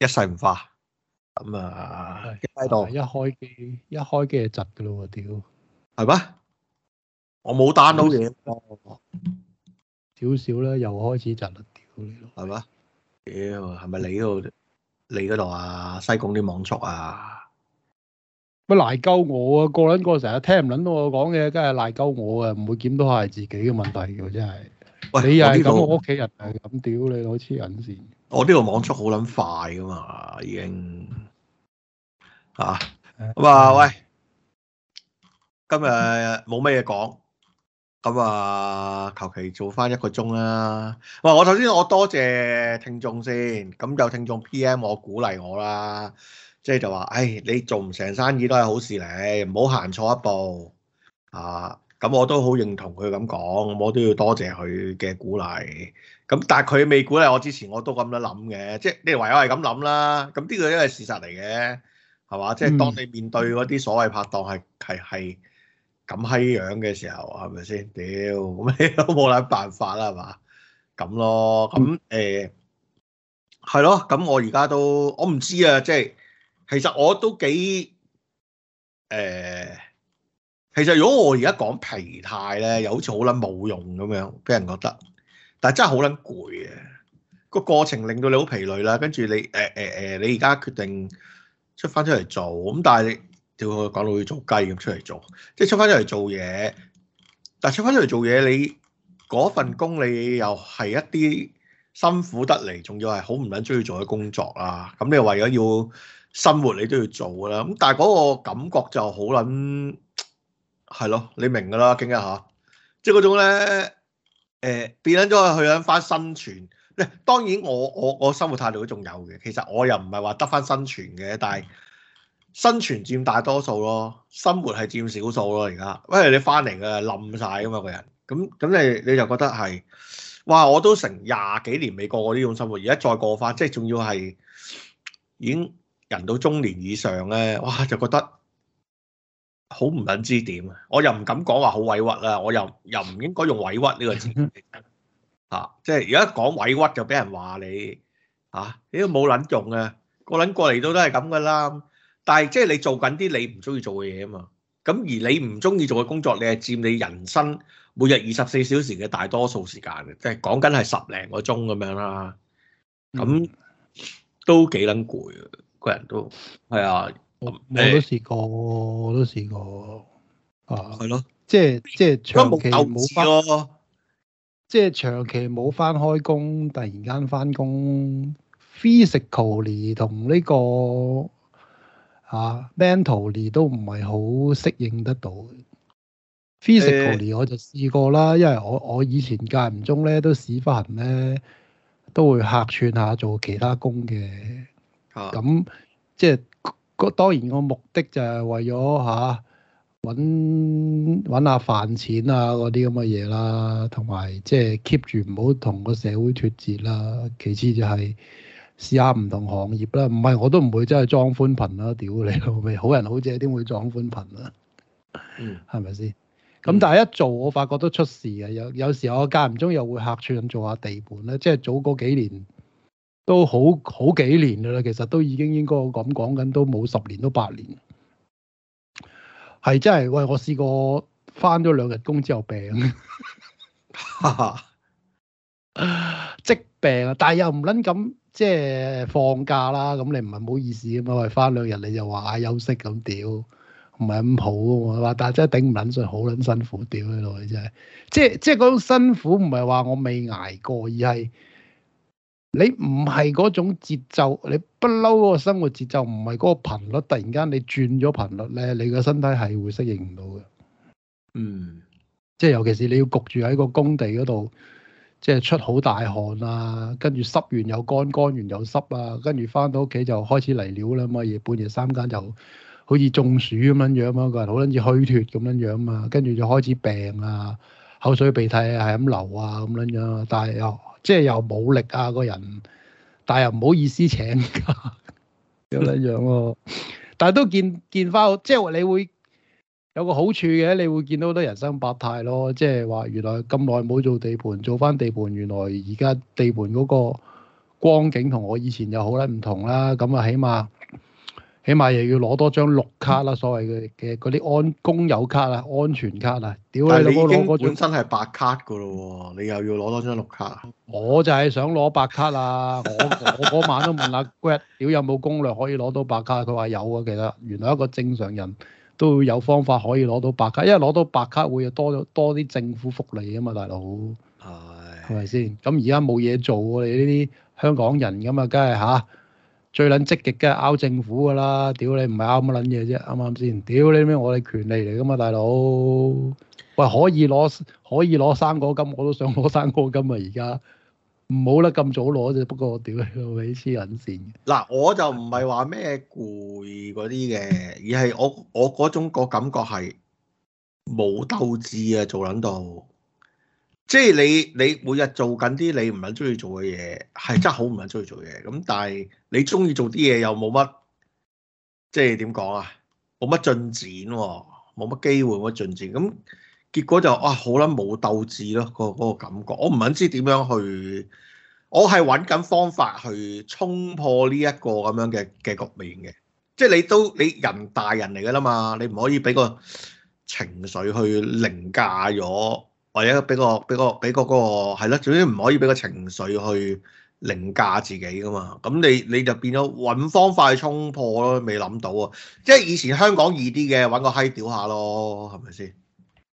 一世唔化，咁啊！喺度，一開機一開機就窒噶咯，屌，係咩？我冇單到嘢，少少咧又開始窒啦，屌你！係咩？屌，係咪你度？你嗰度啊？西貢啲網速啊？乜賴鳩我啊？個輪個成日聽唔輪到我講嘅，真係賴鳩我啊。唔會檢到係自己嘅問題嘅，真係。喂，你又係咁，我屋企人又係咁，屌你好黐銀線！我呢個網速好捻快噶嘛，已經吓，咁啊，喂，今日冇乜嘢講，咁啊，求其做翻一個鐘啦。喂，我首先我多謝聽眾先，咁有聽眾 PM 我鼓勵我啦，即係就話，誒，你做唔成生意都係好事嚟，唔好行錯一步啊。咁我都好認同佢咁講，我都要多謝佢嘅鼓勵。咁但係佢未估咧，我之前我都咁樣諗嘅，即係你唯有係咁諗啦。咁呢個都係事實嚟嘅，係嘛？嗯、即係當你面對嗰啲所謂拍檔係係係咁閪樣嘅時候，係咪先？屌，咁你都冇諗辦法啦，係嘛？咁咯，咁、嗯、誒、嗯，係、欸、咯。咁我而家都我唔知啊，即係其實我都幾誒，其實如果我而家講疲態咧，又好似好撚冇用咁樣，俾人覺得。但係真係好撚攰嘅，個過程令到你好疲累啦。跟住你誒誒誒，你而家決定出翻出嚟做咁，但係你屌佢講到要做雞咁出嚟做，即係出翻出嚟做嘢。但係出翻出嚟做嘢，你嗰份工你又係一啲辛苦得嚟，仲要係好唔撚中意做嘅工作啦。咁你為咗要生活，你都要做啦。咁但係嗰個感覺就好撚係咯，你明噶啦，傾一下，即係嗰種咧。誒、呃，變緊咗去緊翻生存。嗱，當然我我我生活態度都仲有嘅，其實我又唔係話得翻生存嘅，但係生存佔大多數咯，生活係佔少數咯，而家，因為你翻嚟嘅冧晒咁嘛，個人，咁咁你你就覺得係，哇，我都成廿幾年未過過呢種生活，而家再過翻，即係仲要係已經人到中年以上咧，哇，就覺得。好唔捻知點啊！我又唔敢講話好委屈啦，我又又唔應該用委屈呢個字吓、 啊，即係而家講委屈就俾人話你啊，你都冇捻用啊，個捻過嚟，都都係咁噶啦。但係即係你做緊啲你唔中意做嘅嘢啊嘛，咁而你唔中意做嘅工作，你係佔你人生每日二十四小時嘅大多數時間嘅，即係講緊係十零個鐘咁樣啦，咁都幾捻攰啊，個人都係啊。哎呀我，我都試過，我都試過啊，係咯，即係即係長期冇返、啊，即係長期冇返開工，突然間返工，physically 同呢個啊 mentally 都唔係好適應得到。physically 我就試過啦、呃，因為我我以前間唔中咧都試翻咧，都會客串下做其他工嘅，咁、啊、即係。個當然個目的就係為咗嚇揾揾下飯錢啊嗰啲咁嘅嘢啦，同埋即係 keep 住唔好同個社會脫節啦。其次就係試下唔同行業啦。唔係我都唔會真係裝寬頻啦。屌你老味，好人好姐點會裝寬頻啊？嗯，係咪先？咁但係一做我發覺都出事呀。有有時候我間唔中又會客串咁做下地盤啦。即係早嗰幾年。都好好幾年㗎啦，其實都已經應該咁講緊，都冇十年都八年，係真係喂！我試過翻咗兩日工之後病， 病，即病啊！但係又唔撚咁即係放假啦，咁你唔係唔好意思㗎嘛？喂，翻兩日你就話啊休息咁屌，唔係咁好啊嘛？但係真係頂唔撚順，好撚辛苦屌佢老，真係即係即係嗰種辛苦，唔係話我未捱過，而係。你唔係嗰種節奏，你不嬲嗰個生活節奏，唔係嗰個頻率，突然間你轉咗頻率咧，你個身體係會適應唔到嘅。嗯，即係尤其是你要焗住喺個工地嗰度，即係出好大汗啊，跟住濕完又乾，乾完又濕啊，跟住翻到屋企就開始嚟料啦，咁夜半夜三更就好似中暑咁樣樣啊，個人好撚似虛脫咁樣樣啊，跟住就開始病啊，口水鼻涕啊係咁流啊，咁樣樣，但係又。即係又冇力啊！個人，但係又唔好意思請假，咁樣樣啊咯。但係都見見翻，即係你會有個好處嘅，你會見到好多人生百態咯。即係話原來咁耐冇做地盤，做翻地盤，原來而家地盤嗰個光景同我以前又好啦唔同啦。咁啊，起碼～起碼又要攞多張綠卡啦，所謂嘅嘅嗰啲安公有卡啊、安全卡啊，屌你老母！我本身係白卡噶咯喎，你又要攞多張綠卡？我就係想攞白卡啊！ 我我嗰晚都問阿、啊、Grad，屌 有冇攻略可以攞到白卡？佢話有啊，其實原來一個正常人都有方法可以攞到白卡，因為攞到白卡會有多多啲政府福利啊嘛，大佬係係咪先？咁而家冇嘢做、啊，你呢啲香港人咁啊，梗係嚇。最撚積極嘅，拗政府㗎啦，屌你唔係拗乜撚嘢啫，啱啱先？屌你咩，我哋權利嚟噶嘛，大佬，喂，可以攞可以攞生果金，我都想攞生果金啊！而家唔好啦，咁早攞啫，不過我屌你老味黐撚線，嗱，我就唔係話咩攰嗰啲嘅，而係我我嗰種個感覺係冇鬥志啊，做撚到。即係你你每日做緊啲你唔係中意做嘅嘢，係真係好唔係中意做嘢。咁但係你中意做啲嘢又冇乜，即係點講啊？冇乜進展喎，冇乜機會，冇乜進展。咁結果就啊好啦，冇鬥志咯，嗰嗰個感覺。我唔係知點樣去，我係揾緊方法去衝破呢一個咁樣嘅嘅局面嘅。即係你都你人大人嚟㗎啦嘛，你唔可以俾個情緒去凌駕咗。或者俾個俾個俾個嗰個係咯，總之唔可以俾個情緒去凌駕自己噶嘛。咁你你就變咗揾方法去衝破咯，未諗到啊！即係以前香港易啲嘅，揾個閪屌下咯，係咪先？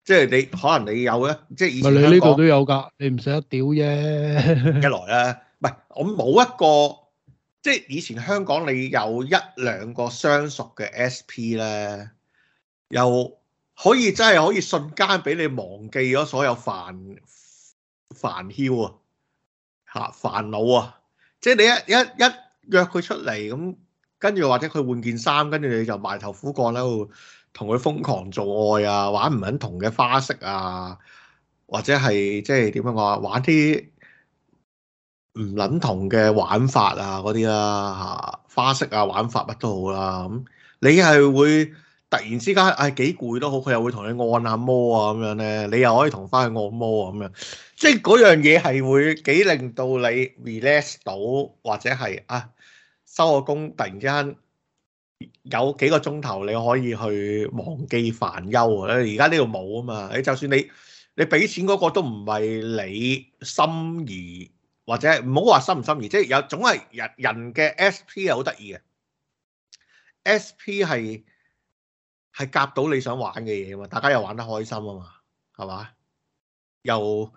即係你可能你有咧，即係以前。你呢度都有㗎，你唔捨得屌啫， 一來咧，唔係我冇一個，即係以前香港你有一兩個相熟嘅 SP 咧，又。可以真係可以瞬間俾你忘記咗所有煩煩囂啊，嚇煩惱啊！即係你一一一約佢出嚟咁，跟住或者佢換件衫，跟住你就埋頭苦幹喺度同佢瘋狂做愛啊，玩唔撚同嘅花式啊，或者係即係點樣講啊，啊，啊，啊，玩啲唔撚同嘅玩法啊，嗰啲啦，嚇花式啊，玩法乜都好啦、啊、咁，你係會。突然之間，唉、哎、幾攰都好，佢又會同你按下摩啊咁樣咧，你又可以同翻去按摩啊咁樣，即係嗰樣嘢係會幾令到你 relax 到，或者係啊收個工突然之間有幾個鐘頭你可以去忘記煩憂啊！而家呢度冇啊嘛，你就算你你俾錢嗰個都唔係你心儀，或者唔好話心唔心儀，即係有總係人人嘅 SP 係好得意嘅，SP 係。係夾到你想玩嘅嘢嘛，大家又玩得開心啊嘛，係嘛？又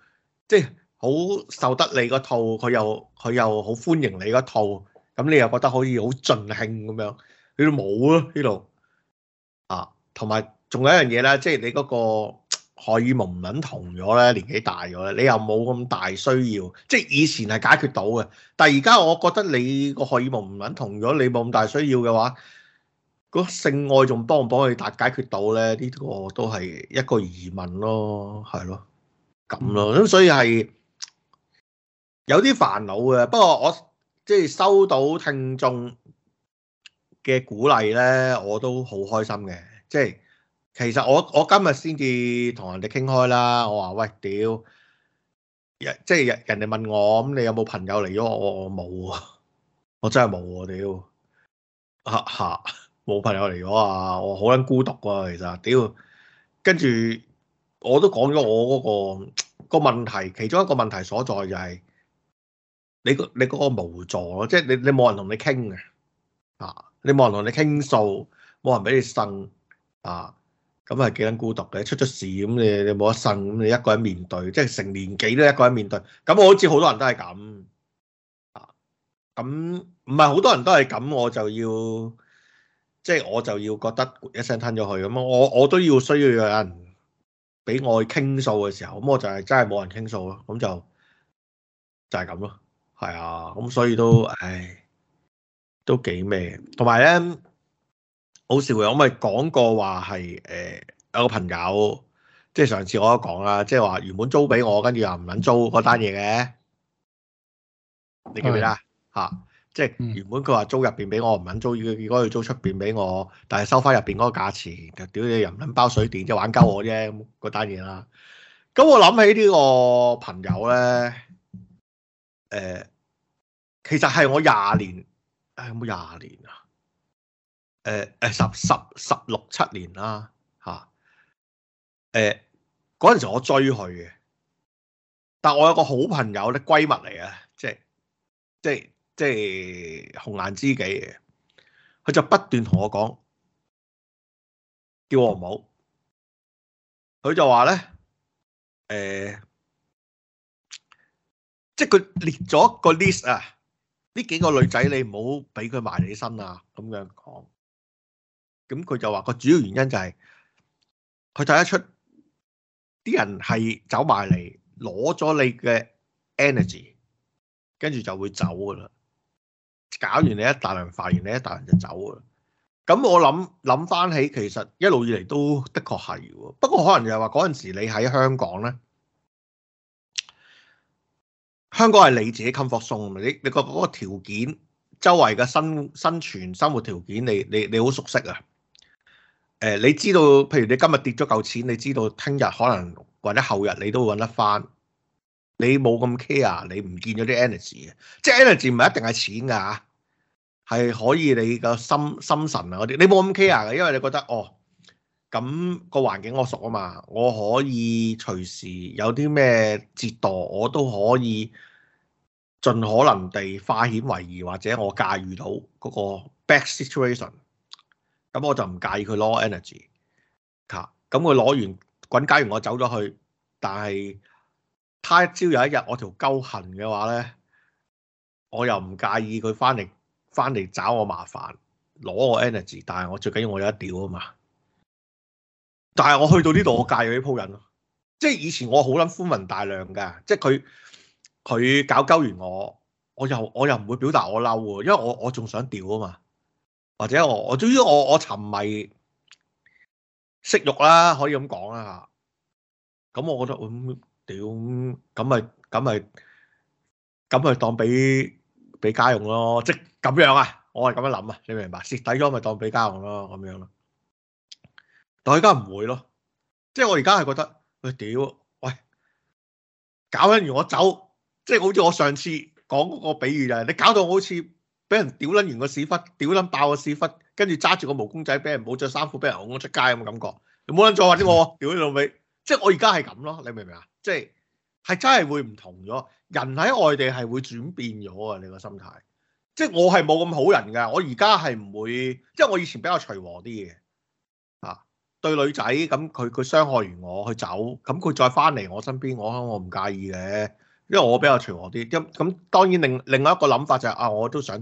即係好受得你個套，佢又佢又好歡迎你個套，咁你又覺得可以好盡興咁樣，你都冇咯呢度啊。同埋仲有一樣嘢咧，即係你嗰個荷爾蒙唔撚同咗咧，年紀大咗咧，你又冇咁大需要，即係以前係解決到嘅，但係而家我覺得你個荷爾蒙唔撚同咗，你冇咁大需要嘅話。那個性愛仲幫唔幫佢哋解決到咧？呢個都係一個疑問咯，係咯，咁咯咁，所以係有啲煩惱嘅。不過我即係收到聽眾嘅鼓勵咧，我都好開心嘅。即係其實我我今日先至同人哋傾開啦。我話喂，屌！即係人哋問我咁，你有冇朋友嚟咗？我我冇啊！我真係冇啊！屌！吓吓！冇朋友嚟咗啊！我好捻孤獨啊，其實屌，跟住我都講咗我嗰、嗰個、嗰個問題，其中一個問題所在就係、係、你你嗰個無助咯，即係你你冇人同你傾嘅，啊，你冇人同你傾訴，冇人俾你呻，啊，咁係幾捻孤獨嘅？出咗事咁你你冇得呻，咁你一個人面對，即係成年紀都一個人面對，咁我好似好多人都係咁，啊，咁唔係好多人都係咁，我就要。即係我就要覺得一聲吞咗佢咁，我我都要需要有人俾我去傾訴嘅時候，咁我就係真係冇人傾訴咯。咁就就係咁咯。係啊，咁所以都唉都幾咩。同埋咧，好少、呃、有，咪講過話係誒有個朋友，即係上次我都講啦，即係話原本租俾我，跟住又唔撚租嗰單嘢嘅。你記唔記得？吓。即係原本佢話租入邊俾我唔肯租，如果佢租出邊俾我，但係收翻入邊嗰個價錢，就屌你又唔肯包水電，即係玩鳩我啫，嗰單嘢啦。咁我諗起呢個朋友咧，誒、呃，其實係我廿年，係冇廿年啊，誒誒十十十六七年啦、啊、吓、呃、誒嗰陣時候我追佢嘅，但我有個好朋友咧，閨蜜嚟嘅，即係即係。即係紅顏知己嘅，佢就不斷同我講，叫我唔好。佢就話咧，誒，即係佢列咗個 list 啊，呢幾個女仔你唔好俾佢埋你身啊，咁樣講。咁佢就話個主要原因就係，佢睇得出啲人係走埋嚟，攞咗你嘅 energy，跟住就會走噶啦。搞完你一大輪，發完你一大輪就走啊！咁我諗諗翻起，其實一路以嚟都的確係喎。不過可能就係話嗰陣時你喺香港咧，香港係你自己 comfort zone 你你個嗰個條件、周圍嘅生生存生活條件你，你你你好熟悉啊。誒、呃，你知道，譬如你今日跌咗嚿錢，你知道聽日可能或者後日你都揾得翻，你冇咁 care，你唔見咗啲 energy 啊！即係 energy 唔係一定係錢㗎係可以你個心心神啊嗰啲，你冇咁 care 嘅，因為你覺得哦，咁個環境我熟啊嘛，我可以隨時有啲咩折墮，我都可以盡可能地化險為夷，或者我駕馭到嗰個 back situation，咁我就唔介意佢攞 energy，嚇，咁佢攞完滾解完我走咗去，但係他一朝有一日我條鳩痕嘅話咧，我又唔介意佢翻嚟。翻嚟找我麻煩攞我 energy，但係我最緊要我有得屌啊嘛！但係我去到呢度，我介意呢鋪人咯。即係以前我好撚寬宏大量噶，即係佢佢搞鳩完我，我又我又唔會表達我嬲喎，因為我我仲想屌啊嘛。或者我我終於我我沉迷色欲啦，可以咁講啊嚇。咁我覺得咁屌咁咪咁咪咁咪當俾。俾家用咯，即咁樣啊！我係咁樣諗啊，你明唔明白？蝕底咗咪當俾家用咯，咁樣咯、啊。但係而家唔會咯，即係我而家係覺得喂屌、哎，喂搞緊完我走，即係好似我上次講嗰個比喻就係啊！你搞到我好似俾人屌撚完個屎忽，屌撚爆個屎忽，跟住揸住個毛公仔俾人冇着衫褲俾人㧬我出街咁嘅感覺，你冇撚再話啲我屌你老味。」即係我而家係咁咯，你明唔明啊？即係。係真係會唔同咗，人喺外地係會轉變咗啊！你個心態，即係我係冇咁好人噶，我而家係唔會，即係我以前比較隨和啲嘅啊。對女仔咁佢，佢傷害完我，佢走，咁佢再翻嚟我身邊，我我唔介意嘅，因為我比較隨和啲。咁咁當然另另外一個諗法就係、是、啊，我都想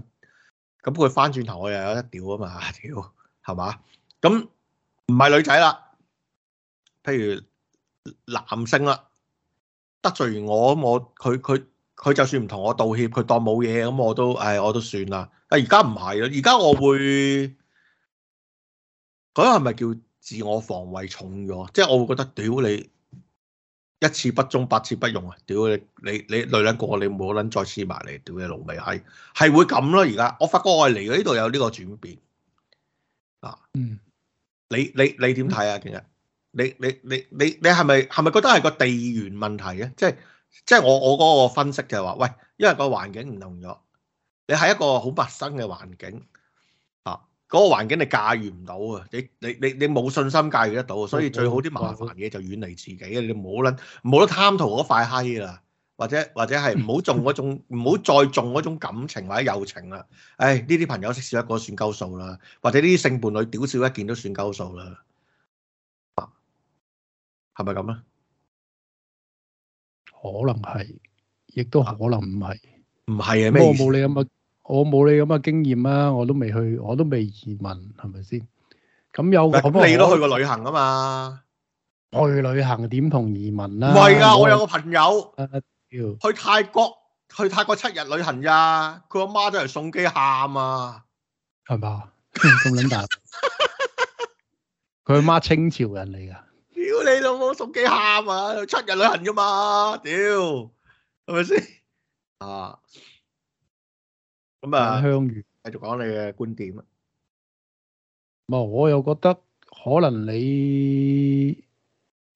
咁佢翻轉頭我又有得屌啊嘛，屌，係嘛？咁唔係女仔啦，譬如男性啦。得罪完我我佢佢佢就算唔同我道歉，佢當冇嘢咁我都誒我都算啦。誒而家唔係咯，而家我會咁係咪叫自我防衞重咗？即係我會覺得屌你一次不忠百次不用。啊！屌你你你女人個你冇撚再黐埋嚟，屌你老味閪係會咁咯。而家我發覺我嚟到呢度有呢個轉變啊。嗯，你你你點睇啊？其實？你你你你你係咪係咪覺得係個地緣問題咧？即係即係我我嗰個分析就係話，喂，因為個環境唔同咗，你喺一個好陌生嘅環境啊，嗰個環境你駕馭唔到啊，你你你你冇信心駕馭得到，所以最好啲麻煩嘢就遠離自己啊！你冇撚冇得貪圖嗰塊閪啦，或者或者係唔好種嗰種，唔好再種嗰種感情或者友情啦。誒、哎，呢啲朋友識少一個算鳩數啦，或者呢啲性伴侶屌少一件都算鳩數啦。係咪咁啊？可能係，亦都可能唔係。唔係啊？咩意思？我冇你咁嘅，我冇你咁啊經驗啊！我都未去，我都未移民，係咪先？咁有咁你都去過旅行啊嘛？去旅行點同移民啊？唔係噶，我有個朋友去泰國，去泰國七日旅行呀！佢阿媽都嚟送機，喊啊！係嘛？咁卵 大！佢阿媽清朝人嚟噶。屌你老母，熟機喊啊！七日旅行噶嘛，屌，係咪先？啊，咁啊，香魚繼續講你嘅觀點。唔係，我又覺得可能你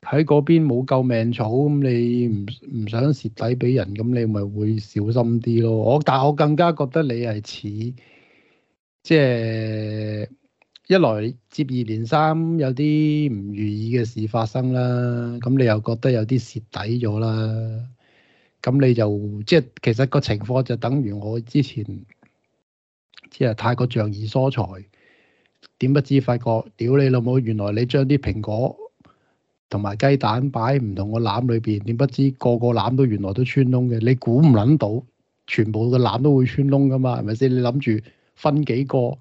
喺嗰邊冇救命草，咁你唔唔想蝕底俾人，咁你咪會小心啲咯。我，但我更加覺得你係似，即係。一來接二連三有啲唔如意嘅事發生啦，咁你又覺得有啲蝕底咗啦，咁你就即係其實個情況就等於我之前即係太過仗義疏財，點不知發覺屌你老母，原來你將啲蘋果同埋雞蛋擺唔同個籃裏邊，點不知個個籃都原來都穿窿嘅。你估唔諗到，全部個籃都會穿窿噶嘛，係咪先？你諗住分幾個？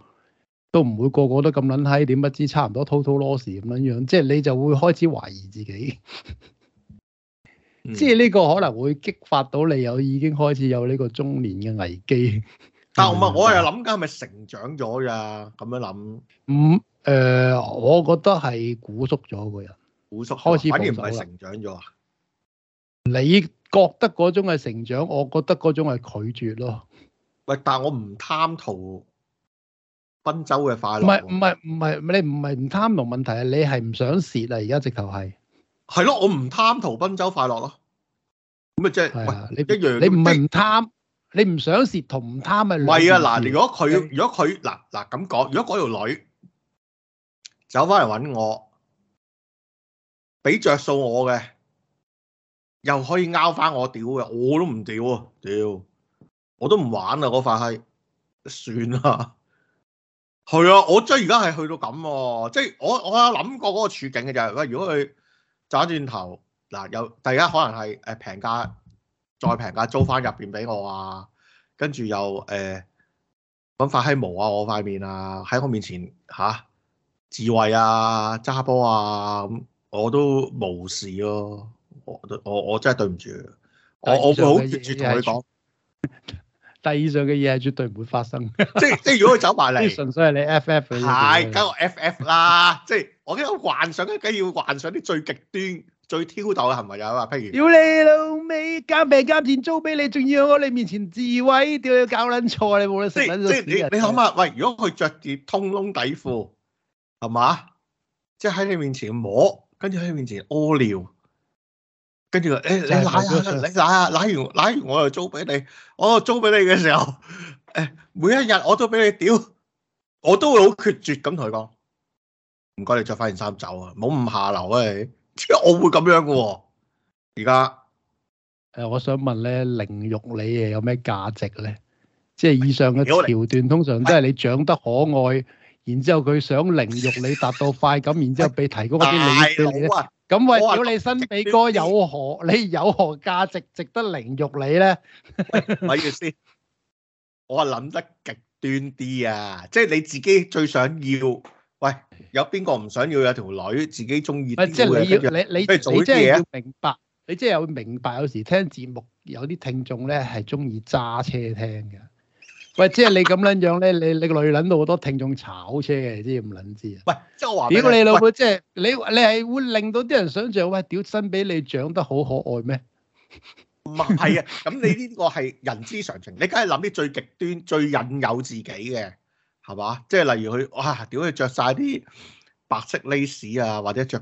都唔會個個都咁撚閪，點不知差唔多 total loss 咁樣樣，即係你就會開始懷疑自己， 嗯、即係呢個可能會激發到你有已經開始有呢個中年嘅危機、啊。但係係，我又諗緊係咪成長咗㗎、啊？咁樣諗、嗯。咁、呃、我覺得係股縮咗個人，股縮開始肯定唔係成長咗啊？你覺得嗰種係成長，我覺得嗰種係拒絕咯。喂，但係我唔貪圖。賓周嘅快樂，唔係唔係唔係，你唔係唔貪同問題係你係唔想蝕啊！而家直頭係係咯，我唔貪圖賓周快樂咯。咁咪，即係你，一樣。你唔係唔貪，你唔想蝕同唔貪咪？唔係啊！嗱，如果佢如果佢嗱嗱咁講，如果嗰條女走翻嚟搵我，俾着數我嘅，又可以拗翻我屌嘅，我都唔屌啊屌！我都唔玩啊，我塊閪算啦。係啊，我真係而家係去到咁，啊，即係我我有諗過嗰個處境嘅就係，喂，如果佢轉一轉頭，嗱，又大家可能係誒平價再平價租翻入邊俾我啊，跟住又誒搵發閪毛啊，我塊面啊喺我面前吓，啊，自慰啊揸波啊咁，我都無事咯，啊，我我我真係對唔住，我我唔好決絕同佢講。但以上嘅嘢係絕對唔會發生，即，即係即係如果佢走埋嚟，純粹係你 FF，係梗係我 FF 啦， 即係我喺度幻想緊，梗要幻想啲最極端、最挑逗嘅行為係咪，譬如屌你老味，監病監賤租俾你，仲要喺你面前自毀，屌你搞撚錯，你冇得食即係、那個、你你諗下，喂，如果佢着住通窿底褲，係、嗯、嘛？即係喺你面前摸，跟住喺你面前屙尿。嗯跟住話誒你揦下，你揦下揦完揦完我又租俾你，我租俾你嘅時候誒每一日我都俾你屌，我都會好決絕咁同佢講，唔該你著翻件衫走啊，冇咁下流啊你，即係我會咁樣嘅喎。而家誒我想問咧，凌辱你有咩價值咧？即係以上嘅橋段通常都係你長得可愛，然之後佢想凌辱你達到快感，然之後俾提供一啲利益你。咁喂，屌你新比哥有何你有何價值值得凌辱你咧？咪意思？我係諗得極端啲啊！即係你自己最想要，喂，有邊個唔想要有條女自己中意，啊？即係你要你你你即係要明白，你即係會明白。有時聽節目有啲聽眾咧係中意揸車聽嘅。 喂，即係你咁撚樣咧，你你個女撚到好多聽眾炒車嘅，你知唔撚知啊？喂，即係話，如果你老婆，即係你你係會令到啲人想象，喂，屌身俾你長得好可愛咩？唔係啊，咁你呢個係人之常情， 你梗係諗啲最極端、最引誘自己嘅，係嘛？即係例如佢哇，屌佢着晒啲白色 lace 啊，或者着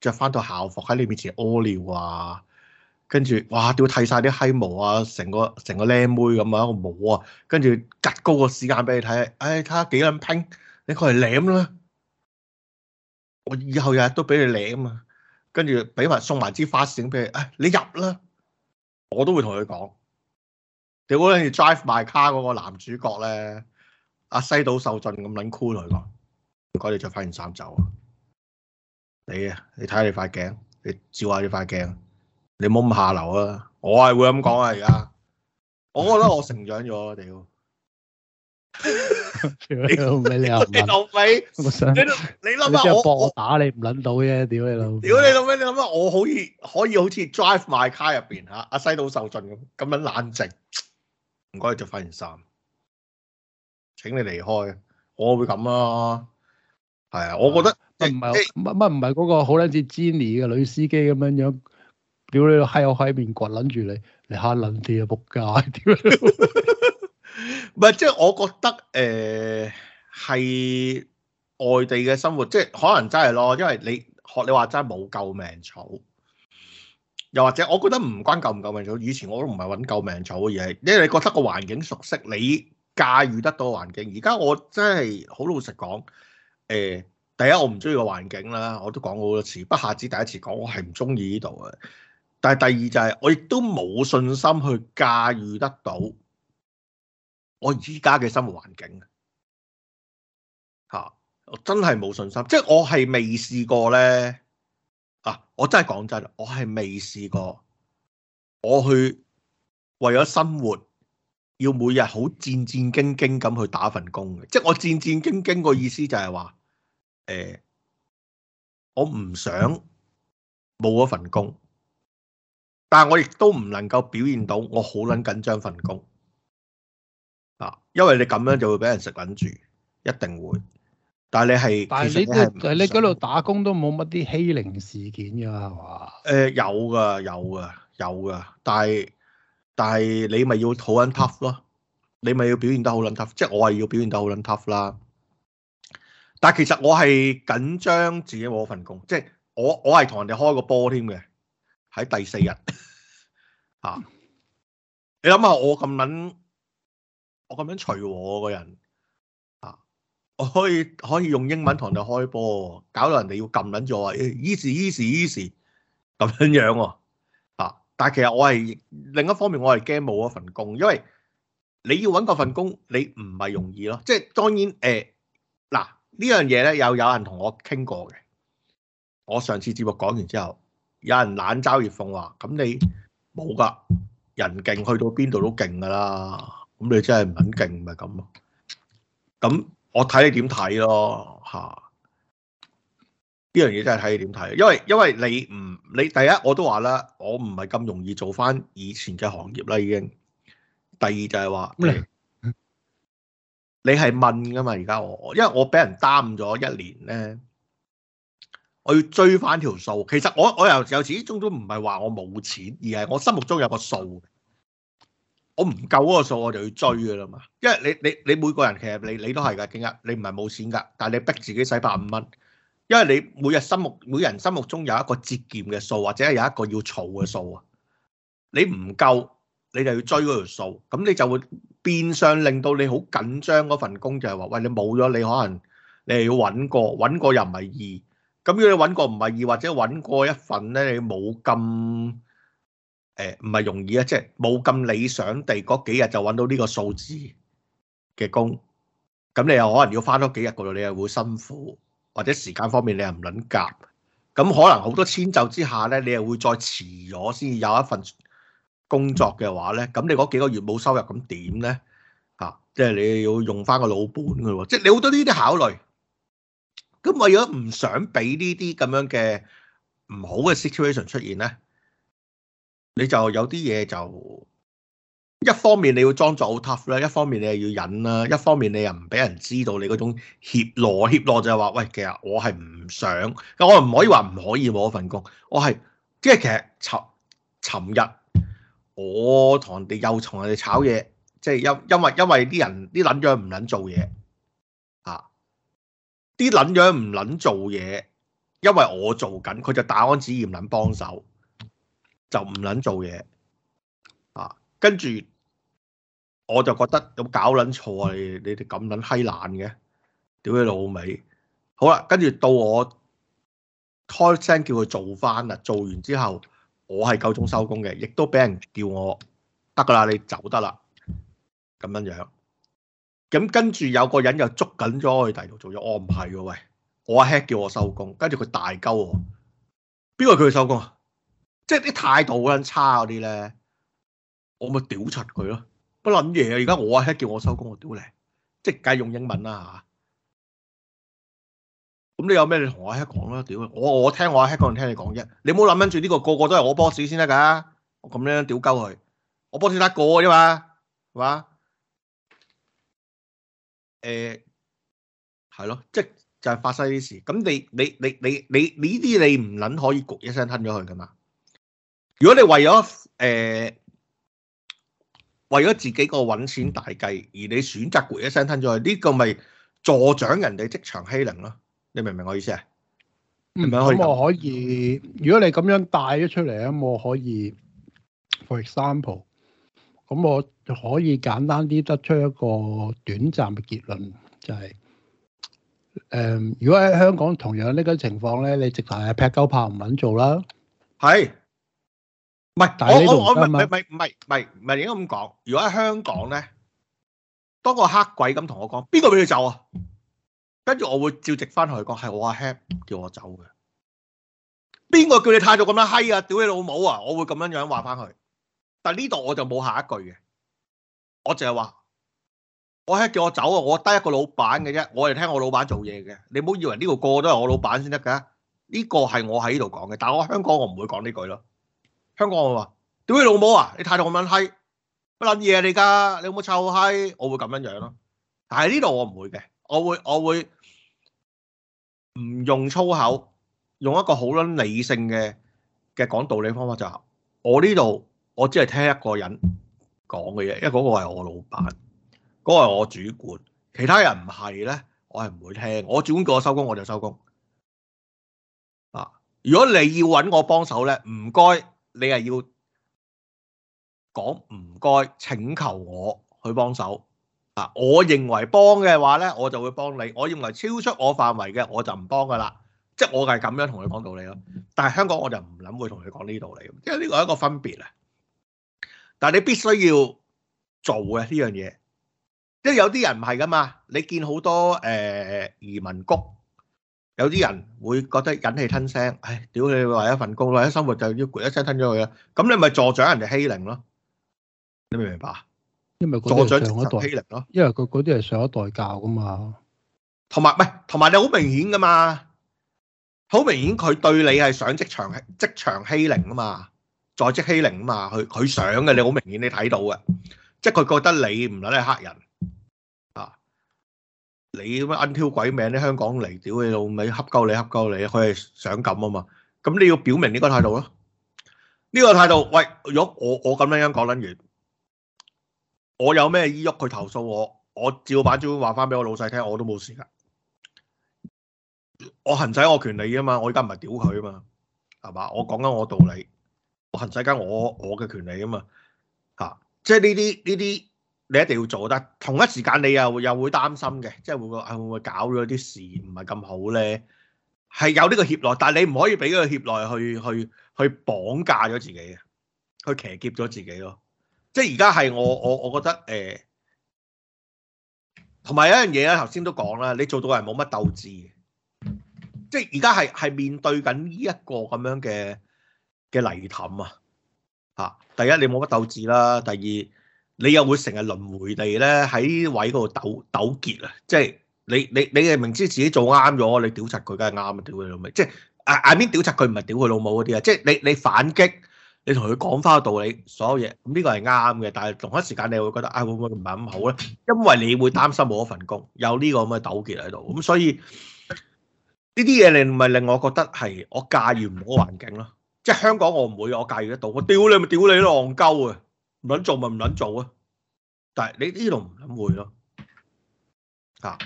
著返套校服喺你面前屙尿啊！跟住，哇！屌剃晒啲閪毛啊，成個成個靚妹咁啊，個毛啊！跟住隔高個時間俾你睇，唉、哎，睇下幾撚拼，你嚟舐啦！我以後日日都俾你舐啊！跟住俾埋送埋支花繩俾你，啊、哎，你入啦！我都會同佢講，屌嗰個 Drive My Car 嗰個男主角咧，阿西島秀俊咁撚 cool 同佢講，唔該你着翻件衫走啊！你啊，你睇下你塊鏡，你照下你塊鏡。你冇咁下流啦！我係會咁講啊，而家我覺得我成長咗，屌你老味你老味，我想你你諗下我我打你唔捻到嘅，屌你老屌你老味你諗下我可以可以好似 Drive My Car 入邊吓阿西都受盡咁咁樣冷靜，唔該你着翻件衫，請你離開，我會咁咯。係啊，我覺得唔係乜乜唔係嗰個好捻似 Jenny 嘅女司機咁樣樣。屌你，喺我喺面掘諗住你，你吓諗啲啊仆街！唔係即係我覺得誒，係、呃、外地嘅生活，即係可能真係咯，因為你學你話齋冇救命草，又或者我覺得唔關救唔救命草。以前我都唔係揾救命草嘅嘢，而係因為你覺得個環境熟悉，你駕馭得到環境。而家我真係好老實講，誒、呃，第一我唔中意個環境啦，我都講過好多次，不下子第一次講，我係唔中意呢度嘅。但係第二就係、是，我亦都冇信心去駕馭得到我依家嘅生活環境嘅嚇，啊、我真係冇信心。即係我係未試過咧啊！我真係講真，我係未試過我去為咗生活要每日好戰戰兢兢咁去打份工嘅。即係我戰戰兢兢個意思就係話，誒、欸，我唔想冇咗份工。但係我亦都唔能夠表現到我好撚緊張份工啊，因為你咁樣就會俾人食撚住，一定會。但係你係，但係你嗰度打工都冇乜啲欺凌事件㗎，係嘛？誒有噶，有噶，有噶，但係但係你咪要好撚 tough 咯，你咪要表現得好撚 tough，即係我係要表現得好撚 tough 啦。但係其實我係緊張自己嗰份工，即係我我係同人哋開個波添嘅。喺第四日啊！你諗下我，我咁捻，我咁樣隨和嘅人啊，我可以可以用英文同人哋開波，搞到人哋要撳緊咗。啊！依時依時依時咁樣樣喎啊！但係其實我係另一方面，我係驚冇咗份工，因為你要搵嗰份工，你唔係容易咯。即係當然誒，嗱，呃，呢樣嘢咧，有有人同我傾過嘅，我上次節目講完之後。有人冷嘲熱諷話，咁你冇㗎，人勁去到邊度都勁㗎啦。咁你真係唔肯勁咪咁咯？咁我睇你點睇咯嚇？呢樣嘢真係睇你點睇，因為因為你唔你第一我都話啦，我唔係咁容易做返以前嘅行業啦已經。第二就係話你你係問㗎嘛？而家我因為我俾人擔咗一年咧。我要追翻條數。其實我我又有始終都唔係話我冇錢，而係我心目中有個數。我唔夠嗰個數，我就要追噶啦嘛。因為你你你每個人其實你你都係噶，梗係你唔係冇錢噶。但係你逼自己使百五蚊，因為你每日心目每人心目中有一個節儉嘅數，或者係有一個要儲嘅數啊。你唔夠，你就要追嗰條數。咁你就會變相令到你好緊張嗰份工就係話：喂，你冇咗，你可能你係要揾過，揾過又唔係易。咁如果你揾過唔係易，或者揾過一份咧，你冇咁誒唔係容易啊！即係冇咁理想地嗰幾日就揾到呢個數字嘅工，咁你又可能要翻多幾日過，你又會辛苦，或者時間方面你又唔捻夾，咁可能好多遷就之下咧，你又會再遲咗先有一份工作嘅話咧，咁你嗰幾個月冇收入，咁點咧？嚇，即係你要用翻個老本㗎喎，即係你好多呢啲考慮。咁我如果唔想俾呢啲咁樣嘅唔好嘅 situation 出現咧，你就有啲嘢就一方面你要裝作好 tough 啦，一方面你又要忍啦，一方面你又唔俾人知道你嗰種怯懦，怯懦就係話：喂，其實我係唔想，但係我唔可以話唔可以冇份工。我係即係其實，尋尋日我同人哋又同人哋炒嘢，即係因因為因為啲人啲撚樣唔撚做嘢。啲撚樣唔撚做嘢，因為我做緊，佢就打安子唔撚幫手，就唔撚做嘢啊！跟住我就覺得有搞撚錯啊！你哋咁撚閪懶嘅，屌你老味！好啦，跟住到我開聲叫佢做返啦，做完之後我係夠鐘收工嘅，亦都俾人叫我得噶啦，你走得啦，咁樣樣。咁跟住有個人又捉緊咗去第度做嘢，我唔係喎，喂，我阿 head 叫我收工，跟住佢大鳩我，邊個係佢收工啊？即係啲態度好撚差嗰啲咧，我咪屌柒佢咯，乜撚嘢啊？而家我阿 head 叫我收工，我屌你，即係梗係用英文啦嚇。咁你有咩你同我阿 head 講啦，屌我，我聽我阿 head 講，唔聽你講啫。你唔好諗緊住呢個個個都係我 boss 先得㗎，我咁樣屌鳩佢，我 boss 得一個啫嘛，係嘛？誒、呃、係咯，即就係發生呢啲事，咁你你你你你呢啲你唔撚可以焗一聲吞咗去噶嘛？如果你為咗誒、呃、為咗自己個揾錢大計，而你選擇焗一聲吞咗去，呢、呢個咪助長人哋職場欺凌咯？你明唔明我意思啊？咁我可以，如果你咁樣帶咗出嚟，咁我可以，for example。咁我可以簡單啲得出一個短暫嘅結論，就係、是、誒，如果喺香港同樣呢個情況咧，你直頭係劈鳩炮唔肯做啦。係，唔係？我我我唔唔唔唔唔唔應該咁講。如果喺香港咧，當個黑鬼咁同我講邊個俾你走啊？跟住我會照直翻去講係我阿 head 叫我走嘅。邊個叫你態度咁樣閪啊？屌你老母啊！我會咁樣樣話翻佢。但呢度我就冇下一句嘅，我淨係話我係叫我走啊。我得一個老闆嘅啫，我係聽我老闆做嘢嘅。你唔好以為呢個個都係我老闆先得噶。呢個係我喺呢度講嘅。但係我喺香港我唔會講呢句咯。香港我話屌你老母啊！你態度咁樣閪，乜捻嘢你噶？你有冇臭閪？我會咁樣樣咯。但係呢度我唔會嘅，我會我會唔用粗口，用一個好捻理性嘅嘅講道理方法就我呢度。我只係聽一個人講嘅嘢，因為嗰個係我老闆，嗰個係我主管，其他人唔係呢，我係唔會聽。我主管叫我收工，我就收工。啊，如果你要揾我幫手呢，唔該，你係要講唔該，請求我去幫手。啊，我認為幫嘅話呢，我就會幫你。我認為超出我範圍嘅，我就唔幫噶啦。即係我係咁樣同你講道理咯。但係香港我就唔諗會同你講呢道理，因為呢個係一個分別啊。但你必須要做嘅呢樣嘢，因為有啲人唔係噶嘛。你見好多誒，移民局有啲人會覺得忍氣吞聲，唉，屌你為一份工為咗生活就要攰一聲吞咗佢啦。咁你咪助長人哋欺凌咯？你明唔明白？因為助長上一代欺凌咯。因為佢嗰啲係上一代教噶嘛。同埋唔係，同埋你好明顯噶嘛，好明顯佢對你係想職場職場欺凌啊嘛。在職欺凌啊嘛，佢佢想嘅，你好明顯你睇到嘅，即係佢覺得你唔撚係黑人啊，你咁樣揞條鬼名咧？香港嚟屌你老味，恰鳩你恰鳩你，佢係想咁啊嘛。咁你要表明呢個態度咯。呢個態度，喂，如果我我咁樣樣講撚完，我有咩依喐佢投訴我，我照把招話翻俾我老細聽，我都冇事噶。我行使我權利啊嘛，我而家唔係屌佢啊嘛，係嘛？我講緊我道理。行使緊我我嘅權利啊嘛，吓、啊，即係呢啲呢啲你一定要做得。同一時間你又會又會擔心嘅，即係會會唔會搞咗啲事唔係咁好咧？係有呢個協力，但係你唔可以俾呢個協力去去去綁架咗自己嘅，去騎劫咗自己咯。即係而家係我我我覺得誒，同、呃、埋一樣嘢咧，頭先都講啦，你做到係冇乜鬥志嘅，即係而家係係面對緊呢一個咁樣嘅。嘅泥凼啊！嚇，第一你冇乜鬥志啦，第二你又會成日輪迴地咧喺位嗰度糾糾結啊！即係你你你係明知自己做啱咗，你屌柒佢梗係啱啊！屌佢老味！即係眼邊屌柒佢唔係屌佢老母嗰啲啊！即係你你反擊，你同佢講翻道理，所有嘢咁呢個係啱嘅。但係同一時間你會覺得啊，會唔會唔係咁好咧？因為你會擔心冇一份工，有呢個咁嘅糾結喺度。咁所以呢啲嘢你唔係令我覺得係我駕馭唔好環境咯。即係香港，我唔會，我介計得到，我屌你咪屌你都戇鳩啊，唔捻做咪唔捻做啊！但係你呢度唔捻會咯嚇？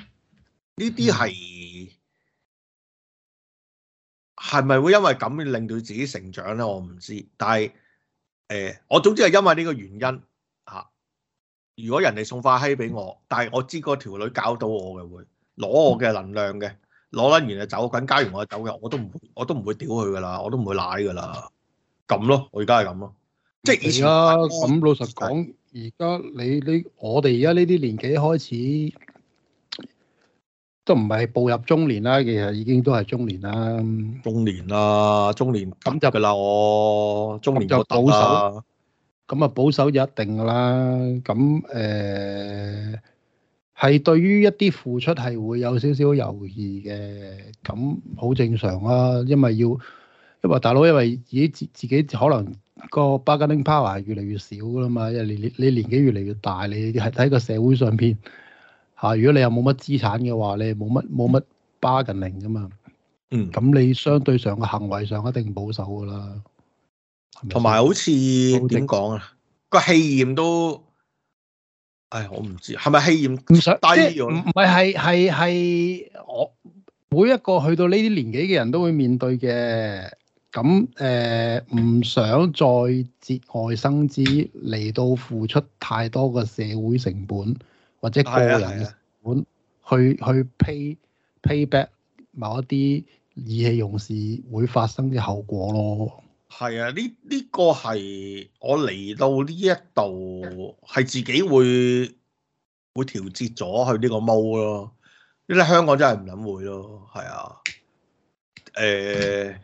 呢啲係係咪會因為咁令到自己成長咧？我唔知，但係、呃、我總之係因為呢個原因、啊、如果人哋送花閪俾我，但係我知嗰條女搞到我嘅，會攞我嘅能量嘅。攞甩完就走，咁加完我嘅狗肉，我都唔，我都唔會屌佢噶啦，我都唔會瀨噶啦，咁咯，我而家係咁咯，即係而家咁老實講，而家你呢，我哋而家呢啲年紀開始都唔係步入中年啦，其實已經都係中年啦，中年啦、啊，中年咁就噶啦，我中年了就保守，咁啊保守就一定噶啦，咁誒。呃係對於一啲付出係會有少少猶豫嘅，咁好正常啦、啊。因為要，因為大佬，因為自己自己可能個 bargaining power 越嚟越少噶啦嘛。因為你你年紀越嚟越大，你係喺個社會上邊嚇、啊，如果你又冇乜資產嘅話，你冇乜冇乜 bargaining 噶嘛。嗯，咁你相對上嘅行為上一定保守噶啦。同、嗯、埋好似點講啊？個氣焰都～哎，我唔知道，係咪氣焰唔想低？唔唔係係係係我每一個去到呢啲年紀嘅人都會面對嘅。咁誒，唔、呃、想再節外生枝，嚟到付出太多嘅社會成本或者個人本、啊、去去 pay pay back 某一啲意氣用事會發生嘅後果咯。係啊，呢呢、呢個係我嚟到呢一度係自己會會調節咗佢呢個踎咯，你香港真係唔諗會咯，係啊，誒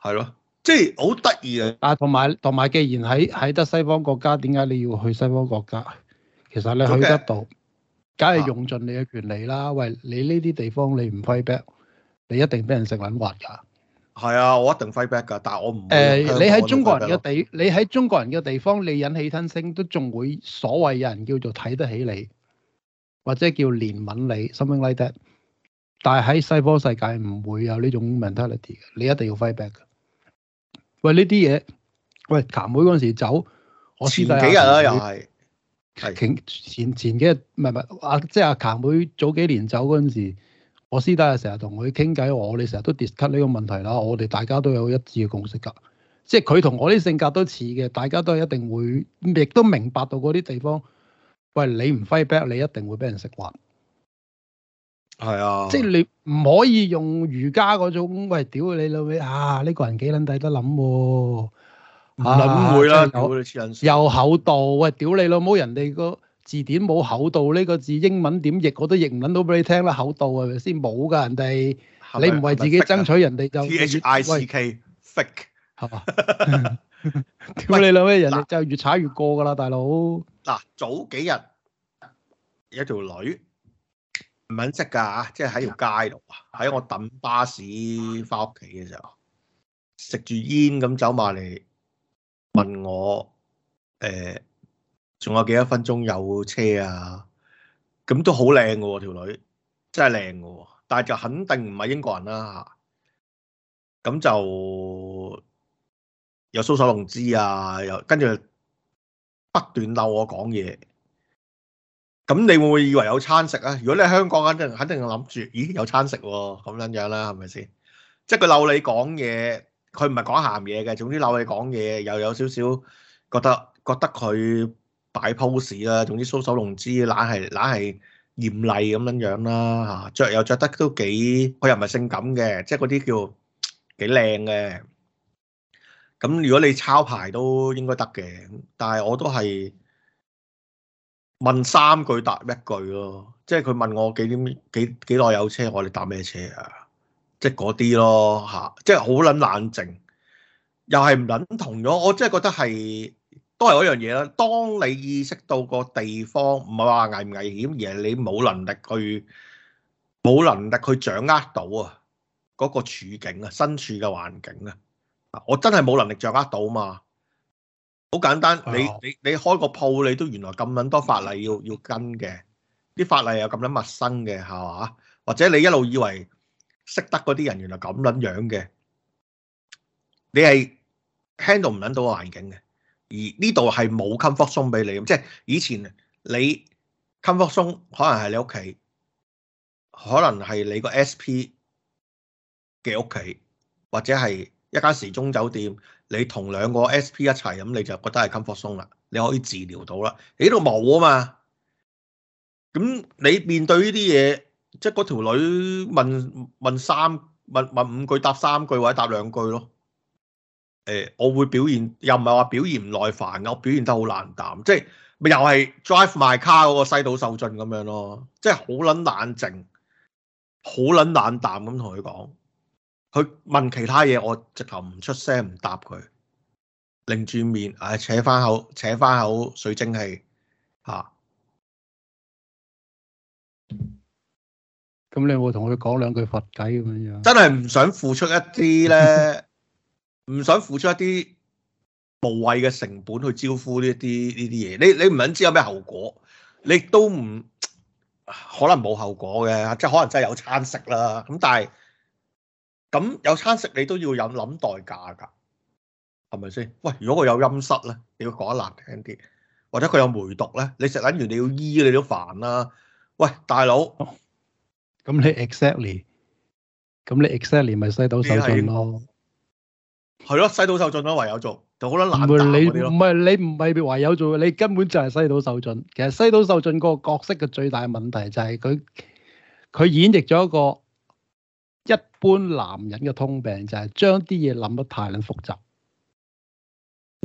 係咯，即係好得意啊！啊、就是，同埋同埋，既然喺喺得西方國家，點解你要去西方國家？其實你去得到，梗、okay. 係用盡你嘅權利啦。啊、喂，你呢啲地方你唔 feedback，你一定俾人食卵滑㗎。係啊，我一定 fight back 噶，但係我唔誒、欸啊。你喺中國人嘅地，啊、你喺中國人嘅地方，你引起吞聲都仲會所謂有人叫做睇得起你，或者叫憐憫你 something like that。但係喺西方世界唔會有呢種 mentality 嘅，你一定要 fight back。喂，呢啲嘢，喂，琴妹嗰陣時走，我前幾日啦又係係前前，前幾日，唔係唔阿即係阿琴妹早幾年走嗰陣時。我師弟係成日同佢傾偈，我哋成日都 discuss 呢個問題啦。我哋大家都有一致嘅共識噶，即係佢同我啲性格都似嘅，大家都係一定會，亦都明白到嗰啲地方。喂，你唔 fight back 你一定會俾人食滑。係啊。即係你唔可以用儒家嗰種喂，屌你老味啊！呢個人幾撚抵得諗，唔諗會啦，又厚道：「喂，屌你老母，啊這個、人哋個、啊。字典冇厚道呢、這個字，英文點譯我都譯唔揾到俾你聽啦。厚道係咪先冇㗎？人哋你唔為自己爭取，是是人哋就、Th-i-c-k, 喂食係嘛？屌 你兩咩人就越踩越過㗎啦，大佬嗱！早幾日有條女唔肯識㗎，即係喺條街度啊，喺我等巴士翻屋企嘅時候食住煙咁走埋嚟問我誒。呃仲有幾多分鐘有車啊？咁都好靚嘅，條女真係靚嘅，但係就肯定唔係英國人啦吓。咁就又搔首弄姿啊，又、啊、跟住不斷嬲我講嘢。咁你會唔會以為有餐食啊？如果你喺香港，肯定肯定諗住咦有餐食咁、啊、樣樣啦、啊，係咪先？即係佢嬲你講嘢，佢唔係講鹹嘢嘅。總之嬲你講嘢，又有少少覺得覺得佢。擺 pose 啦，總之搔手弄姿，嗱係嗱係豔麗咁樣樣啦嚇，著又着得都幾，佢又唔係性感嘅，即係嗰啲叫幾靚嘅。咁如果你抄牌都應該得嘅，但係我都係問三句答一句咯、啊，即係佢問我幾點幾幾耐有車，我哋搭咩車啊，即係嗰啲咯嚇，即係好撚冷靜，又係唔撚同咗，我真係覺得係。都係嗰樣嘢啦。當你意識到個地方唔係話危唔危險，而係你冇能力去冇能力去掌握到啊嗰個處境啊，身處嘅環境啊，我真係冇能力掌握到嘛。好簡單，你你你開個鋪，你都原來咁撚多法例要要跟嘅，啲法例又咁撚陌生嘅，係嘛？或者你一路以為識得嗰啲人，原來咁撚樣嘅，你係 handle 唔撚到個環境嘅。而呢度係冇 comfort zone 俾你，即係以前你 comfort zone 可能係你屋企，可能係你個 SP 嘅屋企，或者係一間時鐘酒店，你同兩個 SP 一齊，咁你就覺得係 comfort zone 啦，你可以治療到啦，喺度冇啊嘛。咁你面對呢啲嘢，即係嗰條女問問三問問五句答三句或者答兩句咯。誒、哎，我會表現又唔係話表現唔耐煩嘅，我表現得好冷淡，即係咪又係 Drive My Car 嗰個西島秀俊咁樣咯，即係好撚冷靜，好撚冷淡咁同佢講。佢問其他嘢，我直頭唔出聲唔答佢，擰住面，唉、哎，扯翻口，扯翻口水蒸氣嚇。咁、啊、你有冇同佢講兩句佛偈咁樣？真係唔想付出一啲咧。 唔想付出一啲無謂嘅成本去招呼呢一啲呢啲嘢，你你唔肯知有咩後果，你都唔可能冇後果嘅，即係可能真係有餐食啦。咁但係咁有餐食，你都要有諗代價㗎，係咪先？喂，如果佢有陰蝨咧，你要講得難聽啲，或者佢有梅毒咧，你食撚完你要醫，你都煩啦。喂，大佬，咁、哦、你 exactly，咁你 exactly 咪衰到手震咯。係咯，西島秀俊咯，唯有做就好捻難打啲咯。唔係你唔係唯有做嘅，你根本就係西島秀俊。其實西島秀俊個角色嘅最大問題就係佢佢演繹咗一個一般男人嘅通病，就係將啲嘢諗得太捻複雜。好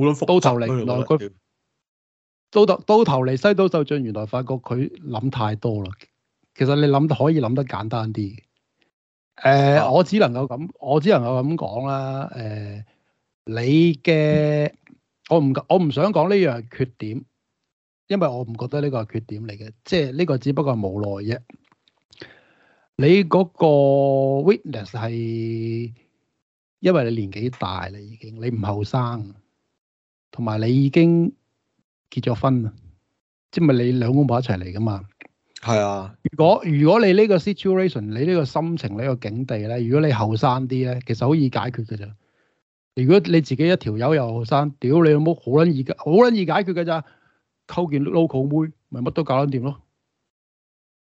捻複雜。到頭嚟，原來佢到頭到頭嚟，西島秀俊原來發覺佢諗太多啦。其實你諗可以諗得簡單啲。誒、呃啊，我只能夠咁，我只能夠咁講啦。誒、呃。你嘅我唔我唔想講呢樣係缺點，因為我唔覺得呢個係缺點嚟嘅，即係呢個只不過係無奈啫。你嗰個 weakness 係因為你年紀大啦，已經你唔後生，同埋你已經結咗婚啦，即係咪你兩公婆一齊嚟噶嘛？係啊，如果如果你呢個 situation，你呢個心情，呢個境地咧，如果你後生啲咧，其實好易解決嘅啫。如果你自己一條友又後生，屌你老母好捻易解好捻易解決嘅咋，勾件 local 妹咪乜都搞捻掂咯。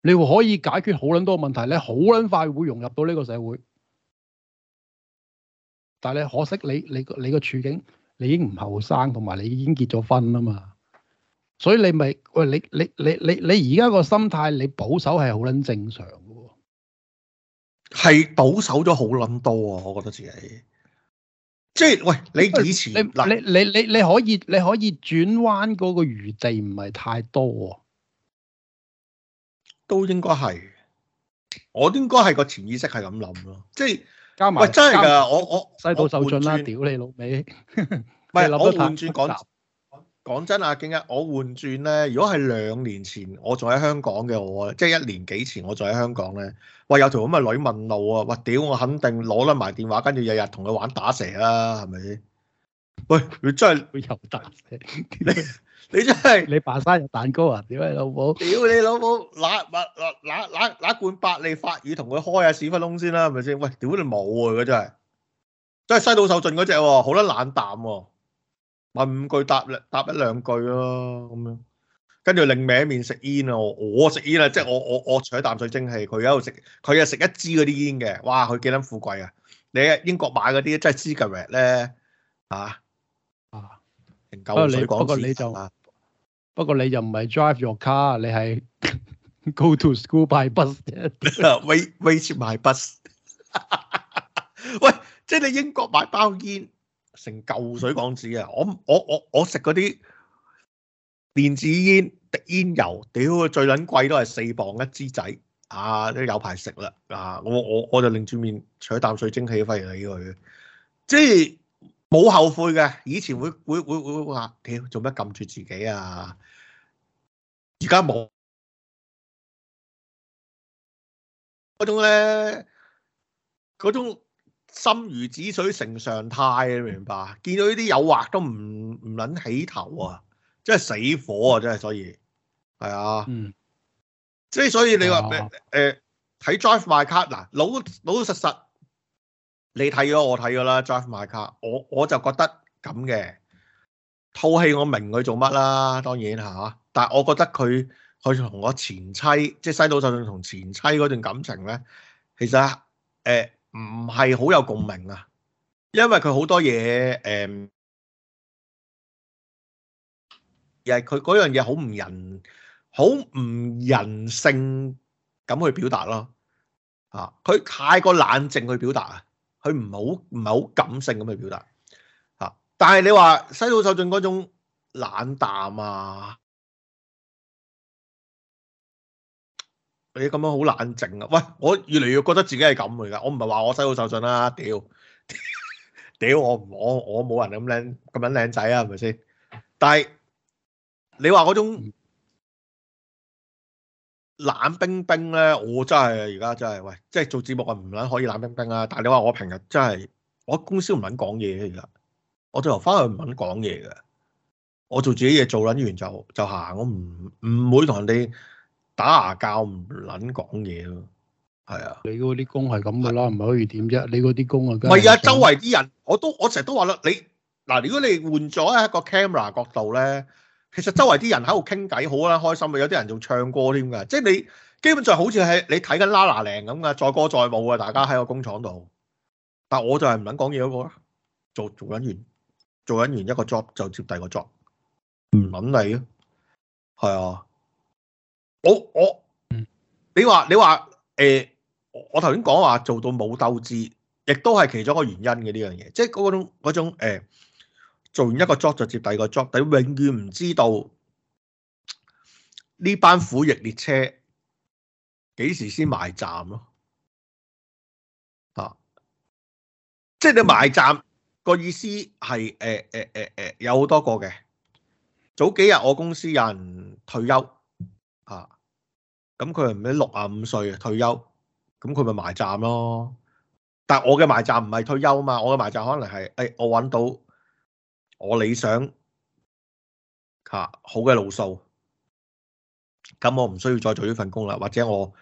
你可以解決好捻多問題，你好捻快會融入到呢個社會。但係你可惜你你你個處境，你已經唔後生，同埋你已經結咗婚啦嘛。所以你咪喂，你你你你你而家個心態，你保守係好捻正常嘅，係保守咗好捻多啊！我覺得自己。即係喂，你以前你嗱，你你你你可以你可以轉彎嗰個餘地唔係太多喎。哦，都應該係，我應該係個潛意識係咁諗咯。即係加埋，喂，真係㗎，我我細到受盡啦，屌你老味！喂 唔係，係 到換轉講真啊，勁啊！我換轉咧，如果係兩年前我仲喺香港嘅我，即係一年幾前我仲喺香港咧，喂，有條咁嘅女問路啊，哇！屌我肯定攞得埋電話，跟住日日同佢玩打蛇啦，係咪喂，佢真係又打得你你真係你扮 生日蛋糕啊？屌你老母！屌 你老母！攞攞攞攞攞攞罐百利法語同佢開下屎窟窿先啦、啊，係咪先？喂，屌你冇啊！佢真係真係西到手盡嗰隻喎，好得冷淡喎！五句答答一兩句咯，咁樣跟住另一面食煙咯，我食煙啦，即係我我我吹一啖水蒸氣，佢喺度食，佢又食一支嗰啲煙嘅，哇！佢幾撚富貴啊？你英國買嗰啲真係 cigarette 咧嚇啊！夠水過屎啊！不過你就不過你又唔係 drive your car，你係 go to school by bus，wait wait my bus。喂，即係你英國買包煙。成舊水港紙啊！我我我我食嗰啲電子煙滴煙油，屌最撚貴都係四磅一支仔啊！都有排食啦啊！我我我就擰住面取啖水蒸氣費啦，依、呢個即係冇後悔嘅。以前會會會會話屌做咩撳住自己啊？而家冇嗰種咧，嗰種。心如止水成常態，你明白？見到呢啲誘惑都唔唔撚起頭啊！即係死火啊！真係，所以係啊，嗯，即係所以你話誒睇 Drive My Car 嗱，老老實實，你睇咗我睇咗啦。Drive My Car，我我就覺得咁嘅套戲，我明佢做乜啦？當然嚇、啊，但係我覺得佢佢同我前妻，即係西島秀俊同前妻嗰段感情咧，其實誒。呃唔係好有共鳴啊，因為佢好多嘢，誒、呃，又係佢嗰樣嘢好唔人，好唔人性咁去表達咯，啊，佢太過冷靜去表達啊，佢唔係好唔係好感性咁去表達，啊，但係你話西島秀俊嗰種冷淡啊。你咁樣好冷靜啊！喂，我越嚟越覺得自己係咁嘅㗎。我唔係話我細佬手信啦，屌屌我我我冇人咁靚咁撚靚仔啊，係咪先？但係你話嗰種冷冰冰咧，我真係而家真係喂，即係做節目啊唔撚可以冷冰冰啊。但係你話我平日真係我公司唔撚講嘢嘅，而家我做嘢返去唔撚講嘢嘅。我做自己嘢做撚完就就行，我唔唔會同人哋。打牙鉸唔捻講嘢咯，係啊，你嗰啲工係咁噶啦，唔係可以點啫？你嗰啲工啊，係啊，周圍啲人，我都我成日都話啦，你嗱，如果你換咗一個 camera 角度咧，其實周圍啲人喺度傾偈好啦，開心，有啲人仲唱歌添噶，即係你基本上好似係你睇緊 La La Land 咁嘅，載歌載舞啊，大家喺個工廠度，但我就係唔捻講嘢嗰個啦。做做緊完做緊完一個 job 就接第二個 job，唔捻你啊，係啊。好，我，嗯，你話你、呃、話，誒，我我頭先講話做到冇鬥志，亦都係其中一個原因嘅呢樣嘢，即係嗰種種誒、呃，做完一個 job 就接第二個 job，但永遠唔知道呢班苦役列車幾時先埋站咯，啊，啊，即係你埋站個意思係誒誒誒誒，有好多個嘅，早幾日我公司有人退休，啊。.咁佢唔喺六啊五歲退休，咁佢咪埋站咯？但係我嘅埋站唔係退休啊嘛，我嘅埋站可能係，誒、哎，我揾到我理想吓好嘅路數，咁我唔需要再做呢份工啦，或者我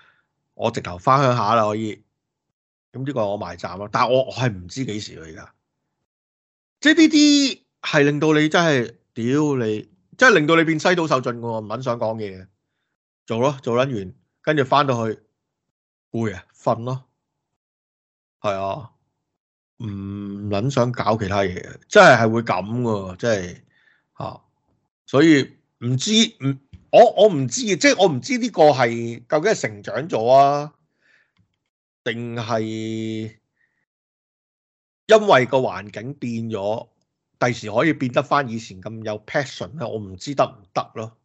我直頭翻鄉下啦可以，咁呢個係我埋站咯。但係我我係唔知幾時去㗎，即係呢啲係令到你真係屌你，即係令到你變西到受盡喎，唔肯想講嘢。做咯，做捻完，跟住翻到去，攰啊，瞓咯，係啊，唔捻想搞其他嘢，真係係會咁噶，真係吓、啊，所以唔知，唔我我唔知，即係我唔知呢個係究竟係成長咗啊，定係因為個環境變咗，第時可以變得翻以前咁有 passion 啊，我唔知得唔得咯。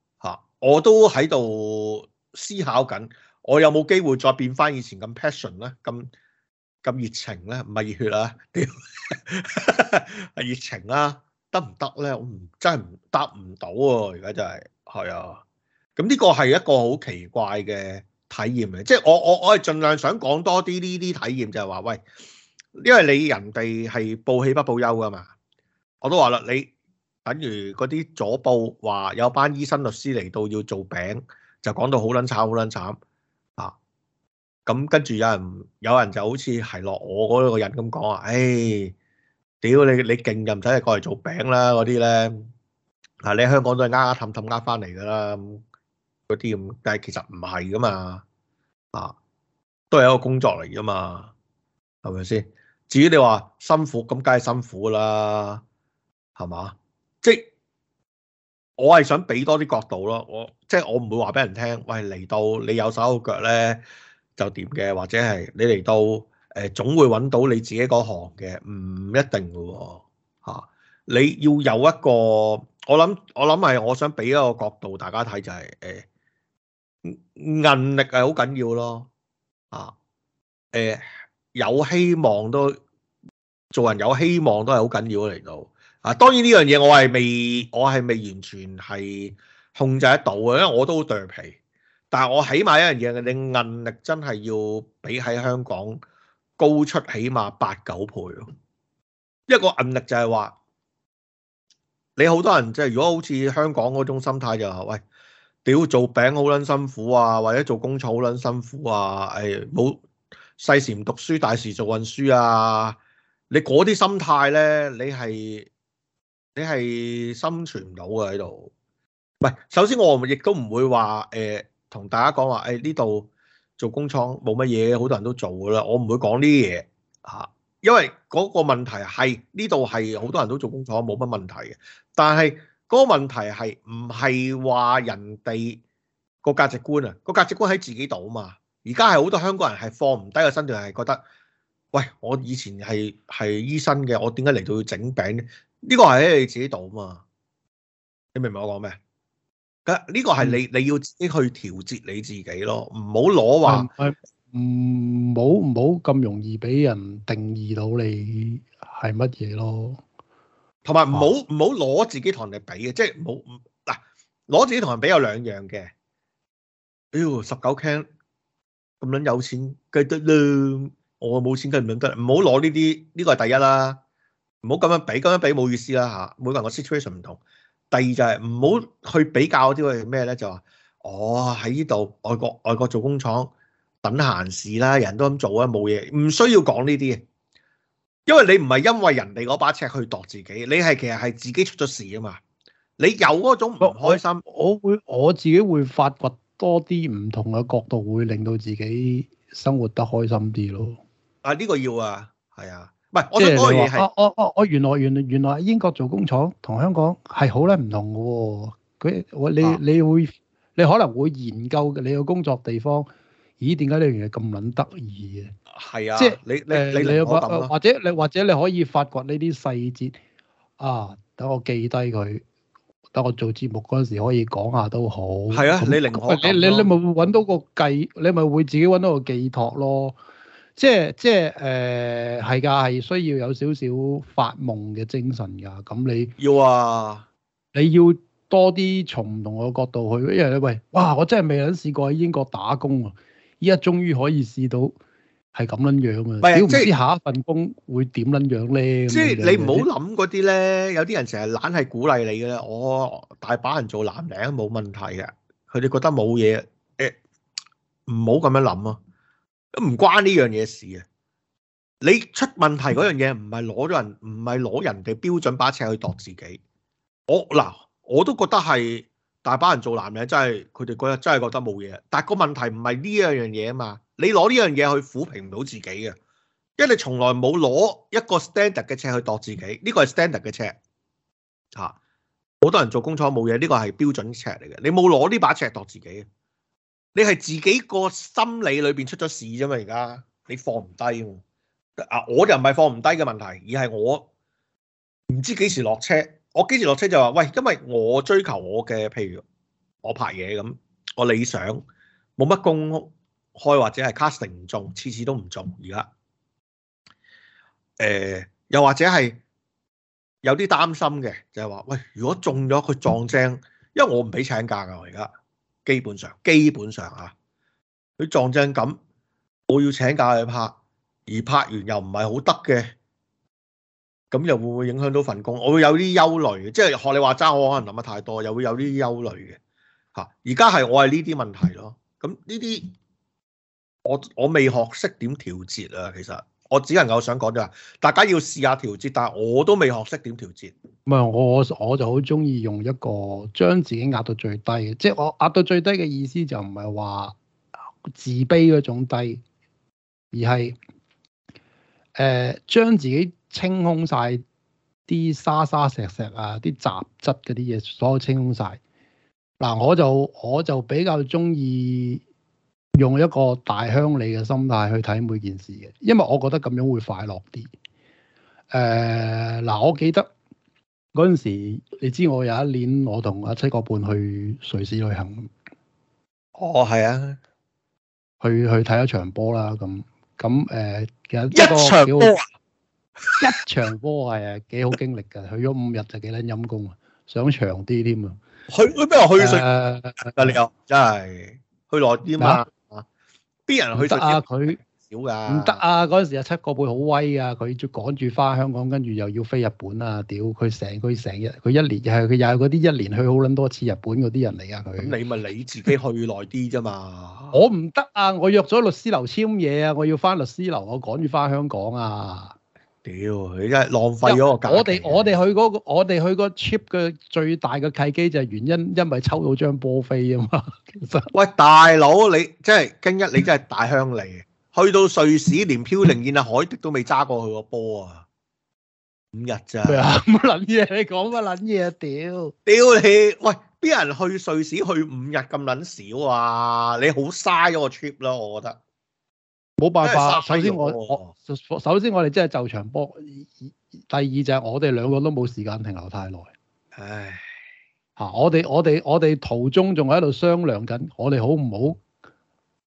我都喺度思考緊，我有冇機會再變翻以前咁 passion 咧，咁咁熱情咧，唔係熱血 熱啊，係熱情啦，得唔得咧？我唔真係唔答唔到喎，而家就係係啊，咁呢、就是啊嗯這個係一個好奇怪嘅體驗嚟。即、就、係、是、我我我係盡量想講多啲呢啲體驗，就係、是、話喂，因為你人哋係報喜不報憂噶嘛，我都話啦，你。等於嗰啲左報話有班醫生律師嚟到要做餅，就講到好捻慘好捻慘啊！咁跟住有人有人就好似係落我嗰個人咁講、哎、啊！唉，屌你你勁又唔使嚟過嚟做餅啦！嗰啲咧你喺香港都係呃呃氹氹呃翻嚟噶啦，嗰啲咁，但係其實唔係噶嘛啊，都係一個工作嚟噶嘛，係咪先？至於你話辛苦咁，梗係辛苦啦，係嘛？即係我係想俾多啲角度咯，我即係我唔會話俾人聽，喂，嚟到你有手有腳咧就點嘅，或者係你嚟到誒總會搵到你自己嗰行嘅，唔一定嘅喎吓，你要有一個我諗我諗係我想俾一個角度大家睇就係誒，韌力係好緊要咯啊誒，有希望都做人有希望都係好緊要嚟到。啊，當然呢樣嘢我係未，我係未完全係控制得到嘅，因為我都好掉皮。但係我起碼一樣嘢，你韌力真係要比喺香港高出起碼八九倍咯。一個韌力就係話，你好多人即係如果好似香港嗰種心態就話喂，屌做餅好撚辛苦啊，或者做工廠好撚辛苦啊，誒冇細時唔讀書，大時做運輸啊，你嗰啲心態咧，你係。你係生存唔到嘅喺度，唔係首先我亦都唔會話誒同大家講話，誒呢度做工廠冇乜嘢，好多人都做噶啦，我唔會講呢啲嘢吓，因為嗰個問題係呢度係好多人都做工廠冇乜問題嘅，但係嗰個問題係唔係話人哋個價值觀啊，個價值觀喺自己度嘛，而家係好多香港人係放唔低個身段，係覺得喂我以前係係醫生嘅，我點解嚟到要整餅呢？呢個係喺你自己度啊嘛，你明唔明我講咩？咁呢個係你你要自己去調節你自己咯，唔好攞話，唔好唔好咁容易俾人定義到你係乜嘢咯。同埋唔好唔好攞自己同人哋比嘅，即係冇嗱攞自己同人比有兩樣嘅。妖十九 k 咁撚有錢，梗係得啦。我冇錢梗唔得啦。唔好攞呢啲，呢個係第一啦。唔好咁樣比，咁樣比冇意思啦吓。每個人個 situation 唔同。第二就係唔好去比較嗰啲咩咧，就話我喺呢度外國外國做工廠等閒事啦，人都咁做啊，冇嘢，唔需要講呢啲。因為你唔係因為人哋嗰把尺去度自己，你係其實係自己出咗事啊嘛。你有嗰種唔開心，我，我會我自己會發掘多啲唔同嘅角度，會令到自己生活得開心啲咯。啊，呢個要啊，係啊。唔係，即係我我我原來原來原來喺英國做工廠，同香港係好咧唔同嘅喎。佢，我你你會你可能會研究你嘅工作地方。咦？點解呢樣嘢咁撚得意嘅？係啊，即係你你你你發或者你或者你可以發掘呢啲細節啊！等我記低佢，等我做節目嗰陣時可以講下都好。係啊，你令我你你你咪會揾到個計，你咪會自己揾到個寄託咯。即係即係誒，係、呃、噶，係需要有少少發夢嘅精神噶。咁你要啊，你要多啲從唔同嘅角度去。因為咧，喂，哇，我真係未諗試過喺英國打工啊！依家終於可以試到係咁樣樣啊！唔知下一份工會點樣樣咧？即係你唔好諗嗰啲咧。有啲人成日懶係鼓勵你嘅。我大把人做男人冇問題嘅，佢哋覺得冇嘢。誒、欸，唔好咁樣諗啊！都唔關呢樣嘢事啊！你出問題嗰樣嘢唔係攞咗人，唔係攞人哋標準把尺去度自己。我嗱，我都覺得係大把人做男人真係，真係佢哋嗰日真係覺得冇嘢。但係個問題唔係呢一樣嘢啊嘛，你攞呢樣嘢去撫平唔到自己嘅，因為你從來冇攞一個 standard 嘅尺去度自己。呢個係 standard 嘅尺吓，好多人做工廠冇嘢，呢個係標準尺嚟嘅，你冇攞呢把尺度自己。你係自己個心理裏邊出咗事啫嘛。而家你放唔低，啊，我又唔係放唔低嘅問題，而係我唔知幾時落車。我幾時落車就話喂，因為我追求我嘅，譬如我拍嘢咁，我理想冇乜公開或者係 casting 唔中，次次都唔中。而家誒，又或者係有啲擔心嘅，就係話喂，如果中咗佢撞正，因為我唔俾請假噶，我而家。基本上，基本上啊，佢撞正咁，我要請假去拍，而拍完又唔係好得嘅，咁又會唔會影響到份工？我會有啲憂慮嘅，即係學你話齋，我可能諗得太多，又會有啲憂慮嘅嚇。而家係我係呢啲問題咯。咁呢啲我我未學識點調節啊，其實。我只能夠想講就係，大家要試下調節，但係我都未學識點調節。唔係我我就好中意用一個將自己壓到最低嘅，即係我壓到最低嘅意思就唔係話自卑嗰種低，而係誒將自己清空晒啲沙沙石石啊、啲雜質嗰啲嘢，所有清空晒。嗱，我就我就比較中意，用一個大鄉里嘅心態去睇每件事嘅，因為我覺得咁樣會快樂啲。誒，嗱，我記得嗰陣時，你知我有一年我同阿七個半去瑞士旅行。哦，係啊，去去睇咗場波啦，咁咁誒，其實個一個幾好，一場波係幾好經歷㗎， 去咗五日就幾捻陰功啊，想長啲添、呃、啊，去去邊度去瑞？阿你又真係去耐啲嘛？得啊，佢少噶，唔得啊！嗰陣時很啊，七個輩好威啊，佢要趕住翻香港，跟住又要飛日本啊！屌佢成佢成日佢一年又係佢又係嗰啲一年去好撚多次日本嗰啲人嚟啊！佢你咪你自己去耐啲啫嘛！我唔得啊！我約咗律師樓簽嘢啊！我要翻律師樓，我趕住翻香港啊！屌，佢真係浪費咗個假。我哋、嗰個、我哋去個我哋去個 trip 嘅最大嘅契機就係原因，因為抽到張波飛啊嘛。喂，大佬你真係京一，你真係大鄉里。去到瑞士連飄零現啊海迪都未揸過佢個波啊，五日咋？冇卵嘢，你講乜卵嘢啊？屌，屌你！喂，邊有人去瑞士去五日咁卵少啊？你好嘥咗個 trip 咯，我覺得。冇辦法，首先我，我首先我哋真係就場波。第二就係我哋兩個都冇時間停留太耐。唉，嚇、啊！我哋我哋我哋途中仲喺度商量緊，我哋好唔好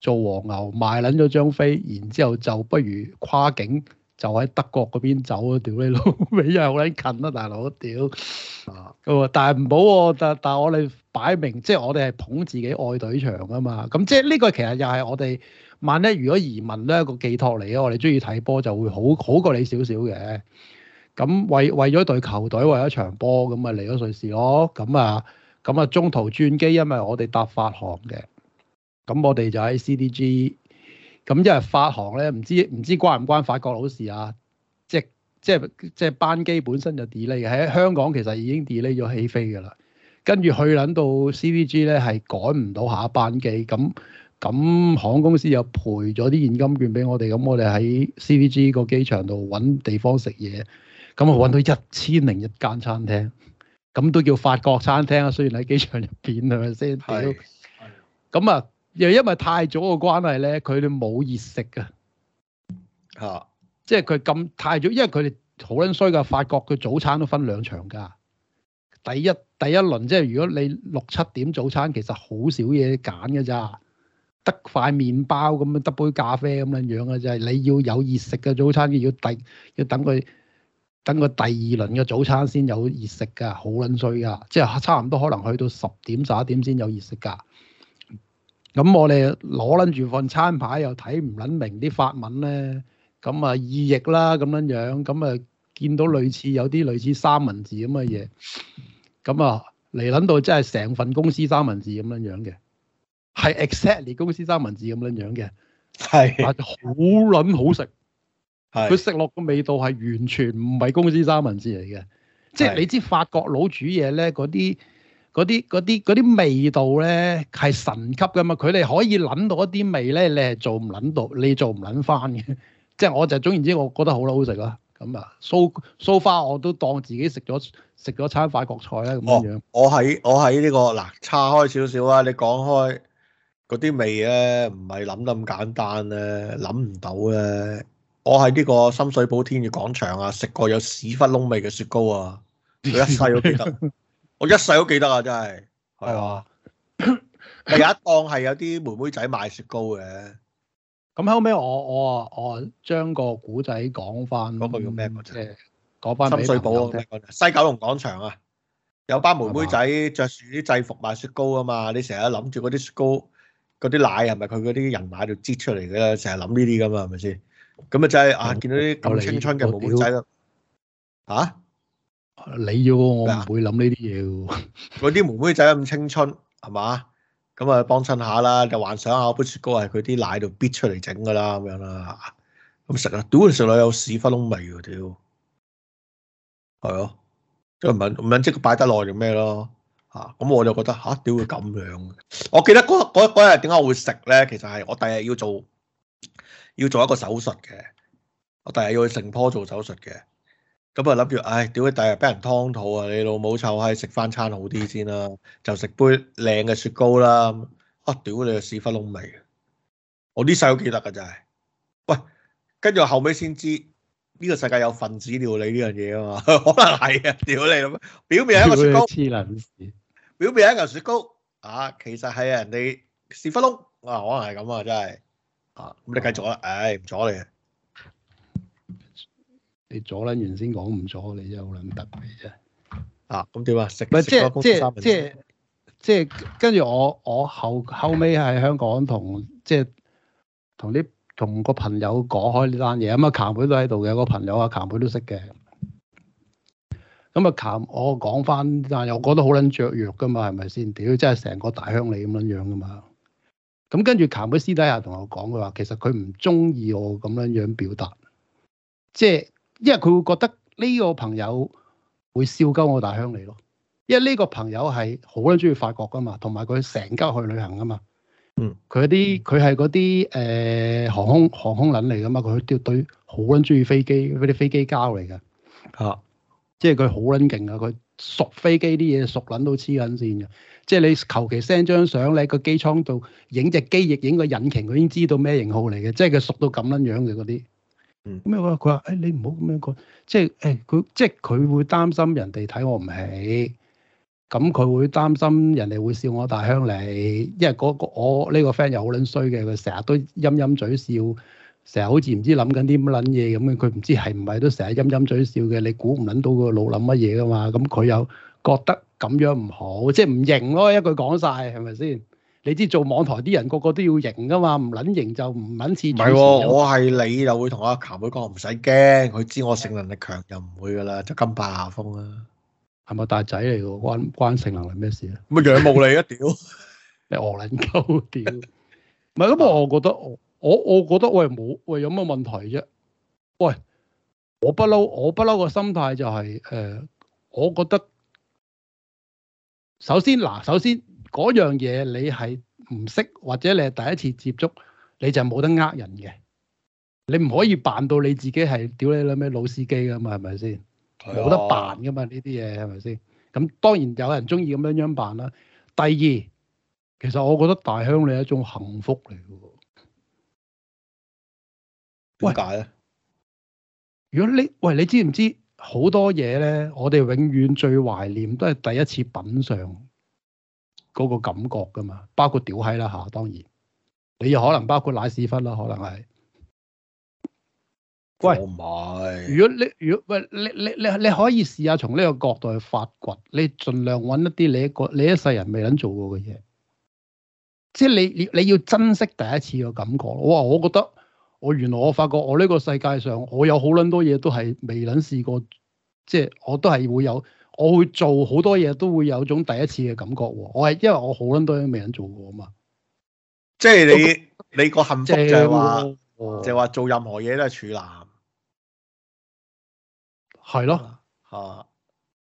做黃牛賣撚咗張飛，然之後就不如跨境就喺德國嗰邊走啊！屌你老味又好撚近啦，大佬！屌啊！咁但係唔好喎，但但係我哋擺明即係我哋係捧自己愛隊場啊嘛。咁即係呢個其實又係我哋。萬咧，如果移民咧，呢個寄託嚟咯，我哋中意睇波就會好好過你少少嘅。咁為為咗隊球隊，為咗場波，咁咪嚟咗瑞士咯。咁啊，咁啊中途轉機，因為我哋搭法航嘅。咁我哋就喺 CDG。咁因為法航咧，唔知唔知關唔關法國佬事啊？即即即班機本身就 delay，喺香港其實已經 delay 咗起飛㗎啦。跟住去撚到 CDG 咧，係趕唔到下一班機咁。咁咁航空公司又賠咗啲現金券俾我哋，咁我哋喺 C.V.G 個機場度揾地方食嘢，咁啊揾到一千零一間餐廳，咁都叫法國餐廳啊！雖然喺機場入邊係咪先？係。咁啊，又因為太早嘅關係咧，佢哋冇熱食啊。嚇！即係佢咁太早，因為佢哋好撚衰㗎，法國嘅早餐都分兩場㗎。第一第一輪即係如果你六七點早餐，其實好少嘢揀㗎咋。得塊麵包咁樣，得杯咖啡咁樣樣啊！就係你要有熱食嘅早餐，要第要等佢等個第二輪嘅早餐先有熱食噶，好撚衰噶！即係差唔多可能去到十點十一點先有熱食噶。咁我哋攞撚住份餐牌又睇唔撚明啲法文咧，咁啊意譯啦咁樣樣，咁啊見到類似有啲類似三文治咁嘅嘢，咁啊嚟撚到真係成份公司三文治咁樣樣嘅。係 exactly 公司三文治咁樣樣嘅，係，好撚好食，係。佢食落個味道係完全唔係公司三文治嚟嘅，即係你知法國佬煮嘢咧，嗰啲嗰啲嗰啲啲味道咧係神級噶嘛，佢哋可以捻到一啲味咧，你係做唔捻到，你做唔捻翻嘅。即係我就總言之我覺得好撚好食啦，咁啊，so so far 我都當自己食咗食咗餐法國菜啦咁樣樣。哦、我喺我喺呢、這個嗱，岔開少少啊，你講開。嗰啲味咧，唔係諗得咁簡單咧，諗唔到咧。我喺呢個深水埗天宇廣場啊，食過有屎忽窿味嘅雪糕啊，佢一世都記得。 我一世都記得啊，真係。係啊，係有一檔係有啲妹妹仔賣雪糕嘅。咁、嗯、後尾我我我，我將個古仔講翻。嗰、嗰個叫咩古仔？嗰、嗯、班、就是、深水埗西九龍廣場啊，有班妹妹仔着住啲制服賣雪糕啊嘛，你成日諗住嗰啲雪糕。嗰啲奶係咪佢嗰啲人奶度擠出嚟嘅啦？成日諗呢啲咁啊，係咪先？咁啊、就係，真、嗯、係啊，見到啲咁青春嘅妹妹仔咯嚇！你、嗯、要我唔、啊、會諗呢啲嘢喎。嗰 啲妹妹仔咁青春係嘛？咁啊幫襯下啦，就幻想下杯雪糕係佢啲奶度逼出嚟整㗎啦，咁樣啦。咁食啊，屌食落有屎忽窿味喎！屌係咯，即係唔緊唔緊，即係擺得耐就咩咯？啊，咁我就覺得吓，屌會咁樣？我記得嗰日點解我會食咧？其實係我第二日要做要做一個手術嘅，我第二日要去成坡做手術嘅。咁啊諗住，唉，屌佢第日俾人劏肚啊？你老母臭閪，食翻餐好啲先啦，啊，就食杯靚嘅雪糕啦，啊。啊，屌你屎忽窿味！我啲細都記得嘅真係。喂，跟住後尾先知呢個世界有分子料理呢樣嘢啊嘛，可能係啊，屌你，表面係一個雪糕。表面係一嚿雪糕，啊，其實係人哋屎忽窿，我、啊、可能係咁啊，真係，啊，咁你繼續啦，唉，唔阻你，你阻撚完先講，唔阻你真係，好撚得意啫，啊，咁點啊？食咩？即食即食即食即，即跟住我我後後尾喺香港同即同啲同個朋友講開呢單嘢，咁啊，琴妹都喺度嘅，有個朋友啊，琴妹都識嘅。咁啊，琴，我講翻，但又我覺得好撚雀躍噶嘛，係咪先？屌，真係成個大鄉里咁撚樣噶嘛。咁跟住琴，佢私底下同我講佢話，其實佢唔中意我咁樣樣表達，即係因為佢會覺得呢個朋友會笑鳩我大鄉里咯。因為呢個朋友係好撚中意法國噶嘛，同埋佢成家去旅行噶嘛。嗯，佢啲佢係嗰啲誒航空航空撚嚟噶嘛，佢對對好撚中意飛機嗰啲飛機膠嚟嘅嚇。啊即係佢好撚勁啊！佢熟飛機啲嘢熟撚到黐撚線嘅。即係你求其 send 張相你喺個機艙度影隻機翼、影個引擎，佢已經知道咩型號嚟嘅。即係佢熟到咁撚樣嘅嗰啲。嗯，咩話？佢、哎、話，誒你唔好咁樣講。即係誒，佢、哎、即係佢會擔心人哋睇我唔起，咁佢會擔心人哋會笑我大鄉里。因為嗰、那個、我呢個 friend 又好撚衰嘅，佢成日都陰陰嘴笑。成日好似唔知諗緊啲乜撚嘢咁嘅，佢唔知係唔係都成日陰陰嘴笑嘅。你估唔撚到個腦諗乜嘢噶嘛？咁佢又覺得咁樣唔好，即係唔型咯，一句講曬係咪先？你知做網台啲人個個都要型噶嘛？唔撚型就唔撚似主持。唔係喎，我係你就會同阿琴妹講唔使驚，佢知我性能力強又唔會噶啦，就甘拜下風啦。係咪大仔嚟㗎？關關性能力咩事啊？咪養無你一屌！你餓撚鳩屌！唔係咁，我覺得我。我我覺得我係冇喂，喂有乜問題啫？喂，我不嬲我不嬲個心態就係、是、誒、呃，我覺得首先嗱，首先嗰樣嘢你係唔識或者你係第一次接觸，你就冇得呃人嘅。你唔可以扮到你自己係屌你老咩老司機噶嘛？係咪先？冇得扮噶嘛？呢啲嘢係咪先？咁當然有人中意咁樣樣扮啦。第二，其實我覺得大鄉里係一種幸福嚟嘅喎。點解咧？如果你喂，你知唔知好多嘢咧？我哋永遠最懷念都係第一次品嘗嗰個感覺噶嘛，包括屌閪啦吓、啊，當然，你又可能包括奶屎忽啦，可能係、嗯。喂，唔係？如果喂，你你你你可以試下從呢個角度去發掘，你盡量搵一啲你一你一世人未能做過嘅嘢，即係你你你要珍惜第一次嘅感覺。我話我覺得。我原來我發覺我呢個世界上我有好撚多嘢都係未撚試過，即、就、係、是、我都係會有，我會做好多嘢都會有種第一次嘅感覺。我係因為我好撚多嘢未撚做過啊嘛，即係你你個幸福就係話、啊、就話、是、做任何嘢都係處男，係咯嚇。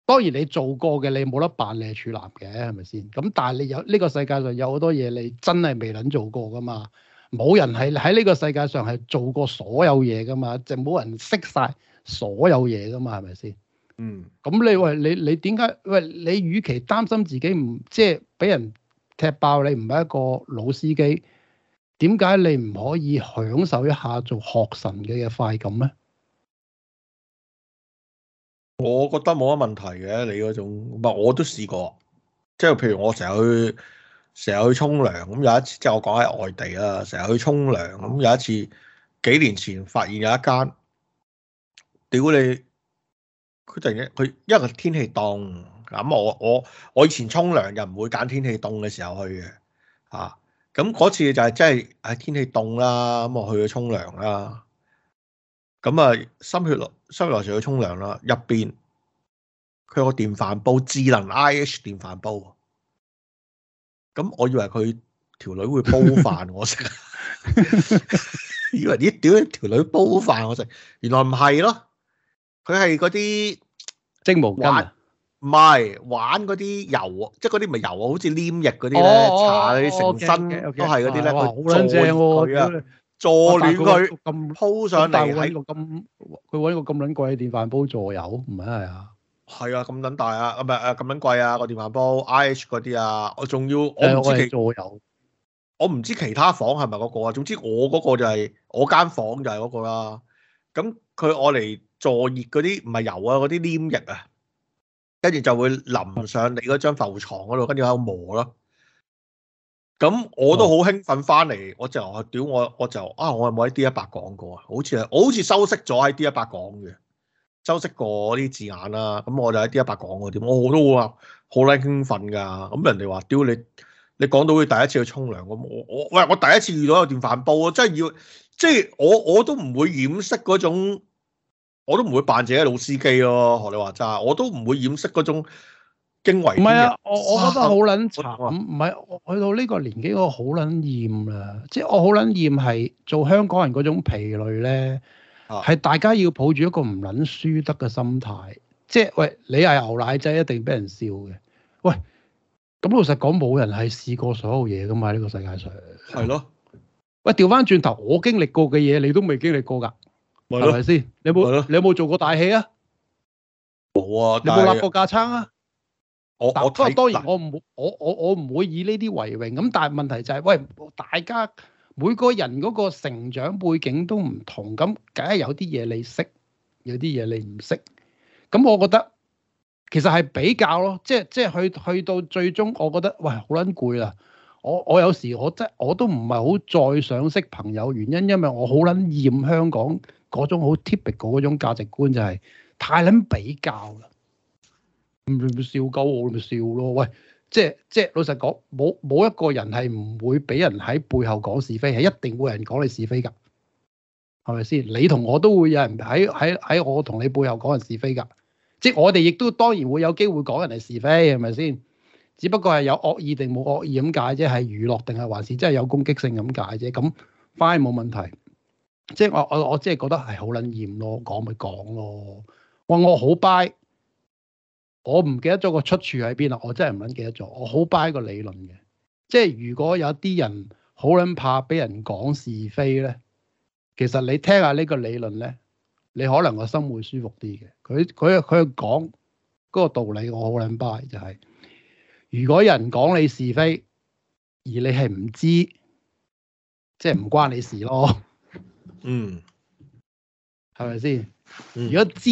當然你做過嘅你冇得扮你係處男嘅係咪先？咁但係你有呢、這個世界上有好多嘢你真係未撚做過噶嘛？冇人係喺呢個世界上係做過所有嘢噶嘛，就冇人識晒所有嘢噶嘛，係咪先？嗯。咁你，你，你喂你你點解喂你與其擔心自己唔即係俾人踢爆，你唔係一個老司機，點解你唔可以享受一下做學神嘅嘅快感咧？我覺得冇乜問題嘅，你嗰種唔係我都試過，即係譬如我成日去。成日去沖涼，咁有一次即係我講喺外地啦。成日去沖涼，咁有一次幾年前發現有一間，屌你！佢突然間佢因為天氣凍，咁我我我以前沖涼又唔會揀天氣凍嘅時候去嘅，嚇！咁嗰次就係真係係天氣凍啦，咁我去咗沖涼啦。咁啊，心血來心血來潮去沖涼啦，入邊佢有個電飯煲，智能 IH 電飯煲。咁我以為佢條女會煲飯我食，以為咦屌！條女煲飯我食，原來唔係咯，佢係嗰啲蒸毛巾啊，唔係玩嗰啲油，即係嗰啲唔係油啊，好似黏液嗰啲咧，搽嗰啲成身都係嗰啲咧，好卵正喎，助暖佢咁鋪上嚟，佢揾個咁佢揾個咁卵貴嘅電飯煲助油，唔係係啊！係啊，咁撚大啊，唔係誒，咁樣貴啊個電飯煲，IH 嗰啲啊，我仲、啊啊、要我唔知其有，我唔知,其,、哎、我我知其他房係咪嗰個啊，總之我嗰個就係、是、我間房就係嗰個啦、啊。咁佢我嚟助熱嗰啲唔係油啊，嗰啲黏液啊，跟住就會淋上你嗰張浮床嗰度，跟住喺度磨咯、啊。咁我都好興奮翻嚟，我就屌我，我就,我就啊，我有冇喺 D 一百講過啊，好似好似收息咗喺 D 一百講嘅。修飾過嗰啲字眼啦、啊，咁我就喺啲一八講喎點，我我都會話好撚興奮㗎。咁人哋話，屌你，你講到佢第一次去沖涼，我我喂我第一次遇到有電飯煲啊！真係要，即係我我都唔會掩飾嗰種，我都唔會扮自己老司機咯、啊。學你話齋，我都唔會掩飾嗰種驚為。唔係啊，我我覺得好撚慘啊，唔係去到呢個年紀，我好撚厭啊。即係我好撚厭係做香港人嗰種疲累咧。係大家要抱住一個唔捻輸得嘅心態，即係喂，你係牛奶仔一定俾人笑嘅。喂，咁老實講，冇人係試過所有嘢噶嘛？呢個世界上係咯。喂，調翻轉頭，我經歷過嘅嘢，你都未經歷過噶，係咪先？你有冇你有冇做過大戲啊？冇啊！你冇立過架撐啊？我我當然我唔我我我唔會以呢啲為榮。咁但係問題就係，喂，大家。每個人嗰個成長背景都唔同，咁梗係有啲嘢你識，有啲嘢你唔識。咁我覺得其實係比較咯，即係即係去去到最終，我覺得喂好撚攰啦。我我有時我真我都唔係好再想識朋友，原因因為我好撚厭香港嗰種好 typical 嗰種價值觀就係太撚比較啦。唔笑鳩，我咪笑咯。喂！即係即係，老實講，冇冇一個人係唔會俾人喺背後講是非，係一定會有人講你是非㗎，係咪先？你同我都會有人喺喺喺我同你背後講人是非㗎，即係我哋亦都當然會有機會講人哋是非，係咪先？只不過係有惡意定冇惡意咁解啫，係娛樂定係還是真係有攻擊性咁解啫？咁翻冇問題，即係我我我即係覺得係好撚嚴咯，講咪講咯，哇！我好 buy。我唔記得咗個出處喺邊啦，我真係唔捻記得咗。我好 buy 個理論嘅，即係如果有啲人好捻怕俾人講是非咧，其實你聽下呢個理論咧，你可能個心會舒服啲嘅。佢佢佢講嗰個道理，我好捻 buy 就係，如果有人講你是非，而你係唔知，即係唔關你事咯。嗯，係咪先？如果知，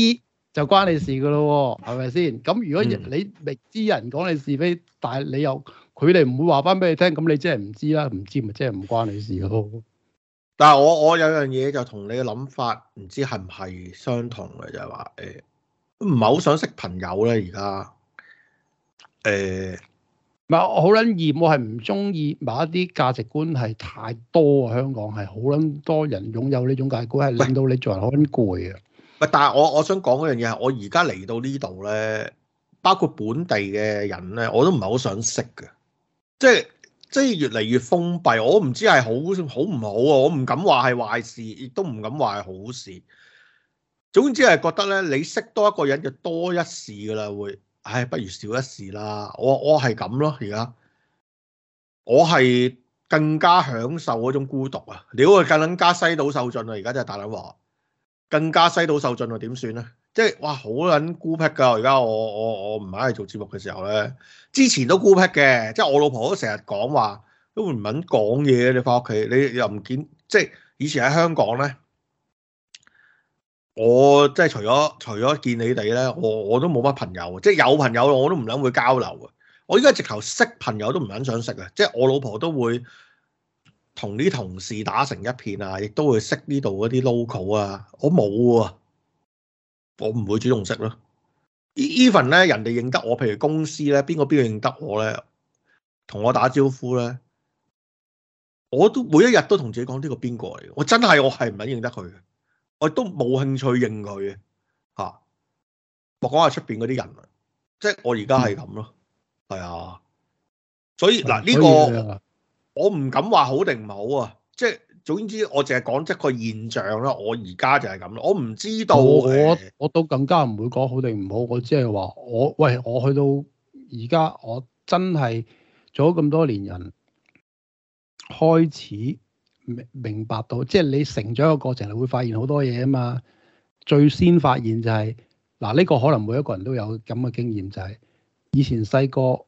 就關你事噶咯喎，係咪先？咁如果你未知人講你是非，嗯、但係你又佢哋唔會話翻俾你聽，咁你真係唔知啦，唔知咪即係唔關你事咯。但係我我有樣嘢就同你嘅諗法唔知係唔係相同嘅，就係話誒，唔係好想識朋友咧而家。誒、欸，唔係我好撚厭，我係唔中意某一啲價值觀係太多啊！香港係好撚多人擁有呢種價值觀，係令到你做人好撚攰啊！但係我我想講嗰樣嘢係，我而家嚟到呢度咧，包括本地嘅人咧，我都唔係好想識嘅，即係即係越嚟越封閉。我唔知係好好唔好啊，我唔敢話係壞事，亦都唔敢話係好事。總之係覺得咧，你識多一個人就多一事噶啦，會唉，不如少一事啦。我我係咁咯，而家我係更加享受嗰種孤獨啊！你會更加西島受盡啊，而家真係大捻鑊。更加西到受盡喎，點算咧？即係哇，好撚孤僻㗎！而家我我我唔喺度做節目嘅時候咧，之前都孤僻嘅，即係我老婆都成日講話，都會唔肯講嘢。你翻屋企，你又唔見，即係以前喺香港咧，我即係除咗除咗見你哋咧，我我都冇乜朋友，即係有朋友我都唔肯會交流嘅。我依家直頭識朋友都唔肯想識嘅，即係我老婆都會。同啲同事打成一片啊，亦都會識呢度嗰啲 local 啊。我冇啊，我唔會主動識咯。Even 咧，人哋認得我，譬如公司咧，邊個邊個認得我咧，同我打招呼咧，我都每一日都同自己講呢個邊個嚟嘅。我真係我係唔肯認得佢嘅，我都冇興趣認佢嘅嚇。我講下出邊嗰啲人，啊，說說即係我而家係咁咯，係、嗯、啊。所以嗱呢個。我唔敢話好定唔好啊！即係總之我，我淨係講一個現象啦。我而家就係咁啦。我唔知道。我我，我都更加唔會講好定唔好。我只係話我喂，我去到而家，我真係做咗咁多年人，開始明白到，即係你成長嘅過程，你會發現好多嘢啊嘛。最先發現就係嗱，呢個可能每一個人都有咁嘅經驗，就係以前細個。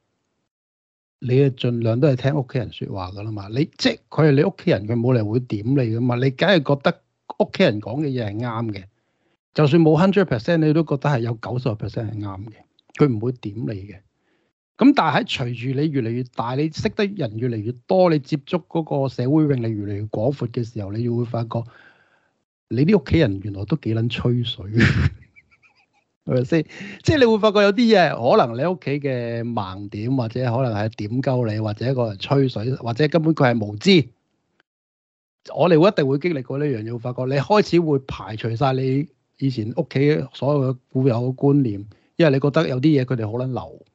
你啊，儘量都係聽屋企人說話噶啦嘛。你即係佢係你屋企人，佢冇理由會點你噶嘛。你梗係覺得屋企人講嘅嘢係啱嘅。就算冇 hundred percent，你都覺得係有九十個 percent 係啱嘅。佢唔會點你嘅。咁但係喺隨住你越嚟越大，你識得人越嚟越多，你接觸嗰個社會領域越嚟越廣闊嘅時候，你就會發覺你啲屋企人原來都幾撚吹水。 係咪先？即係你會發覺有啲嘢可能你屋企嘅盲點，或者可能係點鳩你，或者一個人吹水，或者根本佢係無知。我哋會一定會經歷過呢樣嘢，會發覺你開始會排除晒你以前屋企所有嘅固有嘅觀念，因為你覺得有啲嘢佢哋好撚流，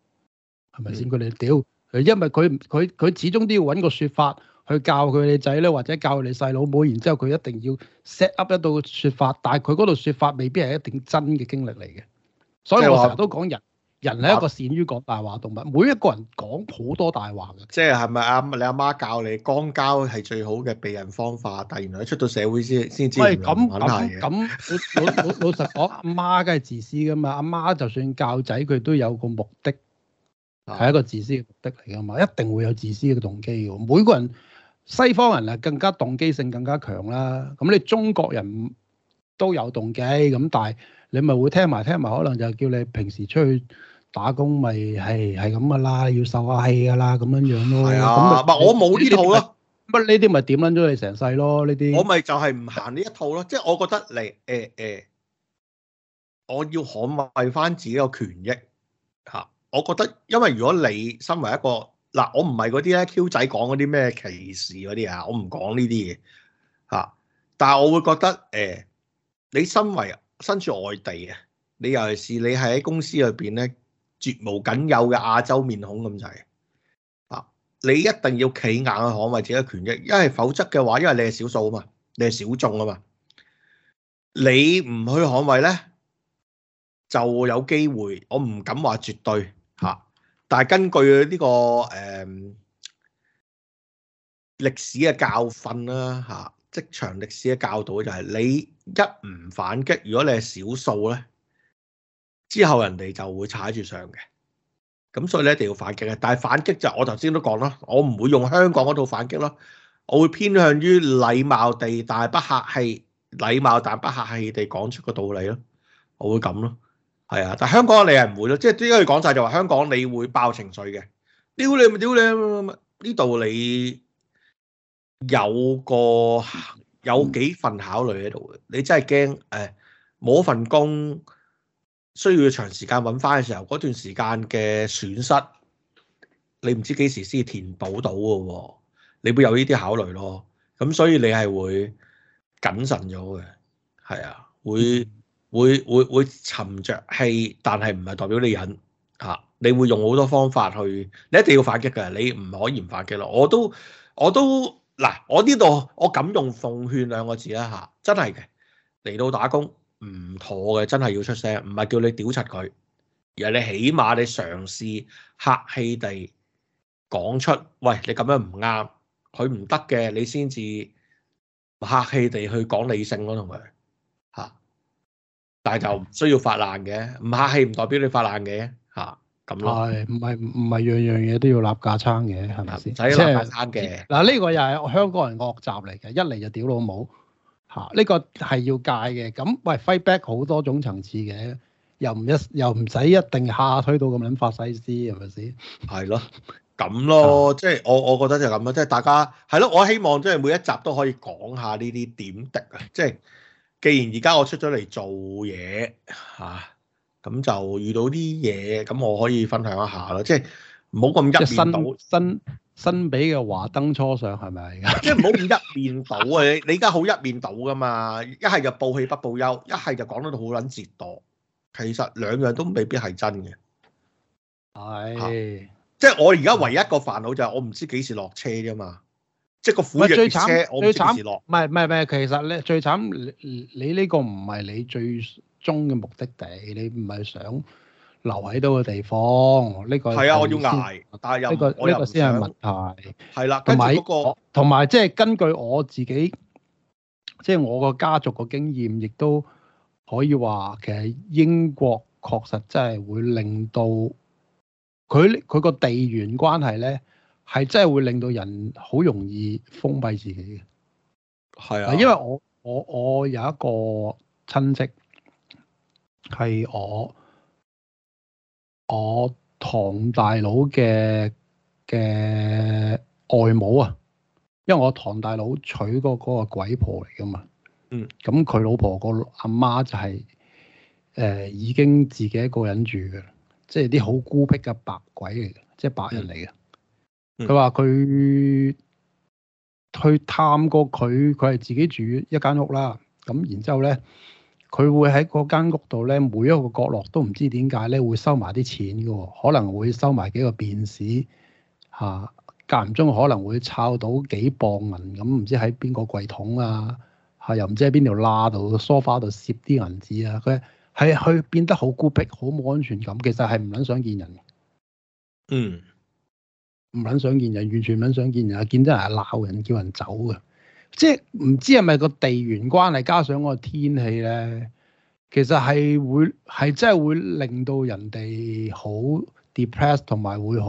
係咪先？佢哋屌，因為佢佢佢始終都要揾個說法去教佢嘅仔咧，或者教佢哋細佬妹，然之後佢一定要 set up 一道說法，但係佢嗰度說法未必係一定真嘅經歷嚟嘅。所以我成日都講人，就是、說人係一個善於講大話動物啊，每一個人講好多大話嘅。即係係咪啊？就是、是是你阿媽教你肛交係最好嘅避孕方法，但原來出到社會先先知。喂，咁咁老老老實講，阿 媽梗係自私㗎嘛？阿媽就算教仔，佢都有個目的，係一個自私嘅目的嚟㗎嘛？一定會有自私嘅動機嘅。每個人西方人啊，更加動機性更加強啦。咁你中國人都有動機，咁但係。你咪會聽埋聽埋，可能就叫你平時出去打工咪係係咁嘅啦，要受下氣嘅啦，咁樣樣咯。係啊，唔咪我冇呢套咯，乜呢啲咪點撚咗你成世咯？呢啲我咪就係唔行呢一套咯，即係我覺得你誒誒，我要捍衞翻自己個權益嚇。我覺得，因為如果你身為一個嗱，我唔係嗰啲咧，Q 仔講嗰啲咩歧視嗰啲啊，我唔講呢啲嘢嚇。但係我會覺得誒，你身為身處外地啊，你尤其是你係喺公司裏邊咧，絕無僅有嘅亞洲面孔咁滯啊！你一定要企硬去捍衞自己嘅權益，因為否則嘅話，因為你係少數啊嘛，你係小眾啊嘛，你唔去捍衞咧，就有機會。我唔敢話絕對嚇，但係根據呢、這個誒、呃、歷史嘅教訓啦、啊、嚇。職場歷史嘅教導就係你一唔反擊，如果你係少數咧，之後人哋就會踩住上嘅。咁所以你一定要反擊嘅，但係反擊就我頭先都講啦，我唔會用香港嗰套反擊咯，我會偏向於禮貌地但不客氣，禮貌但不客氣地講出個道理咯，我會咁咯，係啊。但香港你係唔會咯，即係啲嘢講晒就話香港你會爆情緒嘅，屌你咪屌你，呢道理。有個有幾份考慮喺度嘅，你真係驚誒，冇一、哎、份工需要長時間揾翻嘅時候，嗰段時間嘅損失，你唔知幾時先填補到嘅，啊，你會有呢啲考慮咯。咁所以你係會謹慎咗嘅，係啊，會會會會沉着，氣，但係唔係代表你忍吓，啊，你會用好多方法去，你一定要反擊嘅，你唔可以唔反擊咯。我都我都。嗱，我呢度我敢用奉勸兩個字啦吓，真係嘅嚟到打工唔妥嘅，真係要出聲，唔係叫你屌柒佢，而係你起碼你嘗試客氣地講出，喂，你咁樣唔啱，佢唔得嘅，你先至客氣地去講理性囉，同佢吓，但係就唔需要發爛嘅，唔客氣唔代表你發爛嘅。係、哎，唔係唔，唔係樣樣嘢都要立架撐嘅，係咪先？唔使立架撐嘅。嗱，呢個又係香港人惡習嚟嘅，一嚟就屌老母嚇，呢、這個係要戒嘅。咁喂，fight back 好多種層次嘅，又唔一又唔使一定下推到咁撚法西斯，係咪先？係咯，咁咯，即係、就是、我我覺得就係咁啦。即、就、係、是、大家係咯，我希望即係每一集都可以講下呢啲點滴啊。即、就、係、是、既然而家我出咗嚟做嘢嚇。 咁就遇到啲嘢，咁我可以分享一下咯，即係唔好咁一面倒。新新俾嘅華燈初上係咪？是是 即係唔好一面倒啊！你你而家好一面倒噶嘛？一係就報喜不報憂，一係就講到好捻折墮。其實兩樣都未必係真嘅。係、哎啊，即係我而家唯一煩惱、哎、唯一煩惱、哎、個煩惱就係我唔知幾時落車啫嘛。即係個苦力車，最慘我唔知幾時落。唔係唔係唔係，其實你最慘，你你呢個唔係你最。中嘅目的地，你唔係想留喺到個地方？呢個係啊，我要捱，但係，又呢個呢個先係問題係啦，同埋呢個同埋即係根據我自己，即係我個家族個經驗亦都可以話，其實英國確實真係會令到佢佢個地緣關係咧，係真係會令到人好容易封閉自己嘅。係啊，因為我我我有一個親戚。係我我堂大佬嘅嘅外母啊，因為我堂大佬娶過嗰個鬼婆嚟㗎嘛，嗯，咁佢老婆個阿媽，媽就係、是、誒、呃、已經自己一個人住嘅，即係啲好孤僻嘅白鬼嚟嘅，即係白人嚟嘅。佢話佢去探過佢，佢係自己住一間屋啦，咁然之後咧。佢會喺嗰間屋度咧，每一個角落都唔知點解咧，會收埋啲錢嘅，可能會收埋幾個便士嚇，間唔中可能會抄到幾磅銀咁，唔、啊、知喺邊個櫃桶啊，嚇、啊啊、又唔知喺邊條罅度，梳化度攝啲銀紙啊，佢係去變得好孤僻，好冇安全感，其實係唔撚想見人嗯，唔撚想見人，完全唔撚想見人，見真人係鬧人，叫人走嘅。即係唔知係咪個地緣關係加上個天氣咧，其實係會係真係會令到人哋好 depressed 同埋會好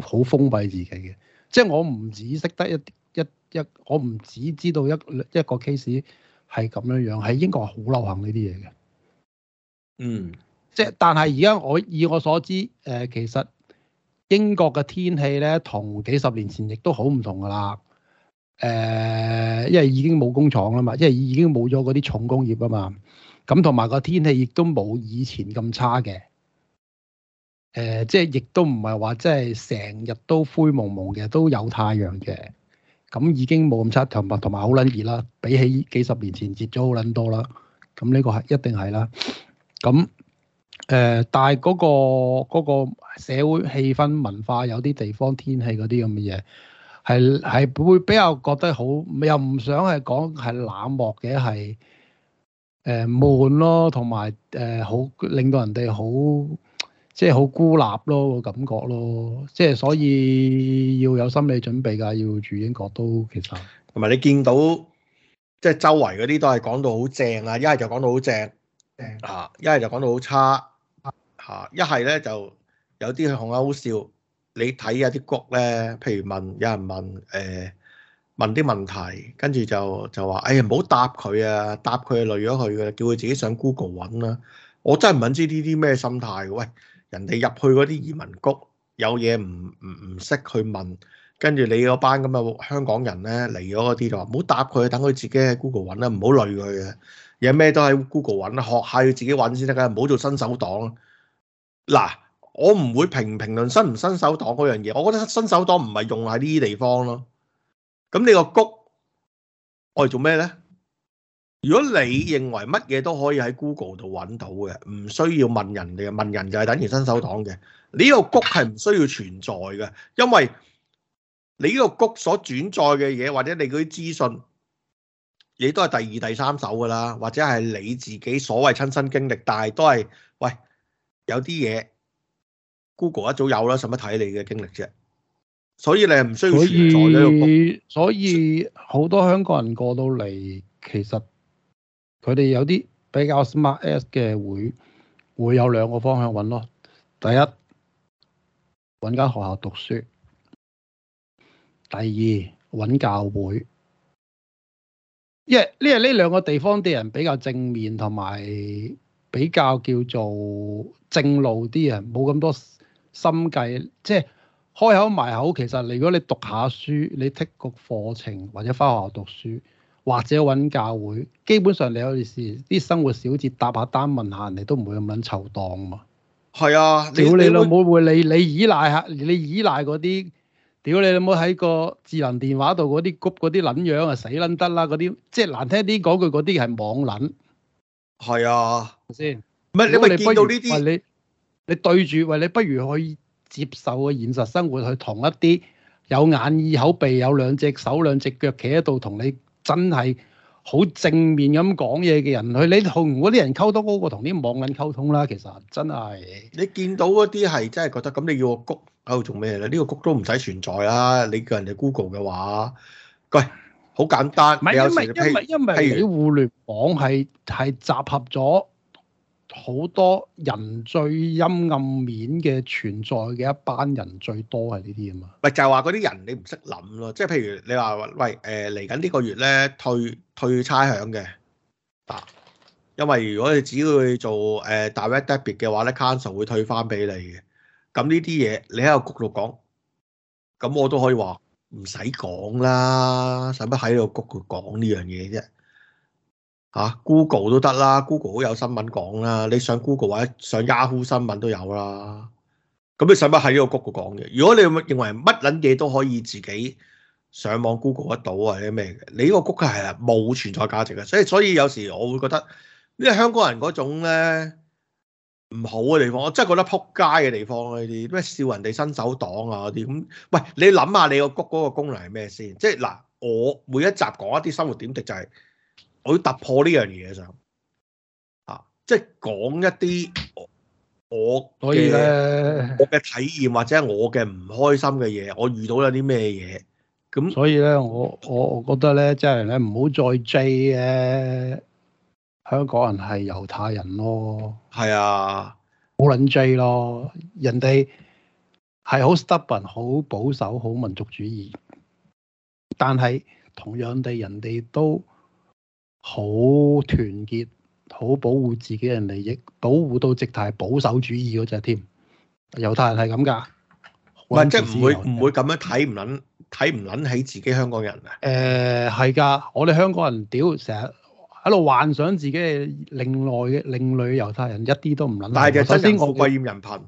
好封閉自己嘅。即係我唔只識得一一一，我唔只知道一一個 case 係咁樣樣，喺英國好流行呢啲嘢嘅。嗯，即係但係而家我以我所知，誒、呃，其實英國嘅天氣咧同幾十年前亦都好唔同噶啦。誒，因為已經冇工廠啦嘛，即係已經冇咗嗰啲重工業啊嘛，咁同埋個天氣亦都冇以前咁差嘅。誒，即係亦都唔係話即係成日都灰蒙蒙嘅，都有太陽嘅，咁已經冇咁差，同埋同埋好捻熱啦，比起幾十年前熱咗好捻多啦，咁呢個係一定係啦，咁誒，但係嗰個嗰個社會氣氛、文化，有啲地方天氣嗰啲咁嘅嘢。係係會比較覺得好，又唔想係講係冷漠嘅，係誒、呃、悶咯，同埋誒好令到人哋好即係好孤立咯個感覺咯，即係所以要有心理準備㗎，要住英國都其實同埋你見到即係、就是、周圍嗰啲都係講到好正啊，一係就講到好正，啊一係就講到好差，嚇一係咧就有啲去哄好笑。你睇下啲谷咧，譬如問有人問，誒、欸、問啲問題，跟住就就話，哎呀唔好答佢啊，答佢累咗佢噶叫佢自己上 Google 揾啦、啊。我真係唔明知呢啲咩心態。喂，人哋入去嗰啲移民谷有嘢唔唔唔識去問，跟住你嗰班咁嘅香港人咧嚟咗嗰啲就話唔好答佢，等佢自己喺 Google 揾啦、啊，唔好累佢嘅、啊。有咩都喺 Google 揾啦、啊，學下要自己揾先得噶，唔好做新手黨、啊。嗱。我唔會評評論新唔新手黨嗰樣嘢，我覺得新手黨唔係用喺呢啲地方咯。咁你個谷我嚟做咩呢？如果你認為乜嘢都可以喺 Google 度揾到嘅，唔需要問人哋，問人就係等於新手黨嘅。你呢個谷係唔需要存在嘅，因為你呢個谷所轉載嘅嘢，或者你嗰啲資訊，你都係第二、第三手噶啦，或者係你自己所謂親身經歷，但係都係，喂，有啲嘢。Google 一早有啦，使乜睇你嘅經歷啫？所以你唔需要存在咧。所以好多香港人過到嚟，其實佢哋有啲比較 smart as 嘅，會會有兩個方向揾咯。第一揾間學校讀書，第二揾教會。因為呢，係呢兩個地方啲人比較正面，同埋比較叫做正路啲人，冇咁多心計即係開口埋口，其實如果你讀下書，你 take 個課程或者返學校讀書，或者揾教會，基本上你有啲事，啲生活小節搭下單問下人、啊，你都唔會咁撚湊當啊嘛。係啊，屌你老母，你你，會你依賴下，你依賴嗰啲，屌、啊、你老母喺個智能電話度嗰啲谷嗰啲撚樣啊，死撚得啦！嗰啲即係難聽啲講句，嗰啲係網撚。係啊，先唔係你咪見到呢啲。你對住，喂，你不如可以接受個現實生活，去同一啲有眼、耳、口、鼻，有兩隻手、兩隻腳，企喺度同你真係好正面咁講嘢嘅人去你人。你同嗰啲人溝通好過同啲網銀溝通啦。其實真係，你見到嗰啲係真係覺得咁，哦這個，你要個谷喺度做咩咧？呢個谷都唔使存在啦。你叫人哋 Google 嘅話，喂，好簡單。唔係，因為因為因為啲互聯網係係集合咗。好多人最陰暗面嘅存在嘅一班人最多係呢啲啊嘛，咪就係話嗰啲人你唔識諗咯，即係譬如你話喂，誒嚟緊呢個月咧退退差餉嘅，嗱，因為如果你只要去做、呃、direct debit 嘅話咧，council 會退翻俾你嘅，咁呢啲嘢你喺個局度講，咁我都可以話唔使講啦，使乜喺個局度講呢樣嘢啫？嚇，Google 都得啦，Google 都啦 Google 有新聞講啦。你上 Google 或者上 Yahoo 新聞都有啦。咁你使乜喺呢個 Google 講嘅？如果你認為乜撚嘢都可以自己上網 Google 得到或者咩嘅，你呢個 Google 係冇存在價值嘅。所以所以有時我會覺得呢個香港人嗰種咧唔好嘅地方，我真係覺得撲街嘅地方呢啲咩笑人哋新手黨啊嗰啲咁。喂，你諗下你個 Google 嗰個功能係咩先？即係嗱，我每一集講一啲生活點滴就係、是。我要突破呢樣嘢就，啊，即係講一啲我以我嘅我嘅體驗或者我嘅唔開心嘅嘢，我遇到有啲咩嘢？咁所以咧，我我覺得咧，即係咧唔好再追嘅香港人係猶太人咯，係啊，冇撚追咯，人哋係好 stubborn，好保守，好民族主義，但係同樣地，人哋都。好團結，好保護自己人利益，保護到直頭保守主義嗰隻添。猶太人係咁㗎，即係唔會唔會咁樣睇唔撚睇唔撚起自己香港人啊？誒係㗎，我哋香港人屌成日喺度幻想自己嘅另外嘅另類猶太人，一啲都唔撚。但係嘅，首先我貴嫌人貧。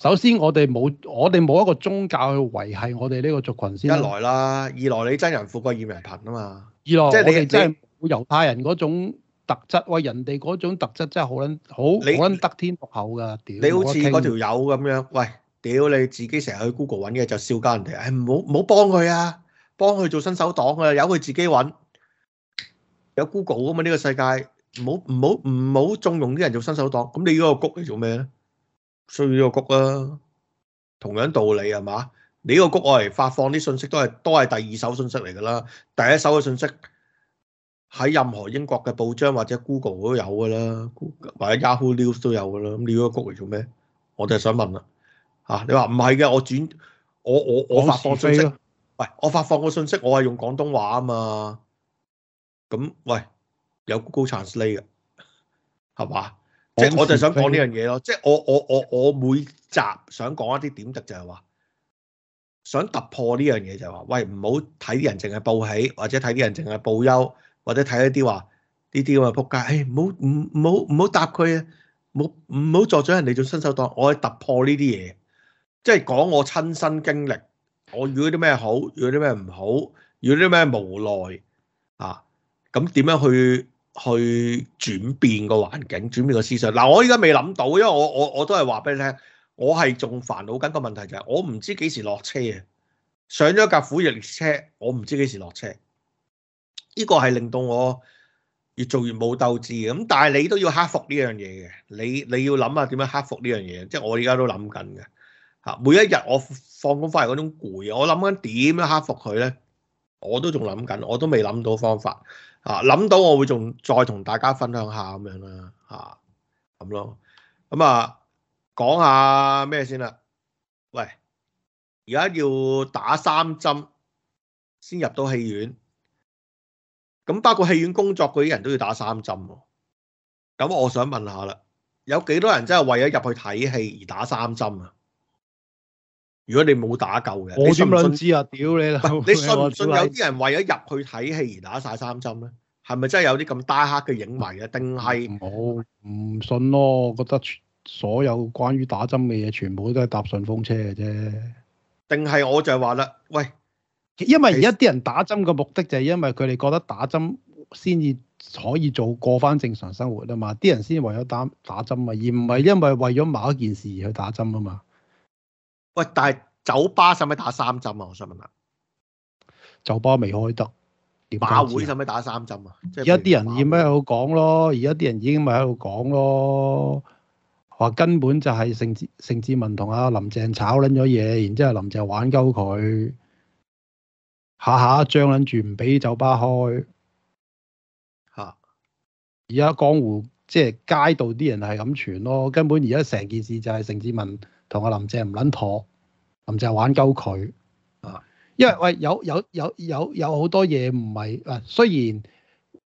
首先我哋冇我哋冇一個宗教去維繫我哋呢個族群先。一來啦，二來你真人富貴嫌人貧啊嘛。二來即係你 okay，即係。猶太人嗰種特質，喂，人哋嗰種特質真係好撚好，好撚得天獨厚噶。屌，你好似嗰條友咁樣，喂，屌你自己成日去 Google 搵嘅就笑架，人哋，唉，唔好唔好幫佢啊，幫佢做新手黨啊，由佢自己搵。有 Google 啊嘛，呢個世界，唔好唔好唔好縱容啲人做新手黨。咁你嗰個谷嚟做咩咧？需要個谷啊，同樣道理係嘛？你個谷我嚟發放啲信息都係都係第二手信息嚟噶啦，第一手嘅信息。喺任何英國嘅報章或者 Google 都有㗎啦，或者 Yahoo News 都有㗎啦。咁你個谷嚟做咩？我就係想問啦嚇，你話唔係嘅，我轉我我我發放信息，喂，我發放個信息，我係用廣東話啊嘛。咁喂，有 Google Translate 嘅係嘛？即係，我就想講呢樣嘢咯。即係我我我我每集想講一啲點滴，就係話，想突破呢樣嘢就係話，喂，唔好睇啲人淨係報喜，或者睇啲人淨係報憂。或者睇一啲話呢啲咁嘅仆街，誒，冇唔好唔唔好答佢啊，冇唔好助咗人哋做新手黨，我去突破呢啲嘢，即係講我親身經歷，我遇到啲咩好，遇到啲咩唔好，遇到啲咩無奈啊，咁點樣去去轉變個環境，轉變個思想？嗱，我而家未諗到，因為我我我都係話俾你聽，我係仲煩惱緊個問題就係、是，我唔知幾時落車啊，上咗架苦役列車，我唔知幾時落車。呢、這個係令到我越做越冇鬥志嘅，咁但係你都要克服呢樣嘢嘅。你你要諗下點樣克服呢樣嘢，即係我而家都諗緊嘅。嚇，每一日我放工翻嚟嗰種攰，我諗緊點樣克服佢咧，我都仲諗緊，我都未諗到方法。嚇，諗到我會仲再同大家分享下咁樣啦。嚇，咁咯，咁啊，講下咩先啦？喂，而家要打三針先入到戲院。咁包括戲院工作嗰啲人都要打三針喎，咁我想問下啦，有幾多人真係為咗入去睇戲而打三針啊？如果你冇打夠嘅，我信唔信啊？屌你老，你信唔信有啲人為咗入去睇戲而打晒三針咧？係咪真係有啲咁呆黑嘅影迷呀？定係冇？唔信咯，我覺得所有關於打針嘅嘢，全部都係搭順風車嘅啫。定係我就話啦，喂。因為而家啲人打針嘅目的就係因為佢哋覺得打針先至可以做過翻正常生活啊嘛，啲人先為咗打打針啊，而唔係因為為咗某一件事而去打針啊嘛。喂，但係酒吧使唔使打三針啊？我想問下。酒吧未開得。馬會使唔使打三針啊？而家啲人已咪喺度講咯，而家啲人已經咪喺度講咯，話、嗯、根本就係盛盛志文同阿林鄭炒捻咗嘢，然之後林鄭玩鳩佢。下下張捻住唔俾酒吧開吓，而家江湖即係街道啲人係咁傳咯，根本而家成件事就係盛智文同阿林鄭唔捻妥，林鄭玩鳩佢啊，因為喂有有有有有好多嘢，唔係啊，雖然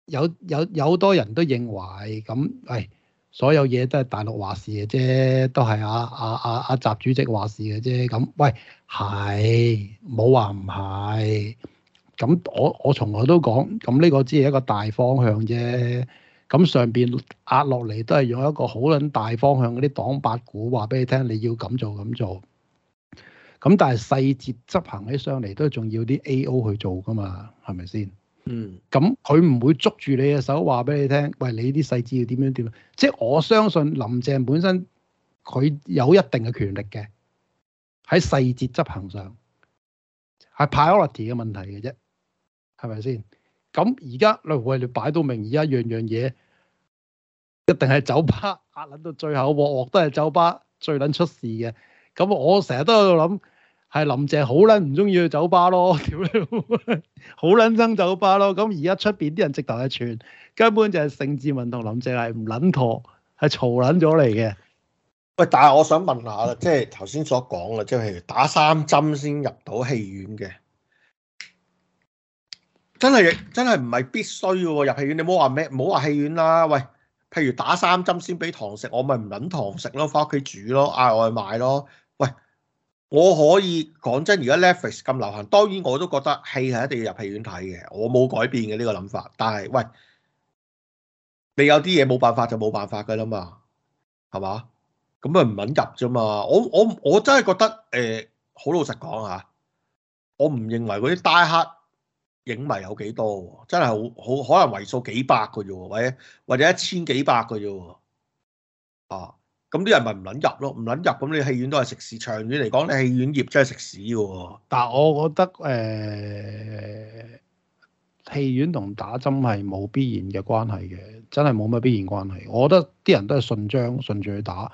有有有好多人都認為咁喂。所有嘢都係大陸話事嘅啫，都係阿阿阿阿習主席話事嘅啫。咁喂，係冇話唔係。咁我我從來都講，咁呢個只係一個大方向啫。咁上邊壓落嚟都係用一個好撚大方向嗰啲黨八股話俾你聽，你要咁做咁做。咁但係細節執行起上嚟都仲要啲 AO 去做㗎嘛，係咪先？嗯，咁佢唔會捉住你嘅手話俾你聽，喂，你啲細節要點樣點樣？即我相信林鄭本身佢有一定嘅權力嘅，喺細節執行上係 priority 嘅問題嘅啫，係咪先？咁而家你擺到明，而家樣樣嘢一定係酒吧壓撚到最後，鑊鑊都係酒吧最撚出事嘅。咁我成日都喺度諗。係林鄭好撚唔中意去酒吧咯，點解好撚憎酒吧咯？咁而家出邊啲人直頭一串，根本就係盛智文同林鄭係唔撚妥，係嘈撚咗嚟嘅。喂，但係我想問下啦，即係頭先所講啦，即係譬如打三針先入到戲院嘅，真係真係唔係必須喎？入戲院你冇話咩？唔好話戲院啦。喂，譬如打三針先俾糖食，我咪唔撚堂食咯，翻屋企煮咯，嗌外賣咯。我可以講真，而家 Netflix 咁流行，當然我都覺得戲係一定要入戲院睇嘅，我冇改變嘅呢、呢個諗法。但係喂，你有啲嘢冇辦法就冇辦法㗎啦嘛，係嘛？咁啊唔肯入啫嘛。我我我真係覺得誒，好、呃、老實講嚇，我唔認為嗰啲 dark 影迷有幾多，真係好好可能為數幾百個啫，或者或者一千幾百個啫，啊。咁啲人咪唔撚入咯，唔撚入咁你戲院都係食屎。長遠嚟講，你戲院業真係食屎嘅、啊。但係我覺得誒、呃、戲院同打針係冇必然嘅關係嘅，真係冇乜必然關係。我覺得啲人都係順章，順住去打。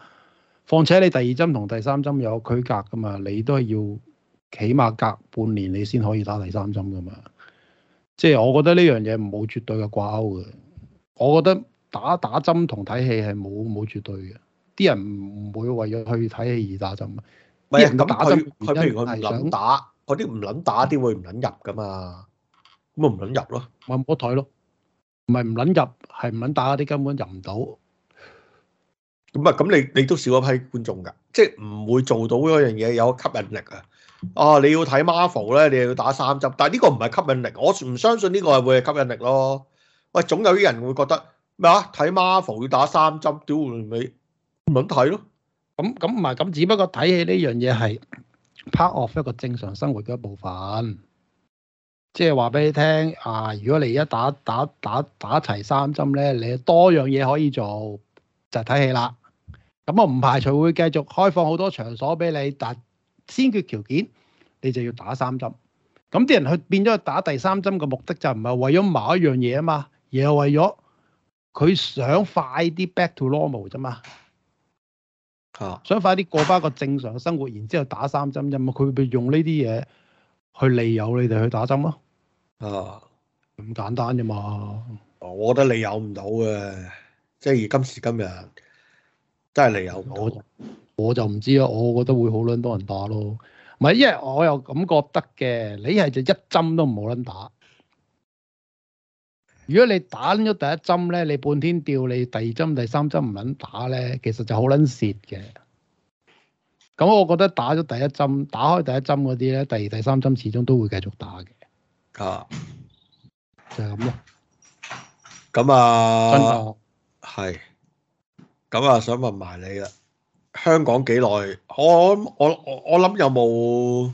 況且你第二針同第三針有區隔嘅嘛，你都係要起碼隔半年你先可以打第三針嘅嘛。即係我覺得呢樣嘢冇絕對嘅掛鈎嘅。我覺得打打針同睇戲係冇冇絕對嘅。啲人唔會為咗去睇戲而打針，唔係咁佢佢譬如佢唔撚打嗰啲唔撚打啲會唔撚入㗎嘛？咁啊唔撚入咯，冇台咯，唔係唔撚入係唔撚打啲根本入唔到。咁啊咁，你你都少一批觀眾㗎，即係唔會做到嗰樣嘢有吸引力啊！啊，你要睇 Marvel 咧，你又要打三針，但係呢個唔係吸引力，我唔相信呢個係會係吸引力咯。喂，總有啲人會覺得咩啊？睇 Marvel 要打三針，屌你！咪諗睇咯，咁咁唔係咁，只不過睇戲呢樣嘢係 part of 一個正常生活嘅一部分。即係話俾你聽啊，如果你一打打打打齊三針咧，你有多樣嘢可以做就睇戲啦。咁我唔排除會繼續開放好多場所俾你，但先決條件你就要打三針。咁啲人去變咗去打第三針嘅目的就唔係為咗某一樣嘢啊嘛，而係為咗佢想快啲 back to normal 啫嘛。啊！想快啲過翻個正常嘅生活，然之後打三針，因乜佢會用呢啲嘢去利誘你哋去打針咯？啊，咁簡單啫嘛！我覺得利誘唔到嘅，即係今時今日真係利誘唔到。我我就唔知啦，我覺得會好撚多人打咯。唔係，因為我又咁覺得嘅。你係就一針都唔好撚打。如果你打咗第一針咧，你半天吊，你第二針、第三針唔撚打咧，其實就好撚蝕嘅。咁我覺得打咗第一針，打開第一針嗰啲咧，第二、第三針始終都會繼續打嘅。啊，就係咁咯。咁啊，真係，係。咁啊，想，想問埋你啦，香港幾耐？我我我我諗有冇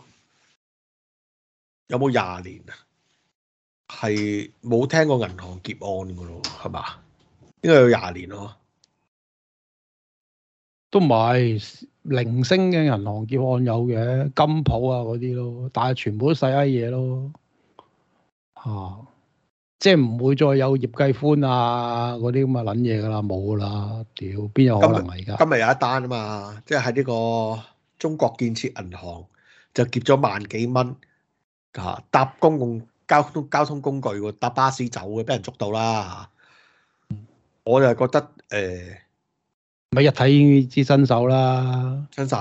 有冇廿年啊？係冇聽過銀行劫案噶咯係嘛？應該有廿年咯，都唔係零星嘅銀行劫案有嘅，金鋪啊嗰啲咯，但係全部都細閪嘢咯，吓、啊，即係唔會再有葉繼歡啊嗰啲咁嘅撚嘢噶啦冇啦，屌邊有可能而家？今日有一單啊嘛，即係喺呢個中國建設銀行就劫咗萬幾蚊啊，搭公共。交通交通工具喎，搭巴士走嘅，俾人捉到啦。我就係覺得，誒，咪一睇知新手啦。新手，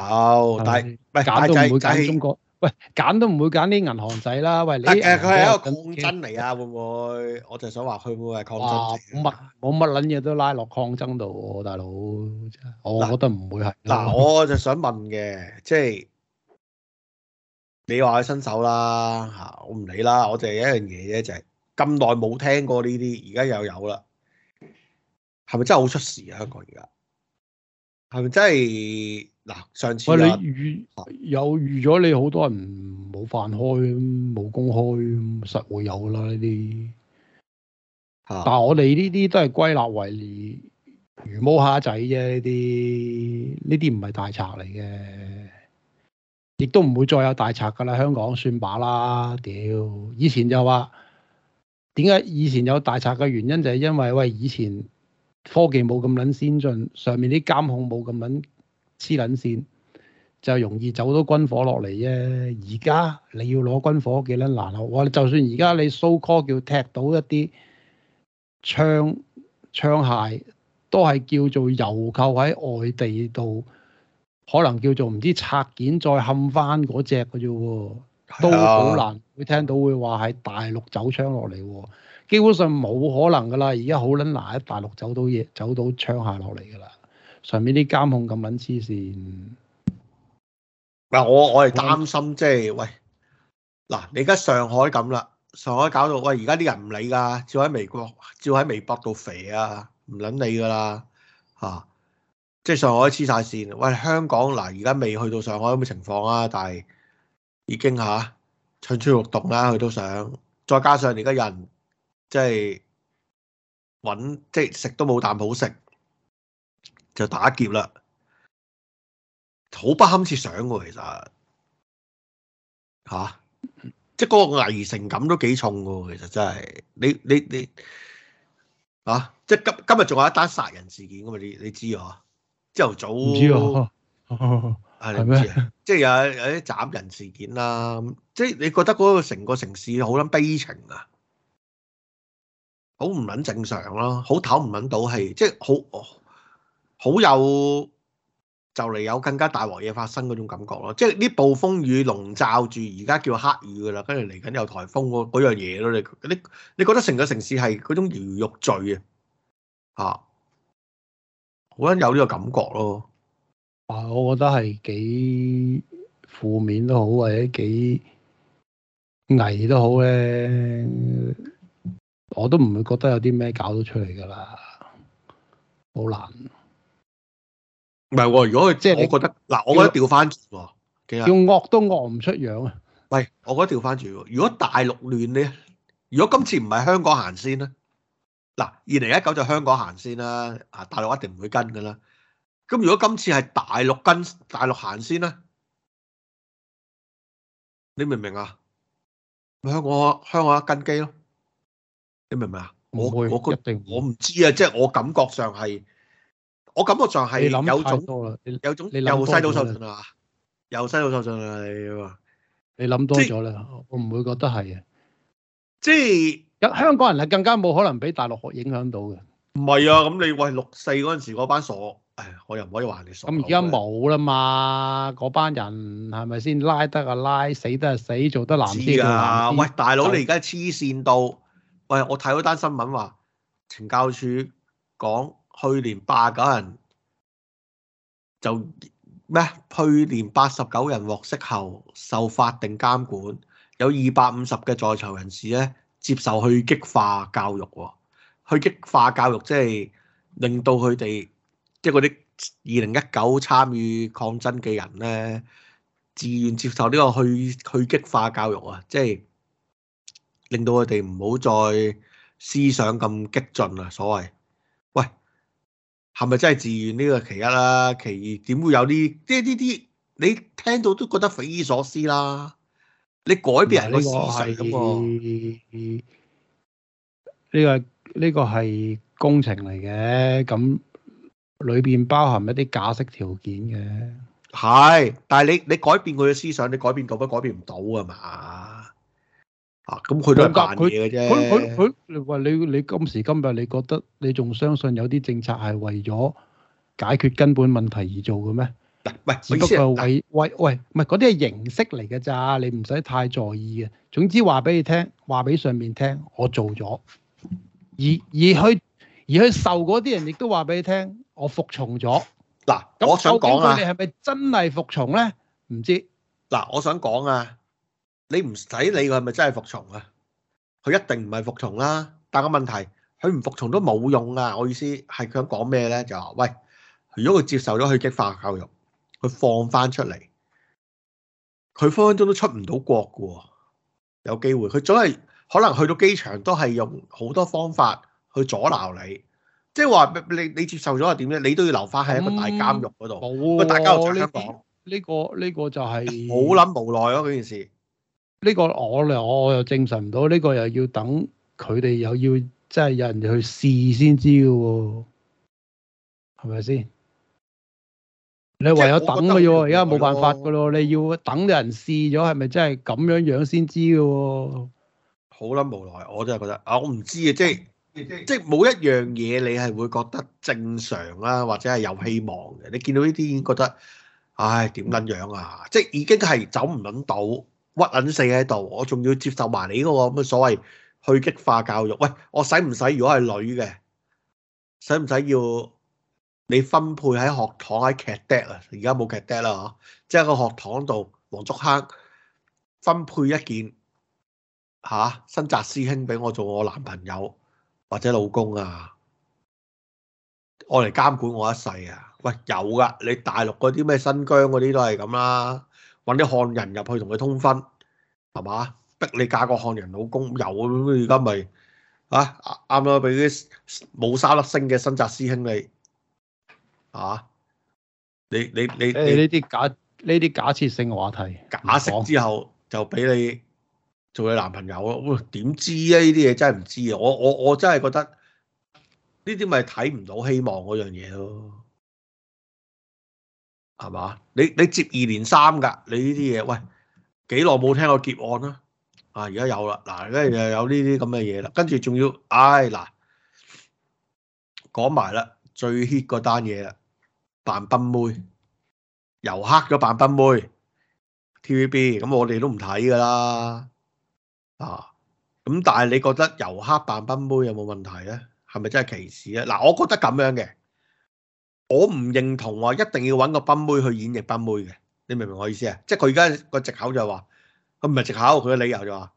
但係揀都唔會揀中國，喂，揀都唔會揀啲銀行仔啦。喂，你，誒，佢係一個抗爭嚟啊，會唔會？我就想話佢會係抗爭。哇，乜，冇乜撚嘢都拉落抗爭度，大佬。我覺得唔會係。嗱，我就想問嘅，即係。你話新手啦嚇，我唔理啦。我淨係一樣嘢啫，就係咁耐冇聽過呢啲，而家又有啦，係咪真係好出事啊？香港而家係咪真係嗱？上次你預有預咗，你好多人冇飯開，冇公開，實會有啦呢啲。嚇！但係我哋呢啲都係歸納為魚毛蝦仔啫，呢啲呢啲唔係大賊嚟嘅。亦都唔會再有大賊㗎啦，香港算把啦，屌！以前就話點解以前有大賊嘅原因就係因為喂，以前科技冇咁撚先進，上面啲監控冇咁撚黐撚線，就容易走咗軍火落嚟啫。而家你要攞軍火幾撚難啊？我就算而家你 so call 叫踢到一啲槍槍械，都係叫做郵購喺外地度。可能叫做唔知拆件再冚翻嗰隻嘅啫，都好難會聽到會話係大陸走槍落嚟，基本上冇可能噶啦。而家好撚難喺大陸走到嘢走到槍下落嚟噶啦，上面啲監控咁撚黐線。嗱，我我係擔心即係、就是、喂，嗱你而家上海咁啦，上海搞到喂而家啲人唔理噶，照喺美國，照喺微博度肥啊，唔捻理噶啦吓。啊即係上海黐晒線，喂，香港嗱，而家未去到上海咁嘅情況是啊，但係已經吓，蠢蠢欲動啦，佢都想再加上而家人即係揾即係食都冇啖好食，就打劫啦，好不堪設想喎，其實吓、啊，即係嗰個危城感都幾重喎，其實真係你你你啊，即係今今日仲有一單殺人事件噶嘛，你你知嗬？朝頭早唔知喎、哦，係、哦、咩、啊？即係有有啲斬人事件啦、啊，即係你覺得嗰個成個城市好撚悲情啊，好唔撚正常咯、啊，好唞唔撚到氣，即係好好有就嚟有更加大鑊嘢發生嗰種感覺咯、啊，即係啲暴風雨籠罩住，而家叫黑雨噶啦，跟住嚟緊有颱風嗰樣嘢咯，你嗰你覺得成個城市係嗰種搖搖欲墜啊？嚇、啊！我，有感覺我覺得有呢個感覺咯，但我覺得係幾負面都好，或者幾危都好咧，我都唔會覺得有啲咩搞到出嚟㗎啦。好難，唔係喎。如果佢即係我覺得嗱，我覺得調翻轉喎，要惡都惡唔出樣啊。喂，我覺得調翻轉喎。如果大陸亂咧，如果今次唔係香港行先咧？嗱，二零一九就香港行先啦，啊，大陸一定唔會跟噶啦。咁如果今次係大陸跟大陸行先啦，你明唔明啊？香港，香港跟機咯，你明唔明啊？我我定，我唔知啊，即係我感覺上係，我感覺上係有種你諗多有種又西島受盡啦，又西到手盡啦，你嘛？你諗多咗啦，我唔會覺得係啊，即係。香港人係更加冇可能俾大陸學影響到嘅，唔係啊。咁你喂六四嗰陣時嗰班傻，誒我又唔可以話你傻。咁而家冇啦嘛，嗰班人係咪先拉得，拉得，得啊？拉死得啊？死做得難啲，做喂，大佬你而家黐線到？喂，我睇嗰單新聞話，懲教處講去年八十九人就咩？去年八十九人獲釋後受法定監管，有二百五十嘅在囚人士咧。接受去激化教育喎，去激化教育即係令到佢哋即係嗰啲二零一九參與抗爭嘅人咧，自願接受呢個去去激化教育啊，即係令到佢哋唔好再思想咁激進啊。所謂喂，係咪真係自願呢個其一啦，其二點會有啲即係呢啲？你聽到都覺得匪夷所思啦你改變人呢個係咁啊？呢個呢個係工程嚟嘅，咁裏邊包含一啲假設條件嘅。係，但係你你改變佢嘅思想，你改變到嘅改變唔到啊嘛？啊，咁佢都難嘢嘅啫。佢佢佢，喂，你你今時今日你覺得你仲相信有啲政策係為咗解決根本問題而做嘅咩？嗱，喂，嗰個喂喂喂，唔係嗰啲係形式嚟嘅咋，你唔使太在意嘅。總之話俾你聽，話俾上面聽，我做咗，而而佢而佢受嗰啲人亦都話俾你聽，我服從咗。嗱，咁究竟佢哋係咪真係服從咧？唔知。嗱，我想講啊，你唔使理佢係咪真係服從啊，佢一定唔係服從啦。但個問題，佢唔服從都冇用啊。我意思係佢想講咩咧？就話喂，如果佢接受咗去激化教育。佢放翻出嚟，佢分分鐘都出唔到國嘅，有機會佢總係可能去到機場都係用好多方法去阻撓你，即係話你你接受咗又點咧？你都要留翻喺一個大監獄嗰度，嗯哦、大監獄查香港。呢、這個呢、這個這個就係冇諗無奈咯、啊，呢件事。呢、這個我我又證實唔到，呢、這個又要等佢哋又要即係有人去試先知嘅，係咪先？你唯有等㗎啫喎，而家冇辦法㗎咯，你要等人試咗，係咪真係咁樣樣先知㗎喎？好啦，無奈，我真係覺得，我唔知啊，即係即係冇一樣嘢你係會覺得正常啦，或者係有希望嘅。你見到呢啲已經覺得，唉，點撚樣啊？嗯、即係已經係走唔撚到屈撚死喺度，我仲要接受埋你嗰個咁嘅所謂去激化教育。喂，我使唔使？如果係女嘅，使唔使要？你分配喺學堂喺劇爹啊，而家冇劇爹啦，即係個學堂度黃竹坑分配一件嚇、啊、新澤師兄俾我做我男朋友或者老公啊，我嚟監管我一世啊。喂，有噶，你大陸嗰啲咩新疆嗰啲都係咁啦，揾啲漢人入去同佢通婚係嘛？逼你嫁個漢人老公，有咁而家咪啊啱啱，俾啲冇三粒星嘅新澤師兄你。啊！你你你你呢啲假呢啲假設性嘅話題，假想之後就俾你做你男朋友咯。點知啊？呢啲嘢真係唔知啊！我我我真係覺得呢啲咪睇唔到希望嗰樣嘢咯。係嘛？你你接二連三噶，你呢啲嘢喂，幾耐冇聽過劫案啦？啊，而家有啦，嗱、啊，跟住又有呢啲咁嘅嘢啦，跟住仲要，唉、哎，嗱、啊，講埋啦，最 hit 嗰單嘢啦。扮賓妹，遊客咗扮賓妹，TVB 咁我哋都唔睇噶啦，啊咁但係你覺得遊客扮賓妹有冇問題咧？係咪真係歧視咧？嗱，我覺得咁樣嘅，我唔認同話一定要揾個賓妹去演繹賓妹嘅，你明唔明我意思啊？即係佢而家個借口就係話佢唔係借口，佢嘅理由就話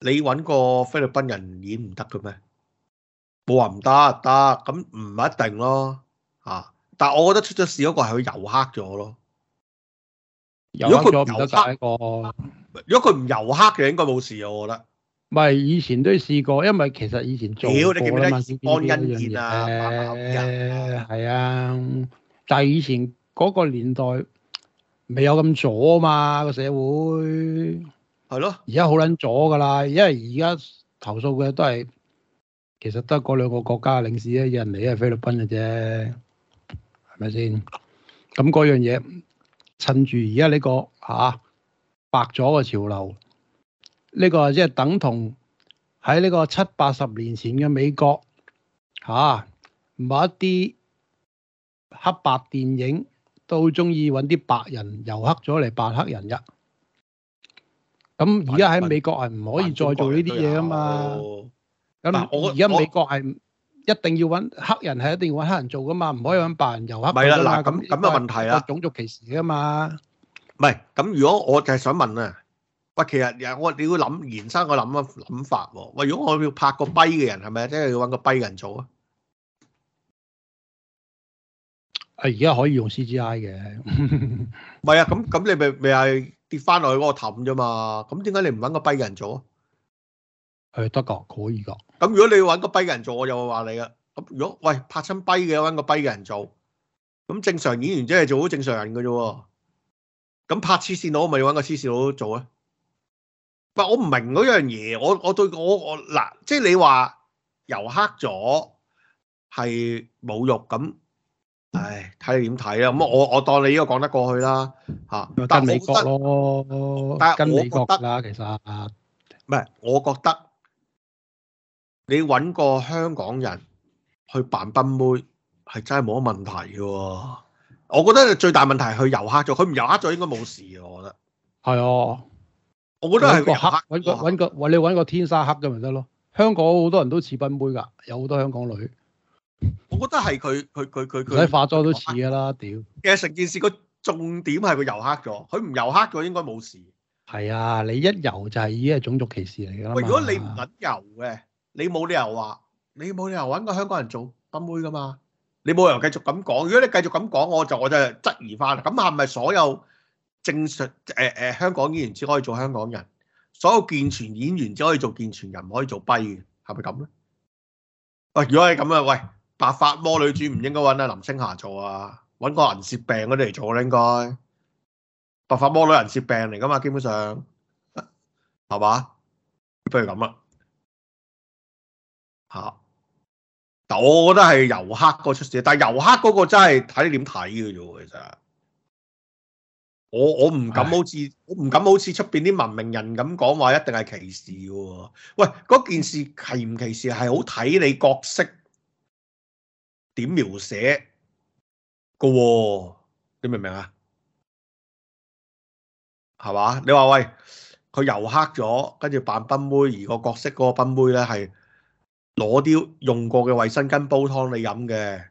你揾個菲律賓人演唔得嘅咩？冇話唔得得，咁唔一定咯，啊。但我覺得出咗事嗰個係佢油黑咗咯如黑黑、啊這個。如果佢油黑，這個，如果佢唔油黑嘅，應該冇事啊！我覺得。唔係，以前都試過，因為其實以前做過啦。安欣健啊，係啊，但、啊、係、啊啊就是，以前嗰個年代未有咁左嘛，這個社會。係咯。而家好撚左㗎啦，因為而家投訴嘅都係其實得嗰兩個國家領事咧，有人嚟係菲律賓嘅啫。係咪先？咁嗰樣嘢，趁住而家呢個吓、啊、白左嘅潮流，呢、這個即係等同喺呢個七八十年前嘅美國吓、啊，某一啲黑白電影都中意揾啲白人由黑咗嚟扮黑人啫。咁而家喺美國係唔可以再做呢啲嘢噶嘛？咁而家美國係。一定要揾黑人，係一定要揾黑人做噶嘛，唔可以揾白人又黑人嘅嘛。咪啦，嗱咁咁嘅問題啦，種族歧視噶嘛。唔係，咁如果我就係想問啊，喂，其實又我你要諗延伸個諗啊諗法喎，喂，如果我要拍個跛嘅人，係咪即係要揾個跛嘅人做啊？啊，而家可以用 CGI 嘅。唔係啊，咁咁你咪咪係跌翻落去嗰個氹啫嘛？咁點解你唔揾個跛嘅人做啊？係得噶，可以噶。咁如果你要揾個跛嘅人做，我就會話你㗎。咁如果喂拍親跛嘅，揾個跛嘅人做，咁正常演員即係做好正常人嘅啫。咁拍黐線佬，咪要揾個黐線佬做咧。喂，我唔明嗰樣嘢，我我對我我嗱，即係你話油黑咗係侮辱咁。唉，睇你點睇啊。咁我我當你呢個講得過去啦。吓、啊，但你覺得咯，但你覺得啦，其實唔係，我覺得。你揾個香港人去扮賓妹係真係冇乜問題嘅、啊，我覺得最大問題係佢游黑咗，佢唔游黑咗應該冇事嘅。我覺得係啊、哦，我覺得係游黑揾個個，或者你個,個,個,個,個,個天沙黑咁咪得咯。香港好多人都似賓妹噶，有好多香港女。我覺得係佢佢佢佢佢，睇 化妝都似噶啦，屌。其實成件事個重點係佢游黑咗。佢唔游黑咗應該冇事。係啊，你一游就係、是、已經係種族歧視嚟噶啦。如果你唔肯游嘅？你冇理由話，你冇理由揾個香港人做賓妹噶嘛？你冇理由繼續咁講。如果你繼續咁講，我就我真係質疑翻啦。咁係咪所有正常誒誒香港演員只可以做香港人，所有健全演員只可以做健全人，唔可以做跛嘅？係咪咁咧？喂，如果係咁啊，喂，白髮魔女主唔應該揾阿林青霞做啊？揾個銀屑病嗰啲嚟做啦，應該。白髮魔女銀屑病嚟噶嘛？基本上，係嘛？不如咁啦。吓、啊！但我覺得係遊客嗰個出事，但係遊客嗰個真係睇你點睇嘅啫。其實我我唔敢好似，我唔敢好似出邊啲文明人咁講話，一定係歧視喎。喂，嗰件事歧唔歧視係好睇你角色點描寫嘅喎、啊，你明唔明啊？係嘛？你話喂佢遊黑咗，跟住扮賓妹，而個角色嗰個賓妹咧係。攞啲用過嘅衛生巾煲湯你飲嘅，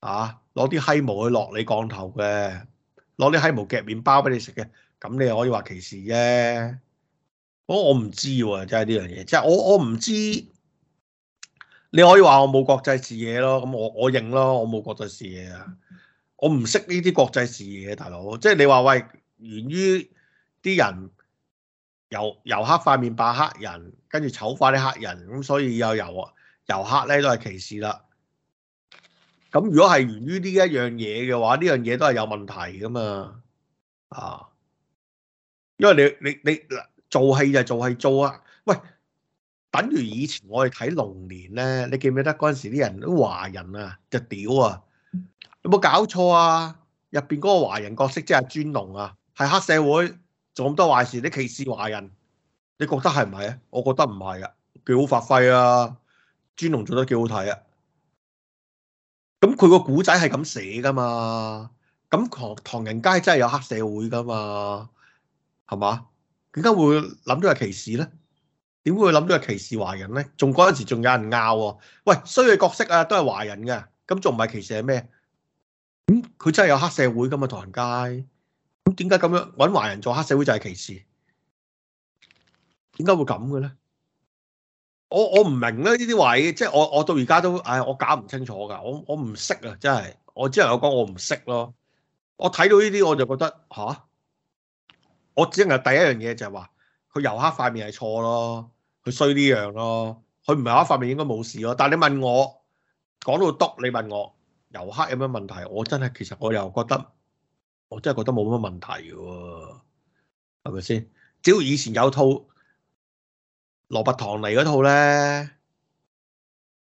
啊，攞啲黑毛去落你降頭嘅，攞啲黑毛夾麵包俾你食嘅，咁你又可以話歧視嘅？我我唔知喎，啊，真係呢樣嘢，即係我我唔知，你可以話我冇國際視野咯，咁我我認咯，我冇國際視野啊，我唔識呢啲國際視野，大佬，即係你話喂，源於啲人由由黑塊面扮黑人。跟住醜化啲黑人，咁所以又遊遊客咧都係歧視啦。咁如果係源於呢一樣嘢嘅話，呢樣嘢都係有問題噶嘛？啊，因為你你你做戲就做戲做啊。喂，等於以前我哋睇龍年咧，你記唔記得嗰陣時啲人都華人啊，就屌啊，有冇搞錯啊？入邊嗰個華人角色即係尊龍啊，係黑社會做咁多壞事，你歧視華人。你覺得係唔係啊？我覺得唔係啊，幾好發揮啊！尊龍做得幾好睇啊！咁佢個古仔係咁寫噶嘛？咁唐唐人街真係有黑社會噶嘛？係嘛？點解會諗到係歧視咧？點會諗到係歧視華人咧？仲嗰陣時仲有人拗喎、啊？喂，衰嘅角色啊，都係華人嘅，咁仲唔係歧視係咩？咁、嗯、佢真係有黑社會噶嘛、啊？唐人街咁點解咁樣搵華人做黑社會就係歧視？點解會咁嘅咧？我我唔明咧呢啲位，即係我我到而家都，唉，我搞唔清楚噶，我我唔識啊，真係，我之前我講我唔識咯，我睇到呢啲我就覺得吓、啊，我只能夠第一樣嘢就係話佢遊客塊面係錯咯，佢衰呢樣咯，佢唔係黑塊面應該冇事咯。但係你問我講到篤，你問我遊客有咩問題，我真係其實我又覺得，我真係覺得冇乜問題嘅，係咪先？只要以前有套。蘿蔔糖嚟嗰套咧，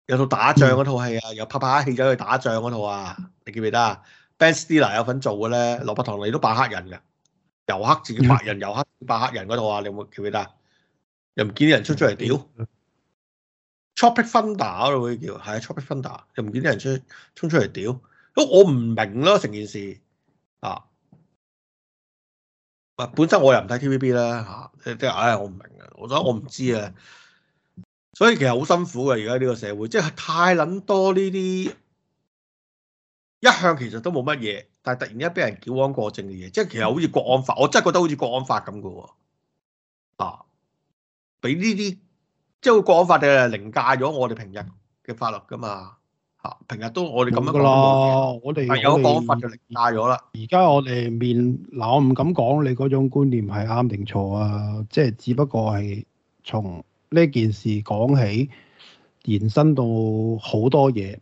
有套打仗嗰套戲啊，又拍拍戲咗去打仗嗰套啊，你記唔記得啊、嗯、？Ben Stiller 有份做嘅咧，羅拔唐尼都扮黑人嘅，又黑自己白人，又黑白黑人嗰套啊，你有冇記唔記得？嗯、又唔見啲人出出嚟屌，Tropic Thunder 嗰度叫，係 Tropic Thunder，又唔見啲人出衝出嚟屌，咁我唔明咯成件事啊。啊，本身我又唔睇 T V B 啦，吓即係，唉，我唔明啊，我所我唔知啊，所以其實好辛苦噶而家呢個社會即係太捻多呢啲一向其實都冇乜嘢，但係突然間俾人矯枉過正嘅嘢，即係其實好似國安法，我真係覺得好似國安法咁噶喎，啊，俾呢啲即係國安法定係凌駕咗我哋平日嘅法律噶嘛。啊！平日都我哋咁噶啦，我哋有講法就另大咗啦。而家我哋面嗱，我唔敢講你嗰種觀念係啱定錯啊。即係只不過係從呢件事講起，延伸到好多嘢。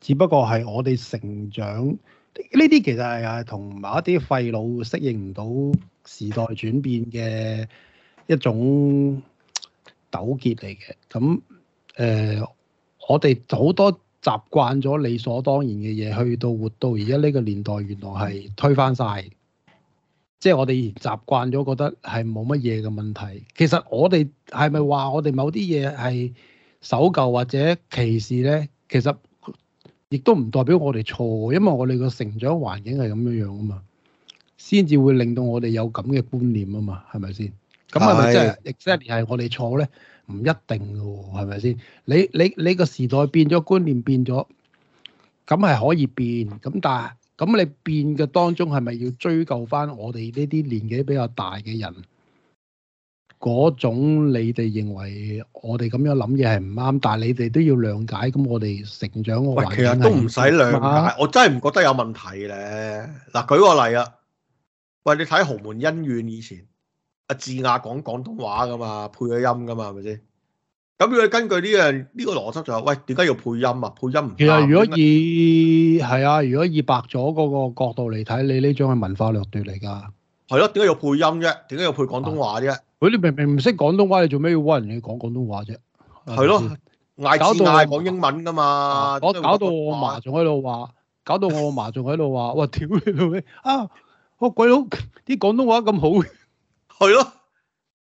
只不過係我哋成長呢啲，其實係同埋一啲廢老適應唔到時代轉變嘅一種糾結嚟嘅。咁誒、呃，我哋好多。習慣咗理所當然嘅嘢，去到活到而家呢個年代，原來係推翻晒。即係我哋習慣咗，覺得係冇乜嘢嘅問題。其實我哋係咪話我哋某啲嘢係守舊或者歧視咧？其實亦都唔代表我哋錯，因為我哋個成長環境係咁樣樣啊嘛，先至會令到我哋有咁嘅觀念啊嘛，係咪先？咁係咪即係 exactly 係我哋錯咧？是的嗯唔一定喎，係咪先？你你你個時代變咗，觀念變咗，咁係可以變。咁但係，咁你變嘅當中係咪要追究翻我哋呢啲年紀比較大嘅人嗰種？你哋認為我哋咁樣諗嘢係唔啱，但係你哋都要諒解。咁我哋成長嘅環境。喂，其實都唔使諒解，啊、我真係唔覺得有問題咧。嗱、啊，舉個例啊，喂，你睇《豪門恩怨》以前。字亞講廣東話噶嘛，配咗音噶嘛，係咪先？咁佢根據呢個呢個邏輯就係：喂，點解要配音啊？配音唔得。其實如果以係啊，如果以白咗嗰個角度嚟睇，你呢張係文化掠奪嚟㗎。係咯，點解要配音啫？點解要配廣東話啫？佢、啊、哋明明唔識廣東話，你做咩要屈人哋講廣東話啫？係咯，艾智、啊、亞講英文㗎嘛。搞到我阿嫲仲喺度話， 搞到我阿嫲仲喺度話：哇！屌你老味啊！個鬼佬啲廣東話咁好。係咯，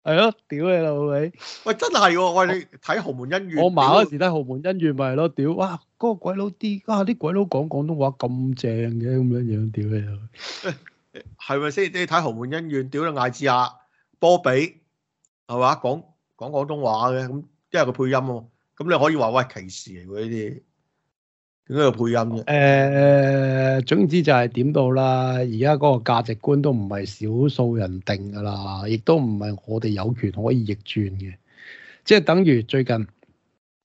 係咯，屌你老味！喂，真係喎，喂，你睇《豪門恩怨》。我麻嗰時睇《豪門恩怨》咪係咯，屌哇！嗰、嗰個鬼佬啲，家下啲鬼佬講廣東話咁正嘅，咁樣樣屌你！係咪先？你睇《豪門恩怨》？屌到艾斯亞、波比，係嘛？講講廣東話嘅，咁因為個配音啊，咁你可以話喂，歧視嚟喎呢啲。點解有配音嘅？誒，總之就係點到啦，而家嗰個價值觀都唔係少數人定噶啦，亦都唔係我哋有權可以逆轉嘅，即係等於最近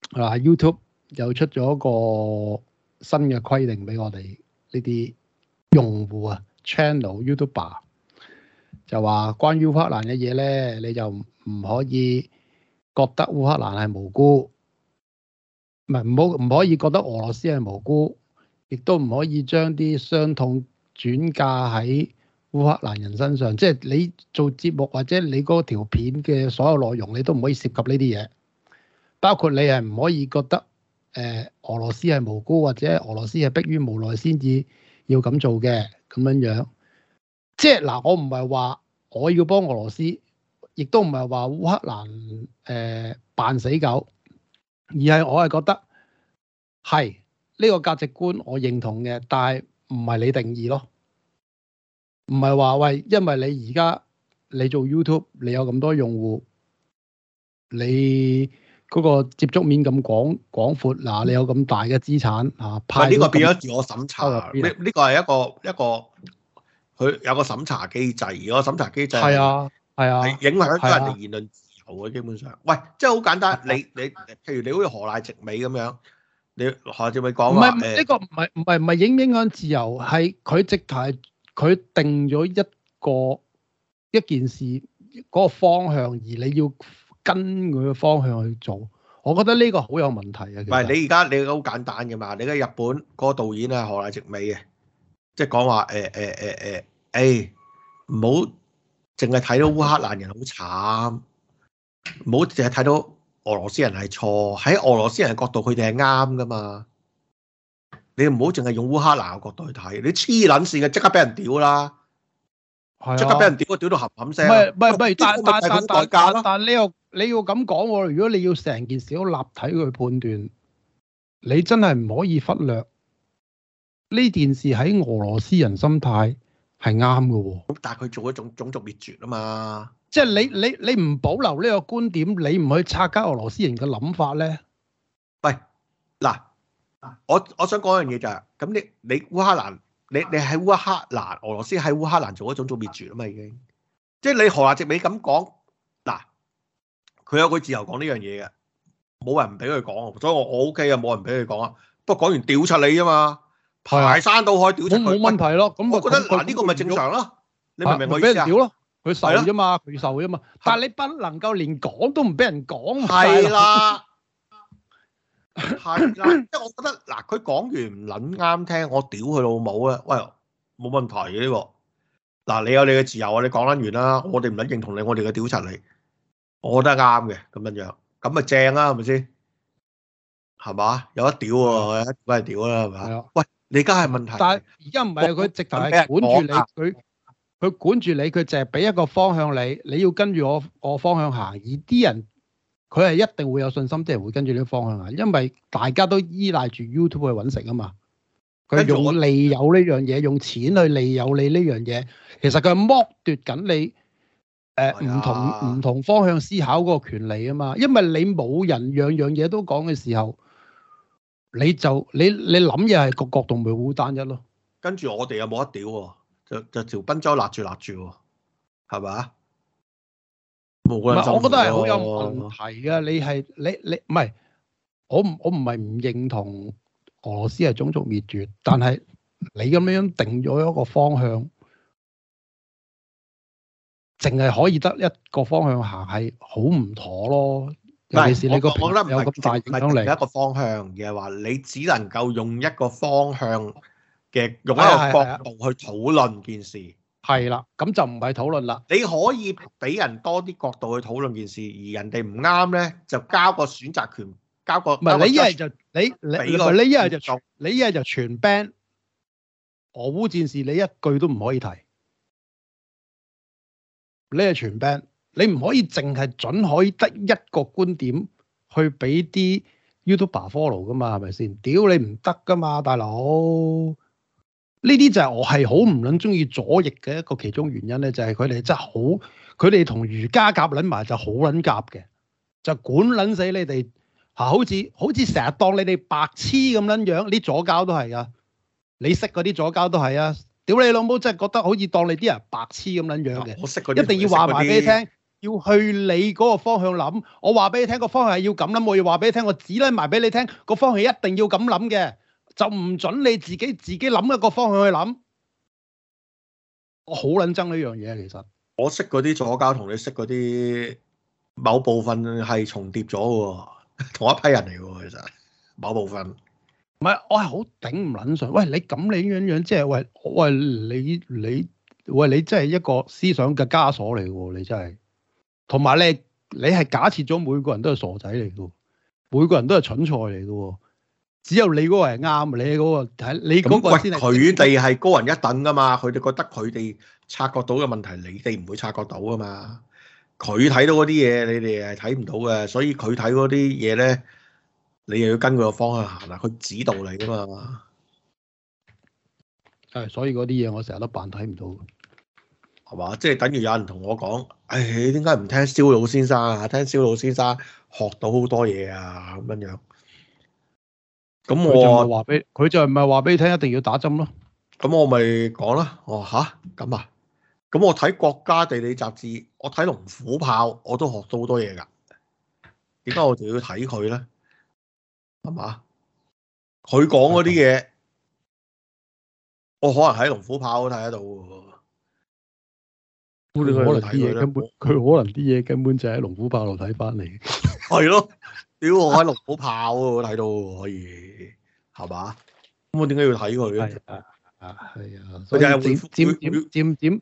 嗱，YouTube 又出咗個新嘅規定俾我哋呢啲用戶啊，channel YouTuber 就話關於烏克蘭嘅嘢咧，你就唔可以覺得烏克蘭係無辜。唔係唔好唔可以覺得俄羅斯係無辜，亦都唔可以將啲傷痛轉嫁喺烏克蘭人身上。即係你做節目或者你嗰條片嘅所有內容，你都唔可以涉及呢啲嘢，包括你係唔可以覺得誒，俄羅斯係無辜，或者俄羅斯係迫於無奈先至要咁做嘅咁樣樣。即係嗱，我唔係話我要幫俄羅斯，亦都唔係話烏克蘭誒扮死狗。而係我係覺得係呢、這個價值觀我認同嘅，但係唔係你定義咯，唔係話喂，因為你而家你做 YouTube，你有咁多用戶，你嗰個接觸面咁廣廣闊，嗱你有咁大嘅資產嚇，派呢、這個變咗自我審查，呢、啊、呢、這個係一個一個佢有個審查機制，而個審查機制係啊係啊，啊影響咗人哋言論、啊。我基本上，喂，即係好簡單。你你譬如你好似河瀨直美咁樣，你河瀨直美講話，唔係呢個唔係唔係唔係影影響自由，係佢直頭係佢定咗一個一件事嗰個方向，而你要跟佢個方向去做。我覺得呢個好有問題啊。其實，唔係你而家你好簡單嘅嘛？你喺日本個導演啊，河瀨直美嘅，即係講話誒誒誒誒，誒唔好淨係睇到烏克蘭人好慘。唔好淨係睇到俄羅斯人係錯，喺俄羅斯人角度佢哋係啱噶嘛？你唔好淨係用烏克蘭嘅角度去睇，你黐撚線嘅，即刻俾人屌啦！係、啊，即刻俾人屌，屌到冚冚聲。咪咪咪，但但但但但，但，但，但你要你要咁講喎，如果你要成件事好立體去判斷，你真係唔可以忽略呢件事喺俄羅斯人心態係啱㗎喎。但係佢做一種種族滅絕啊嘛。即係你你你唔保留呢個觀點，你唔去拆解俄羅斯人嘅諗法咧？喂，嗱，我我想講樣嘢就係咁，你你烏克蘭，你你喺烏克蘭，俄羅斯喺烏克蘭做一種做滅絕啊嘛已經，即係你何亞直你咁講嗱，佢有佢自由講呢樣嘢嘅，冇人唔俾佢講，所以我我 OK 啊，冇人俾佢講啊，不過講完屌柒你啊嘛，排山倒海屌柒佢，我冇問題咯，我覺得嗱呢個咪正常咯，你明唔明我意思？俾人屌咯。佢受啫嘛，佢受啫嘛。但係你不能夠連講都唔俾人講。係啦、啊，係 啦是、啊，即 係是、啊 啊、我覺得嗱，佢講完唔撚啱聽，我屌佢老母啊！喂，冇問題嘅呢、這個。嗱，你有你嘅自由啊，你講撚完啦，我哋唔撚認同你，我哋嘅屌柒你，我覺得啱嘅咁樣樣，咁咪正啊，係咪先？係嘛，有得屌喎，梗係屌啦，係嘛、啊？喂，你而家係問題。但係而家唔係佢直頭係管住你，佢。佢管住你，佢淨係俾一個方向你，你要跟住我我方向行。而啲人佢係一定會有信心，啲人會跟住呢個方向行，因為大家都依賴住 YouTube 去搵食啊嘛。佢用利誘呢樣嘢，用錢去利誘你呢樣嘢，其實佢係剝奪緊你誒唔同唔同方向思考嗰個權利啊嘛。因為你冇人樣樣嘢都講嘅時候，你就你你諗嘢係個角度咪好單一咯跟。跟住我哋又冇得屌喎。就就條賓州立住立住喎，係嘛？冇，唔係，我覺得係好有問題嘅。你係你你唔係，我唔我唔係唔認同俄羅斯係種族滅絕，但係你咁樣定咗一個方向，淨係可以得一個方向行係好唔妥咯。尤其是你個評有咁大影響力，一個方向，而係話你只能夠用一個方向。用一個角度去討論件事，係啦，咁就唔係討論啦。你可以俾人多啲角度去討論件事，而人哋唔啱咧，就交個選擇權，交個唔係你一係就你你你一係就你一係就全，全，全，全 band 俄烏戰事，你一句都唔可以提。你係全 band，你唔可以淨係準可以得一個觀點去俾啲 YouTuber follow 噶嘛？係咪先？屌你唔得噶嘛，大佬！呢啲就係我係好唔撚中意左翼嘅一個其中原因咧，就係佢哋真係好，佢哋同儒家夾撚埋就好撚夾嘅，就管撚死你哋吓！好似好似成日當你哋白痴咁撚樣，啲左膠都係噶，你識嗰啲左膠都係啊！屌你老母，真係覺得好似當你啲人白痴咁撚樣嘅，一定要話埋俾你聽，要去你嗰個方向諗。我話俾你聽個方向係要咁諗，我要話俾你聽，我指撚埋俾你聽，個方向一定要咁諗嘅。就唔准你自己自己諗一個方向去諗，我好撚憎呢樣嘢。其實我識嗰啲左膠同你識嗰啲某部分係重疊咗嘅，同一批人嚟嘅其實，某部分唔係我係好頂唔撚上喂，你咁你樣樣即係喂喂你你喂你真係一個思想嘅枷鎖嚟嘅喎，你真係同埋你你係假設咗每個人都係傻仔嚟嘅，每個人都係蠢菜嚟嘅喎。只有你嗰個係啱，你嗰個睇你嗰個先，佢哋係高人一等噶嘛？佢哋覺得佢哋察覺到嘅問題，你哋唔會察覺到噶嘛？佢睇到嗰啲嘢，你哋係睇唔到嘅，所以佢睇嗰啲嘢咧，你又要跟佢嘅方向行啦。佢指導你噶嘛？係，所以嗰啲嘢我成日都扮睇唔到，係嘛？即係等於有人同我講：誒點解唔聽蕭老先生啊？聽蕭老先生學到好多嘢啊咁樣。咁我就話俾，佢就唔係話俾你聽，話俾你聽一定要打針咯。咁我咪講啦。我話吓咁啊。咁我睇啊啊、我睇《國家地理雜誌》，我睇《龍虎豹》，我都學到好多嘢㗎。點解我仲要睇佢咧？係 嘛？佢講嗰啲嘢， 我可能喺《龍虎豹》都睇得到喎。佢可能啲嘢根本，佢可能啲嘢根本就喺《龍虎豹》度睇翻嚟。係咯。屌，我喺六好跑喎，睇到可以係嘛？咁我點解要睇佢咧？係啊，係啊，佢就係漸漸漸漸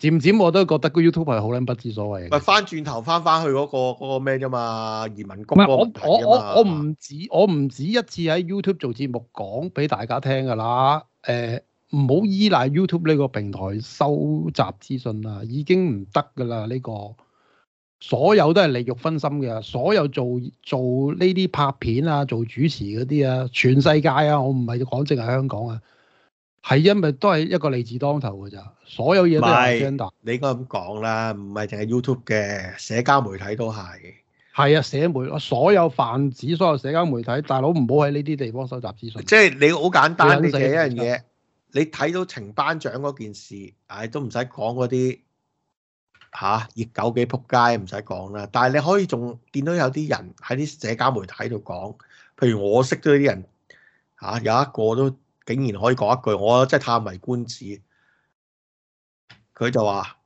漸漸，我都覺得個 YouTube 係好撚不知所謂。咪翻轉頭翻翻去嗰、嗰個咩啫、嗰個、嘛？移民局問題不我我我唔止我唔止一次喺 YouTube 做節目講俾大家聽㗎啦。誒、呃，唔好依賴 YouTube 呢個平台收集資訊啦，已經唔得㗎啦呢個。所有都係利欲熏心嘅，所有做做呢啲拍片啊、做主持嗰啲啊、全世界啊，我唔係講淨係香港啊，係因為都係一個利字當頭嘅咋，所有嘢都係 s t 你應該咁講啦，唔係淨係 YouTube 嘅，社交媒體都係。係啊，社媒，我所有泛指，所有社交媒體，大佬唔好喺呢啲地方收集資訊。即係你好簡單呢一樣嘢，你睇到程班長嗰件事，唉，都唔使講嗰啲。嚇、啊、熱狗幾撲街唔使講啦，但係你可以仲見到有啲人喺啲社交媒體度講，譬如我識咗啲人嚇、啊、有一個都竟然可以講一句，我真係歎為觀止。佢就話：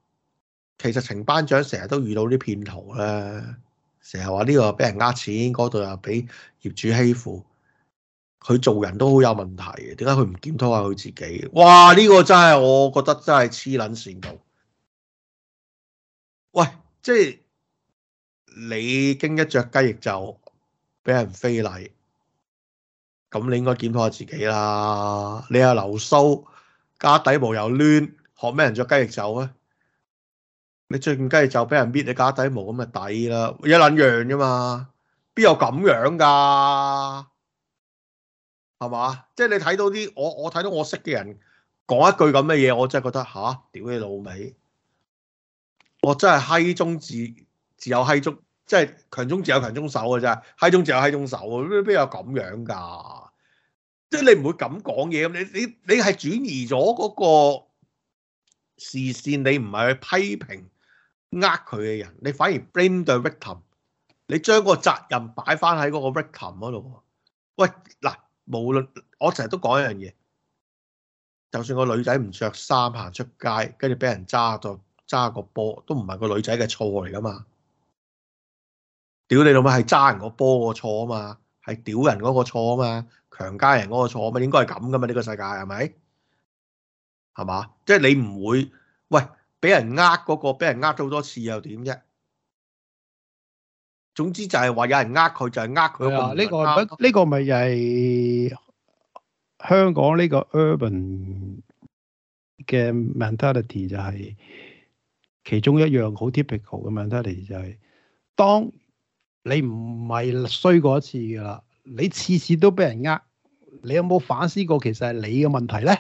其實程班長成日都遇到啲騙徒咧、啊，成日話呢個俾人呃錢，嗰度又俾業主欺負，佢做人都好有問題，點解佢唔檢討下佢自己？哇！呢、呢個真係我覺得真係黐撚線度。喂，即係你驚一着雞翼袖俾人非禮，咁你應該檢討下自己啦。你又留鬚，加底毛又攣，學咩人着雞翼袖啊？你着件雞翼袖俾人搣你加底毛，咁咪抵啦？一撚樣啫嘛，邊有咁樣噶、啊？係嘛？即係你睇到啲我我睇到我識嘅人講一句咁嘅嘢，我真係覺得吓，屌你老味。」我、哦、真係閪中自自有閪中，即係強中自有強中手嘅啫，閪中自有閪中手啊！邊有咁、啊、樣噶、啊？即、就、係、是、你唔會咁講嘢咁，你你你係轉移咗嗰個視線，你唔係去批評呃佢嘅人，你反而 blame 對 victim，你將個責任擺翻喺嗰個 victim 嗰度。喂，嗱，無論我成日都講一樣嘢，就算個女仔唔着衫行出街，跟住俾人揸咗。揸個波都唔係個女仔嘅錯嚟噶嘛？屌你老母係揸人個波個錯啊嘛，係屌人嗰個錯啊嘛，強姦人嗰個錯啊嘛，應該係咁噶嘛？呢個世界係咪？係嘛？即係你唔會喂，俾人呃嗰個，俾人呃咗好多次又點啫？總之就係話有人呃佢就係呃佢。呢個呢個咪又係香港呢個 urban 嘅 mentality 就係。其中一樣好 typical 嘅問題嚟就係、是，當你唔係衰過一次㗎啦，你次次都俾人呃，你有冇反思過其實係你嘅問題咧？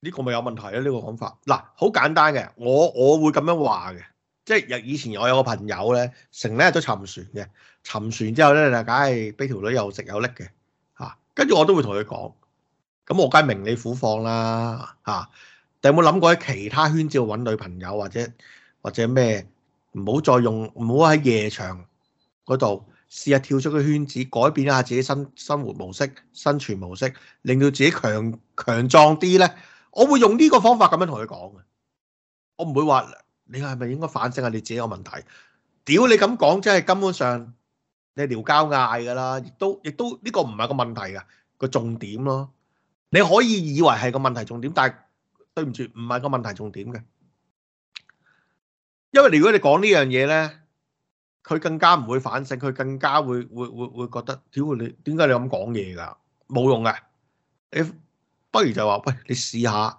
呢、這個咪有問題啊！呢、這個講法嗱，好簡單嘅，我我會咁樣話嘅，即係以前我有個朋友咧，成日都沉船嘅，沉船之後咧就梗係俾條女又食又拎嘅嚇，跟、啊、住我都會同佢講，咁我梗係明你苦況啦嚇。啊你有冇諗過喺其他圈子度搵女朋友，或者或者咩？唔好再用，唔好喺夜場嗰度試下跳出個圈子，改變一下自己生生活模式、生存模式，令到自己強強壯啲呢。我會用呢個方法咁樣同佢講嘅，我唔會話你係咪應該反省下你自己個問題？屌你咁講，即係根本上你聊交嗌噶啦，亦都亦都呢個唔係個問題嘅個重點咯。你可以以為係個問題重點，但係。對唔住，唔係個問題重點嘅，因為如果你講呢樣嘢咧，佢更加唔會反省，佢更加會會會會覺得，點會你點解你咁講嘢噶？冇用嘅，誒，不如就話喂，你試下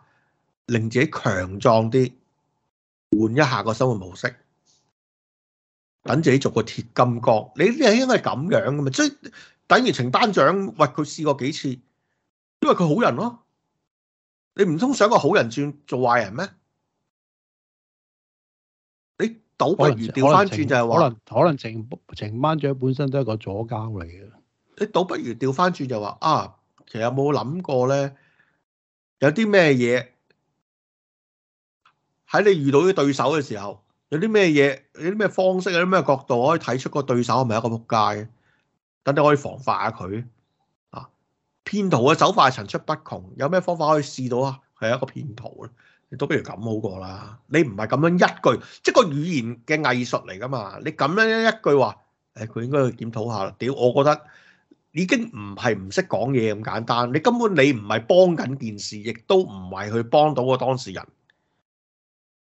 令自己強壯啲，換一下個生活模式，等自己做個鐵金剛。你呢樣應該係咁樣噶嘛，即係等於程班長，喂，佢試過幾次，因為佢好人咯、啊。你唔通想個好人轉做壞人咩？你倒不如調翻轉就係話，可能程程班長本身都係個左膠嚟嘅。你倒不如調翻轉就話啊，其實有冇諗過咧？有啲咩嘢，喺你遇到啲對手嘅時候，有啲咩嘢？有啲咩方式？有啲咩角度可以睇出個對手係咪一個仆街？等你可以防化下佢。騙徒嘅手法係層出不窮，有咩方法可以試到啊？係一個騙徒咧，你都不如咁好過啦。你唔係咁樣一句，即係個語言嘅藝術嚟㗎嘛？你咁樣一句話，誒、哎，佢應該去檢討下啦。屌，我覺得已經唔係唔識講嘢咁簡單，你根本你唔係幫緊件事，亦都唔係去幫到個當事人。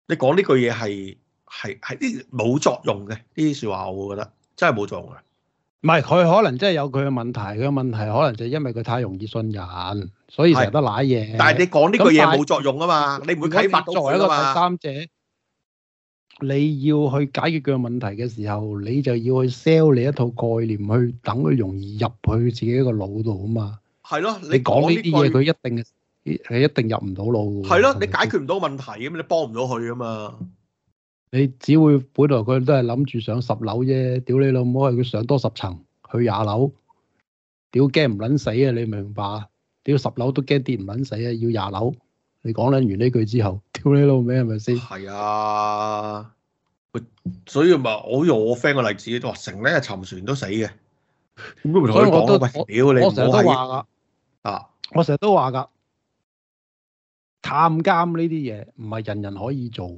你講呢句嘢係係係啲冇作用嘅，呢啲說話，我覺得真係冇作用嘅。唔係，佢可能真係有佢嘅問題，佢嘅問題可能就係因為佢太容易信人，所以成日都瀨嘢。但係你講呢句嘢冇作用啊嘛，你，你唔會啟發到佢啊嘛。作為一個第三者，你要去解決佢嘅問題嘅時候，你就要去 sell 你一套概念，去等佢容易入去自己一個腦度啊嘛。係咯，你講呢啲嘢，佢一定係一定入唔到腦。係咯，你解決唔到問題，咁你幫唔到佢啊嘛。你只會本來佢都係諗住上十樓啫，屌你老母，係佢上多十層去廿樓，屌驚唔撚死啊！你明唔明白？屌十樓都驚跌唔撚死啊！要廿樓，你講捻完呢句之後，屌你老味係咪先？係啊，所以咪我用我 friend 個例子，都話成日沉船都死嘅。所以我都屌你唔好係。啊，我成日都話噶，探監呢啲嘢唔係人人可以做。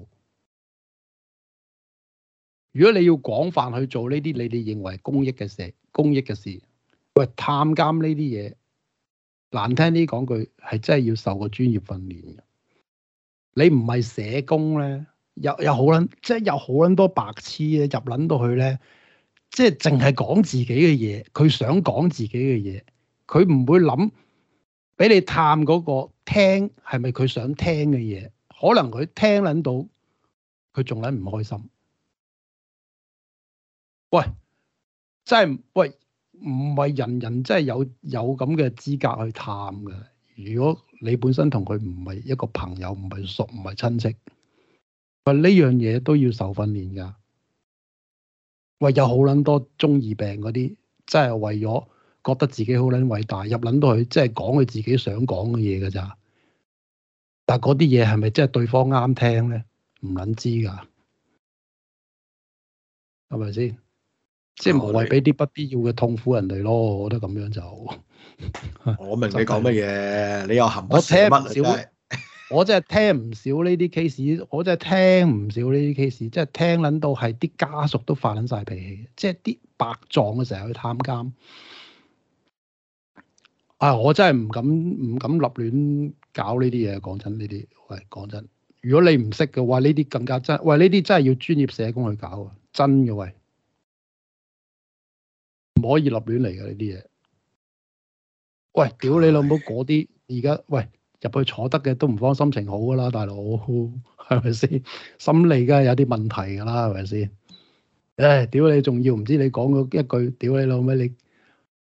如果你要廣泛去做呢啲你哋認為公益嘅社、公益嘅事，喂，探監呢啲嘢，難聽啲講句，係真係要受個專業訓練嘅。你唔係社工咧，有有好捻，即係有好捻多白痴咧入捻到去咧，即係淨係講自己嘅嘢，佢想講自己嘅嘢，佢唔會諗俾你探嗰個聽係咪佢想聽嘅嘢，可能佢聽捻到佢仲捻唔開心。喂，真係喂，唔係人人真係有有咁嘅資格去探噶。如果你本身同佢唔係一個朋友，唔係熟，唔係親戚，喂，呢樣嘢都要受訓練噶。喂，有好捻多中二病嗰啲，真係為咗覺得自己好捻偉大，入捻到去，即係講佢自己想講嘅嘢噶咋。但嗰啲嘢係咪真係對方啱聽咧？唔捻知噶，係咪先？即係無謂俾啲不必要嘅痛苦人哋咯，我覺得咁樣就我明你講乜嘢，你又含我聽唔少， 我真係聽唔少呢啲 case，我真係聽唔少呢啲 case，即係聽撚到係啲家屬都發撚晒脾氣，即係啲白撞嘅成日去探監。啊、哎！我真係唔敢唔敢立亂搞呢啲嘢，講真呢啲喂，講真，如果你唔識嘅話，呢啲更加真，喂，呢啲真係要專業社工去搞啊，真嘅喂。唔可以立亂嚟嘅呢啲嘢。喂，屌你老母嗰啲而家，喂入去坐得嘅都唔慌心情好噶啦，大佬，係咪先？心理梗係有啲問題噶啦，係咪先？唉，屌你仲要唔知你講嗰一句，屌你老母你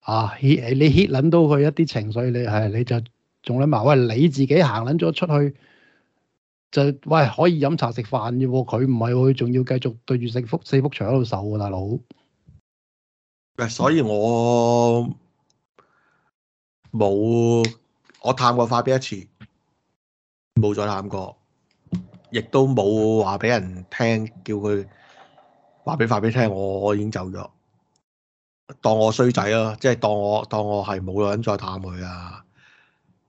啊你 hit 撚到佢一啲情緒，你係你就仲捻埋喂你自己行撚咗出去就喂可以飲茶食飯啫喎，佢唔係喎，仲要繼續對住四幅四幅牆喺度受喎，大佬。誒，所以我冇我探過快啲一次，冇再探過，亦都冇話俾人聽，叫佢話俾快啲聽我，我已經走咗，當我衰仔咯，即係當我當我係冇人再探佢啊，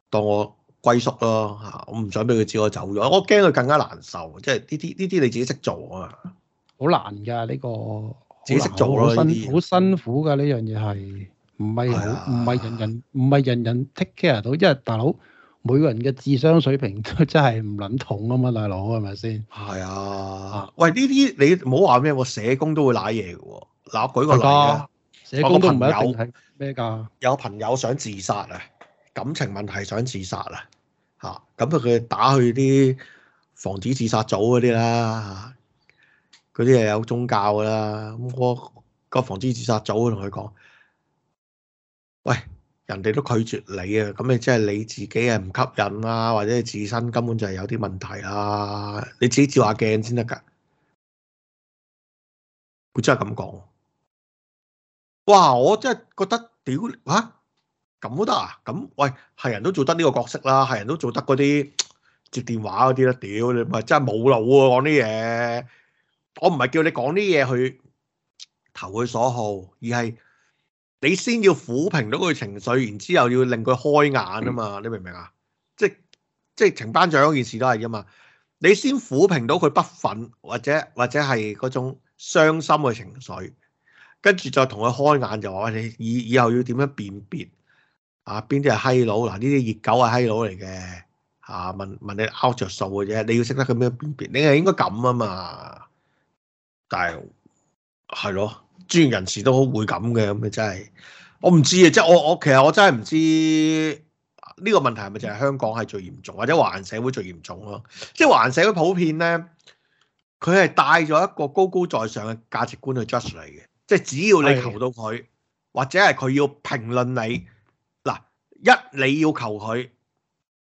當我歸宿咯，吓，我唔想俾佢知我走咗，我驚佢更加難受，即係呢啲呢啲你自己識做啊嘛，好難噶呢個。自己識做咯、啊，辛苦辛苦噶呢樣嘢係，唔係唔係人人唔係人人 take care 到，因為大佬每個人嘅智商水平都真係唔撚同啊嘛，大佬係咪先？係啊，喂呢啲你唔好話咩喎，社工都會瀨嘢嘅喎。嗱，舉個例啦，社工都唔係凈睇咩㗎？有朋友想自殺啊，感情問題想自殺啊，吓，咁佢佢打去啲防止自殺組嗰啲啦。嗰啲又有宗教啦，我、那個防止自殺組同佢講，喂，人哋都拒絕你啊，咁你即係你自己係唔吸引啦，或者你自身根本就係有啲問題啦，你自己照下鏡先得㗎。佢真係咁講，哇！我真係覺得屌嚇咁都得啊？咁、啊、喂，係人都做得呢個角色啦，係人都做得嗰啲接電話嗰啲啦。屌你咪真係冇腦喎講啲嘢？我唔係叫你講啲嘢去投佢所好，而係你先要撫平到佢情緒，然之後要令佢開眼啊嘛？你明唔明啊？即係即係程班長件事都係噶嘛？你先撫平到佢不忿或者或者係嗰種傷心嘅情緒，着跟住再同佢開眼就話：你以以後要點樣辨別啊？邊啲係閪佬嗱？呢啲熱狗係閪佬嚟嘅啊？問問你拗着數嘅啫，你要識得咁樣辨別，你係應該咁啊嘛？但係係咯，專業人士都好會咁嘅，咁咪真係我唔知啊！即係，我我其實我真係唔知呢個問題係咪就係香港係最嚴重，或者華人社會最嚴重咯？即係華人社會普遍咧，佢係帶咗一個高高在上嘅價值觀去 judge 你嘅，即係只要你求到佢，或者係佢要評論你嗱，一你要求佢，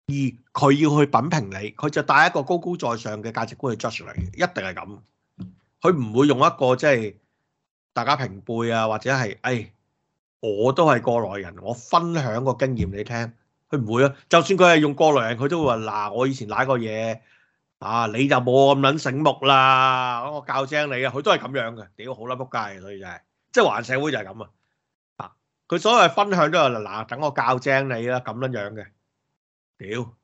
二佢要去品評你，佢就帶一個高高在上嘅價值觀去 judge 你，一定係咁。佢唔會用一個即係大家平輩啊，或者係，哎，我都係過來人，我分享個經驗你聽，佢唔會啊。就算佢係用過來人，佢都會話嗱，我以前揦過嘢啊，你就冇咁撚醒目啦，我教精你啊，佢都係咁樣嘅。屌，好啦，仆街啊，佢就係即係華人社會就係咁啊。啊，佢所謂分享都係嗱，等我教精你啦，咁撚樣嘅。屌，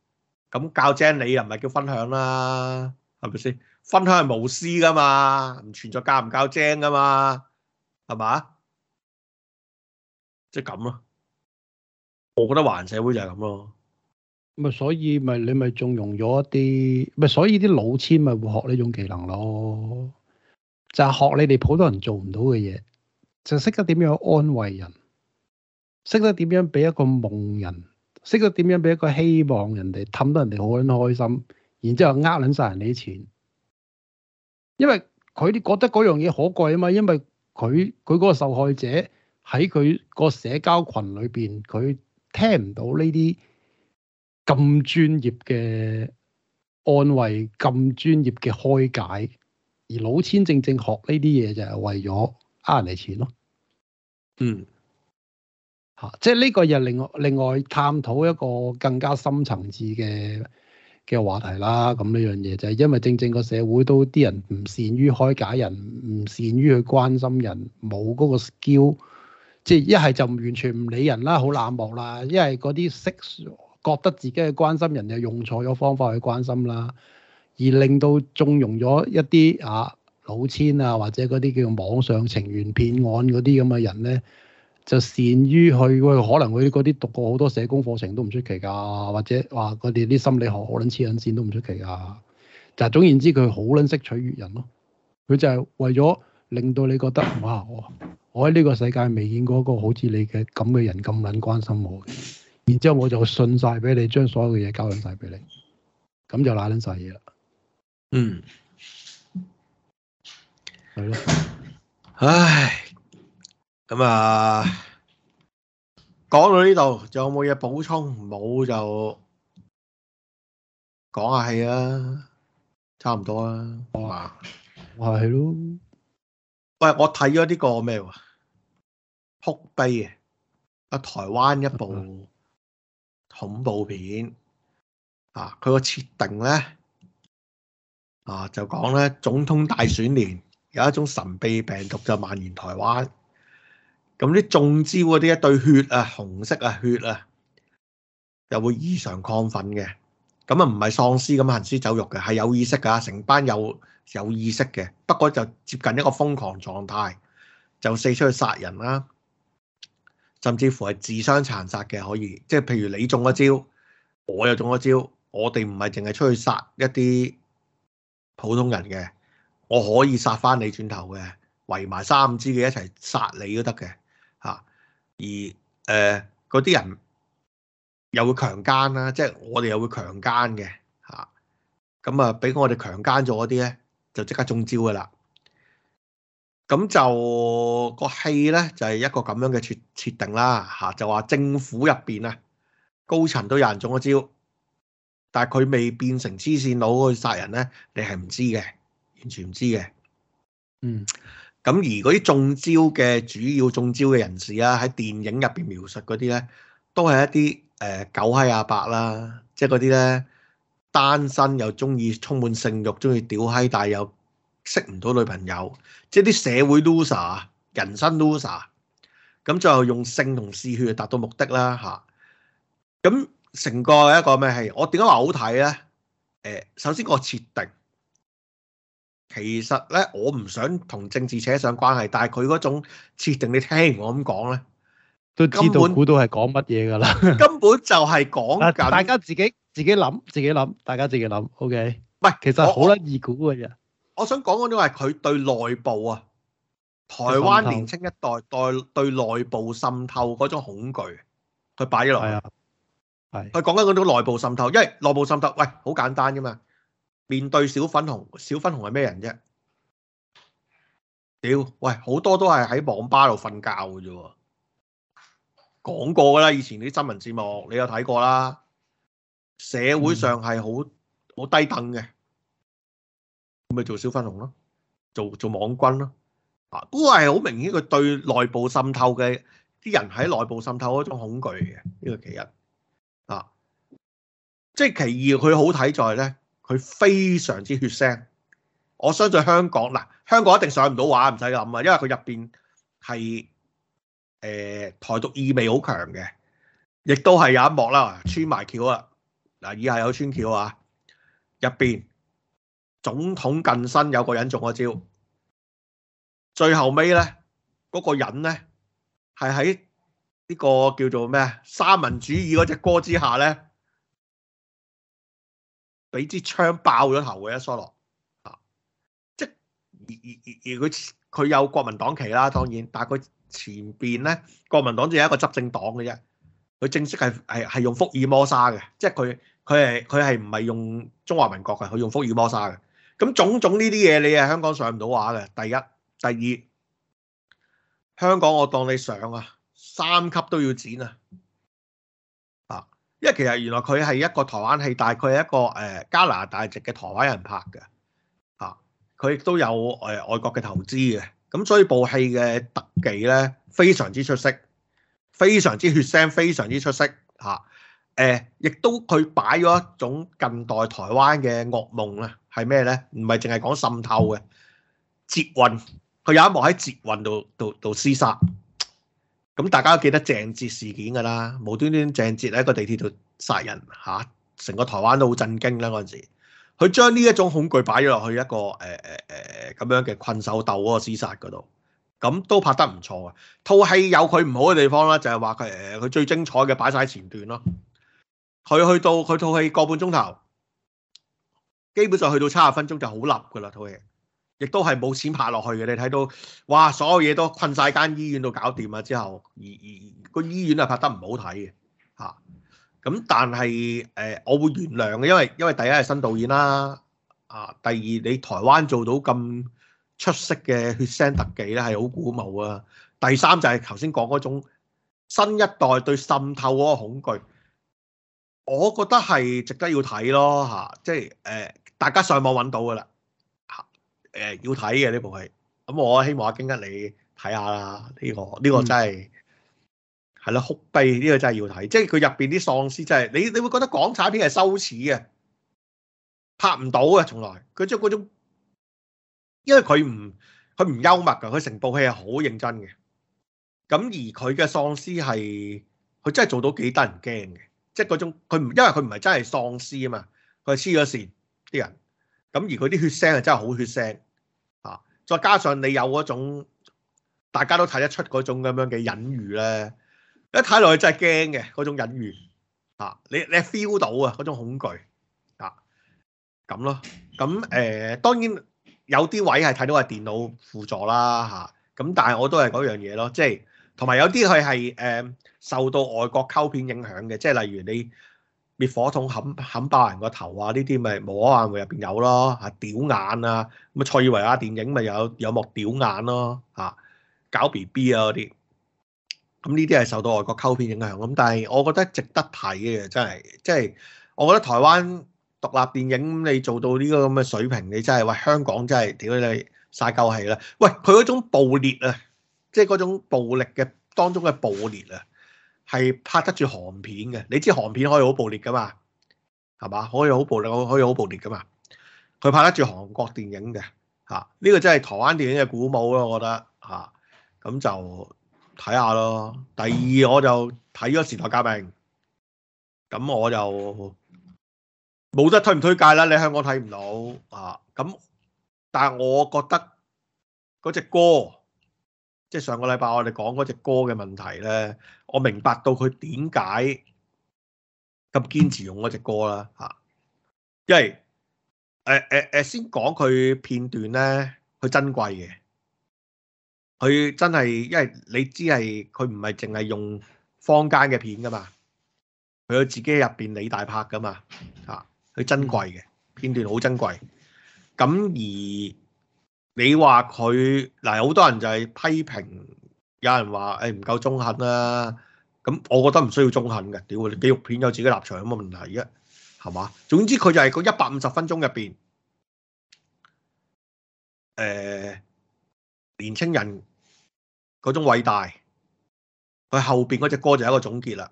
咁教精你又唔係叫分享啦，係咪先？分享係無私噶嘛，唔存在教唔教精噶嘛，係嘛？即係咁咯。我覺得華人社會就係咁咯。咪所以咪你咪縱容咗一啲咪，所以啲老千咪會學呢種技能咯。就係、是、學你哋普通人做唔到嘅嘢，就識得點樣安慰人，識得點樣俾一個夢人，識得點樣俾一個希望人哋氹得人哋好撚開心，然之後呃撚晒人哋啲錢。因為佢哋覺得嗰樣嘢可貴啊嘛，因為佢佢嗰個受害者喺佢個社交群裏邊，佢聽唔到呢啲咁專業嘅安慰、咁專業嘅開解，而老千正正學呢啲嘢就係為咗呃人哋錢咯。嗯，嚇，即係呢個又另外另外探討一個更加深層次嘅嘅話題啦，咁呢樣嘢就係因為正正個社會都啲人唔善於開解人，唔善於去關心人，冇嗰個 skill，即係一係就完全唔理人啦，好冷漠啦；一係嗰啲識覺得自己去關心人又用錯咗方法去關心啦，而令到縱容咗一啲啊老千啊或者嗰啲叫網上情緣騙案嗰啲咁嘅人咧。就善於去，可能佢嗰啲讀過好多社工課程都唔出奇㗎，或者話佢啲心理學好撚黐撚線都唔出奇㗎。就總言之，佢好撚識取悅人咯。佢就係為咗令到你覺得哇，我喺呢個世界未見過一個好似你嘅咁嘅人咁撚關心我。然之後我就信晒俾你，將所有嘅嘢交撚晒俾你，咁就懶撚晒嘢啦。嗯。係啊。唉。咁啊，講到呢度，仲有冇嘢補充？冇就講下戲啦，差唔多啦。啊，係咯。喂，我睇咗呢個咩？哭悲啊，台灣一部恐怖片。嗯嗯啊，佢個設定咧啊，就講咧總統大選年，有一種神秘病毒就蔓延台灣。咁啲中招嗰啲一對血啊，紅色啊，血啊，又會異常亢奮嘅。咁啊，唔係喪屍咁行屍走肉嘅，係有意識㗎，成班有有意識嘅。不過就接近一個瘋狂狀態，就四出去殺人啦，啊，甚至乎係自相殘殺嘅可以。即係譬如你中咗招，我又中咗招，我哋唔係淨係出去殺一啲普通人嘅，我可以殺翻你轉頭嘅，圍埋三五知己一齊殺你都得嘅。而誒嗰啲人又會強姦啦，即係我哋又會強姦嘅嚇，咁啊俾我哋強姦咗嗰啲咧，就即刻中招噶啦。咁就個戲咧就係一個咁樣嘅設設定啦嚇，就話政府入邊啊高層都有人中咗招，但係佢未變成黐線佬去殺人咧，你係唔知嘅，完全唔知嘅。嗯。咁而嗰啲中招嘅主要中招嘅人士啊，喺電影入邊描述嗰啲咧，都係一啲誒、呃、狗閪阿伯啦，即係嗰啲咧單身又中意充滿性慾，中意屌閪，但係又識唔到女朋友，即係啲社會 loser，人生 loser。咁最後用性同嗜血達到目的啦，吓、啊，咁成個一個咩係？我點解話好睇咧？誒、呃，首先個設定，其實咧，我唔想同政治扯上關係，但係佢嗰種設定，你聽我咁講咧，都知道估到係講乜嘢噶啦。根本就係講，大家自己自己諗，自己諗，大家自己諗，OK？喂，其實好得意估嘅啫。我想講嗰種係佢對內部啊，台灣年青一代對對內部滲透嗰種恐懼，佢擺咗落去。係佢講緊嗰種內部滲透，因為內部滲透，喂，好簡單噶嘛。面對小粉紅，小粉紅係咩人啫？屌，喂，好多都係喺網吧度瞓覺嘅啫喎。講過㗎啦，以前啲新聞節目你有睇過啦。社會上係好好低等嘅，咁咪做小粉紅咯，做做網軍咯、這個。啊，都係好明顯，佢對內部滲透嘅啲人喺內部滲透嗰種恐懼嘅，呢個其一。啊，即係其二，佢好睇在咧。佢非常之血腥，我相信香港嗱，香港一定上唔到畫，唔使諗啊，因為佢入邊係誒台獨意味好強嘅，亦都係有一幕啦，穿埋橋啊，以下有穿橋啊，入邊總統近身有個人中咗招，最後尾咧嗰個人咧係喺呢個叫做咩三民主義嗰隻歌之下咧，俾支槍爆咗頭嘅一梭羅啊！即係而而而而佢佢有國民黨旗啦，當然，但係佢前邊咧，國民黨只係一個執政黨嘅啫，佢正式係係係用福爾摩沙嘅，即係佢佢係佢係唔係用中華民國嘅，佢用福爾摩沙嘅。咁種種呢啲嘢你係香港上唔到畫嘅。第一，第二，香港我當你上啊，三級都要剪啊！因為其實原來佢係一個台灣戲，但係佢係一個誒、呃、加拿大籍嘅台灣人拍嘅，嚇佢亦都有誒、呃、外國嘅投資嘅，咁所以部戲嘅特技咧非常之出色，非常之血腥，非常之出色嚇，誒、啊、亦、呃、都佢擺咗一種近代台灣嘅噩夢啦，係咩咧？唔係淨係講滲透嘅捷運，佢有一幕喺捷運度度度廝殺。咁大家都記得鄭捷事件㗎啦，無端端鄭捷喺個地鐵度殺人嚇，成個台灣都好震驚啦嗰陣時。佢將呢一種恐懼擺咗落去一個誒誒誒咁樣嘅困獸鬥嗰個廝殺嗰度，咁都拍得唔錯啊。套戲有佢唔好嘅地方啦，就係話誒佢最精彩嘅擺曬前段咯。佢去到佢套戲個半鐘頭，基本上去到七十分鐘就好立㗎啦套戲。亦都係冇錢拍落去嘅，你睇到哇，所有嘢都困晒間醫院度搞掂啊！之後而而個醫院係拍得唔好睇嘅嚇，咁但係誒，我會原諒嘅，因為因為第一係新導演啦，啊，第二你台灣做到咁出色嘅血腥特技咧係好鼓舞啊，第三就係頭先講嗰種新一代對滲透嗰個恐懼，我覺得係值得要睇咯嚇、啊，即係誒、呃、大家上網揾到噶啦。誒，要睇嘅呢部戲，咁我希望阿京一你睇下啦，這個。呢個呢個真係係咯，哭悲呢，這個真係要睇。即係佢入邊啲喪屍真係，你你會覺得港產片係羞恥嘅，拍唔到嘅從來。佢即係嗰種，因為佢唔佢唔幽默㗎，佢成部戲係好認真嘅。咁而佢嘅喪屍係，佢真係做到幾得人驚嘅，即係嗰種佢唔因為佢唔係真係喪屍啊嘛，佢黐咗線啲人。咁而佢啲血腥係真係好血腥，啊！再加上你有嗰種大家都睇得出嗰種咁樣嘅隱喻咧，一睇落去真係驚嘅嗰種隱喻，啊！你你 feel 到啊嗰種恐懼，啊咁咯。咁誒當然有啲位係睇到係電腦輔助啦，嚇。咁但係我都係嗰樣嘢咯，即係同埋有啲佢係誒受到外國溝片影響嘅，即係例如你。滅火筒冚冚爆人個頭啊！呢啲咪冇可能會入邊有咯嚇，屌眼啊咁啊！塞爾維亞電影咪有有幕屌眼咯嚇，搞 B B 啊嗰啲。咁呢啲係受到外國溝片影響咁，但係我覺得值得睇嘅真係，即係我覺得台灣獨立電影你做到呢個咁嘅水平，你真係話香港真係屌你晒夠氣啦！喂，佢嗰種暴烈啊，即係嗰種暴力嘅當中嘅暴烈啊！係拍得住韓片嘅，你知韓片可以好暴力噶嘛，係嘛？可以好暴力，可以好暴力噶嘛。佢拍得住韓國電影嘅，嚇、啊、呢、呢個真係台灣電影嘅鼓舞咯，我覺得嚇。咁、啊、就睇下咯。第二我就睇咗時代革命，咁我就冇得推唔推介啦。你香港睇唔到啊？咁但係我覺得嗰隻歌。即係上個禮拜我哋講嗰隻歌嘅問題咧，我明白到佢點解咁堅持用嗰隻歌啦嚇，因為、呃呃、先講佢片段咧，佢珍貴嘅，佢真係因為你知係佢唔係淨係用坊間嘅片噶嘛，佢有自己入面李大理大拍噶嘛嚇，佢珍貴嘅片段好珍貴，咁而。你話佢嗱，好多人就係批評，有人話誒唔夠中肯啦。咁、欸啊、我覺得唔需要中肯嘅，屌你紀錄片，有自己立場，有乜問題嘅、啊，係嘛？總之佢就係個一百五十分鐘入邊，誒、呃，年青人嗰種偉大，佢後邊嗰隻歌就有一個總結啦。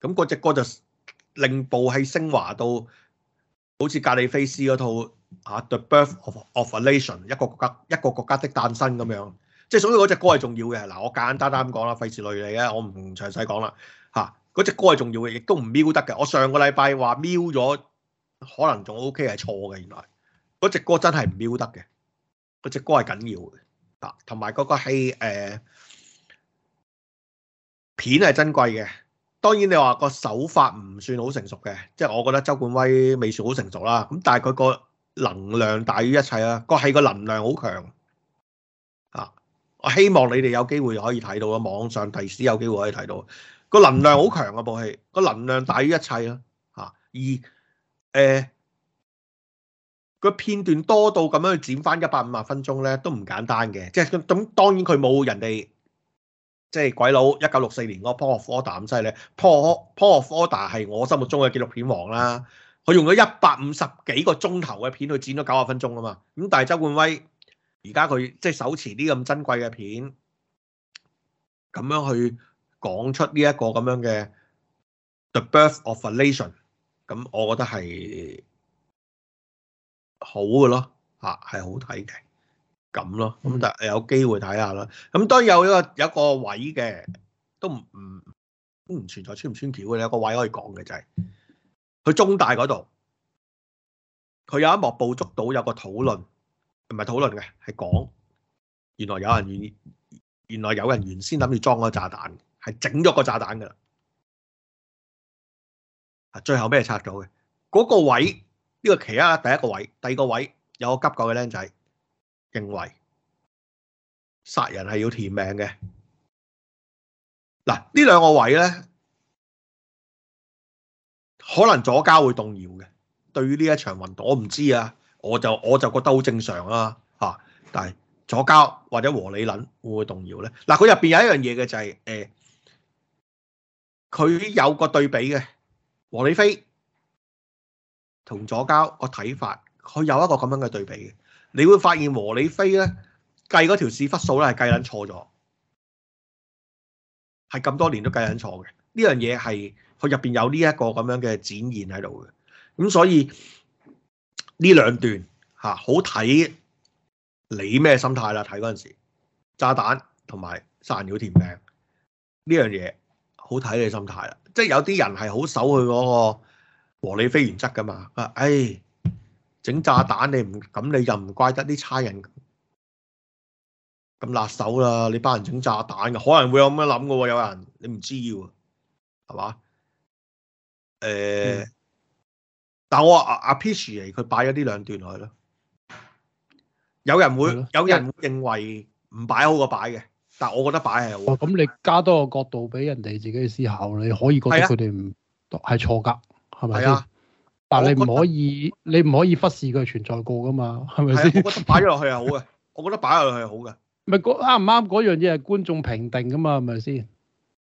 咁嗰隻歌就令步喺昇華到好似格里菲斯嗰套。嚇，《The Birth of, of a Nation》一個國家，一個國家的誕生咁樣，即係所以嗰隻歌係重要嘅。嗱，我簡簡單單咁講啦，費事累你嘅，我唔詳細講啦。嚇，嗰隻歌係重要嘅，亦都唔瞄得嘅。我上個禮拜話瞄咗，可能仲 O K 係錯嘅。原來嗰隻歌真係唔瞄得嘅，嗰隻歌係緊要嘅。啊，同埋嗰個係誒片係珍貴嘅。當然你話個手法唔算好成熟嘅，即係我覺得周冠威未算好成熟啦。咁但係佢個能量大於一切啦，啊！個戲個能量好強啊！我希望你哋有機會可以睇到啊，網上睇史有機會可以睇到，個能量好強啊！部戲個能量大於一切啦！啊，而誒個、欸、片段多到咁樣去剪翻一百五萬分鐘咧，都唔簡單嘅。即係咁，當然佢冇人哋即係鬼佬一九六四年嗰個 Point of Order 咁犀利。Point Point of Order 係我心目中嘅紀錄片王啦。佢用咗一百五十幾個鐘頭嘅片去剪咗九十分鐘啊嘛，咁但係周冠威而家佢即係手持啲咁珍貴嘅片，咁樣去講出呢一個咁樣嘅 The Birth of a Nation，咁我覺得係好嘅咯，嚇係好睇嘅，咁咯，咁但係有機會睇下啦。咁當然有一個有一個位嘅，都唔唔都唔存在穿唔穿橋嘅，有個位可以講嘅就係、是。去中大嗰度，佢有一幕捕捉到有個討論，唔係討論嘅，係講原來有人原原來有人原先諗住裝個炸彈嘅，係整咗個炸彈噶啦。啊，最後咩拆到嘅？嗰、嗰個位呢、呢個其他第一個位，第二個位有個急救嘅僆仔認為殺人係要填命嘅。嗱呢兩個位咧。可能左膠會動搖嘅，對於呢一場運動，我唔知啊，我就我就覺得好正常啦、啊、嚇、啊。但係左膠或者和理論會唔會動搖咧？嗱、啊，佢入邊有一樣嘢嘅就係、是、誒，佢、欸、有個對比嘅，和理非同左膠個睇法，佢有一個咁樣嘅對比嘅。你會發現和理非咧計嗰條屎忽數咧係計緊錯咗，係咁多年都計緊錯嘅。呢樣嘢係。佢入邊有呢一個咁樣嘅展現喺度嘅，咁所以呢兩段嚇好睇你咩心態啦？睇嗰陣時炸彈同埋殺人要填命呢樣嘢，好睇你心態啦。即係有啲人係好守佢嗰個和理非原則噶嘛。唉、哎，整炸彈你唔咁、啊，你就唔怪得啲差人咁辣手啦。你班人整炸彈嘅，可能會有咁樣諗嘅喎。有人你唔知喎，係嘛？誒、嗯，但係我話阿阿 Pierre 佢擺咗呢兩段落去咯，有人會有人會認為唔擺好過擺嘅，但係我覺得擺係好、哦。咁你加多個角度俾人哋自己去思考，你可以覺得佢哋唔係錯噶，係咪先？但係你唔可以，你唔可以忽視佢存在過噶嘛，係咪先？我覺得擺咗落去係好嘅，我覺得擺落去係好嘅。唔係啱唔啱嗰樣嘢係觀眾評定噶嘛，係咪先？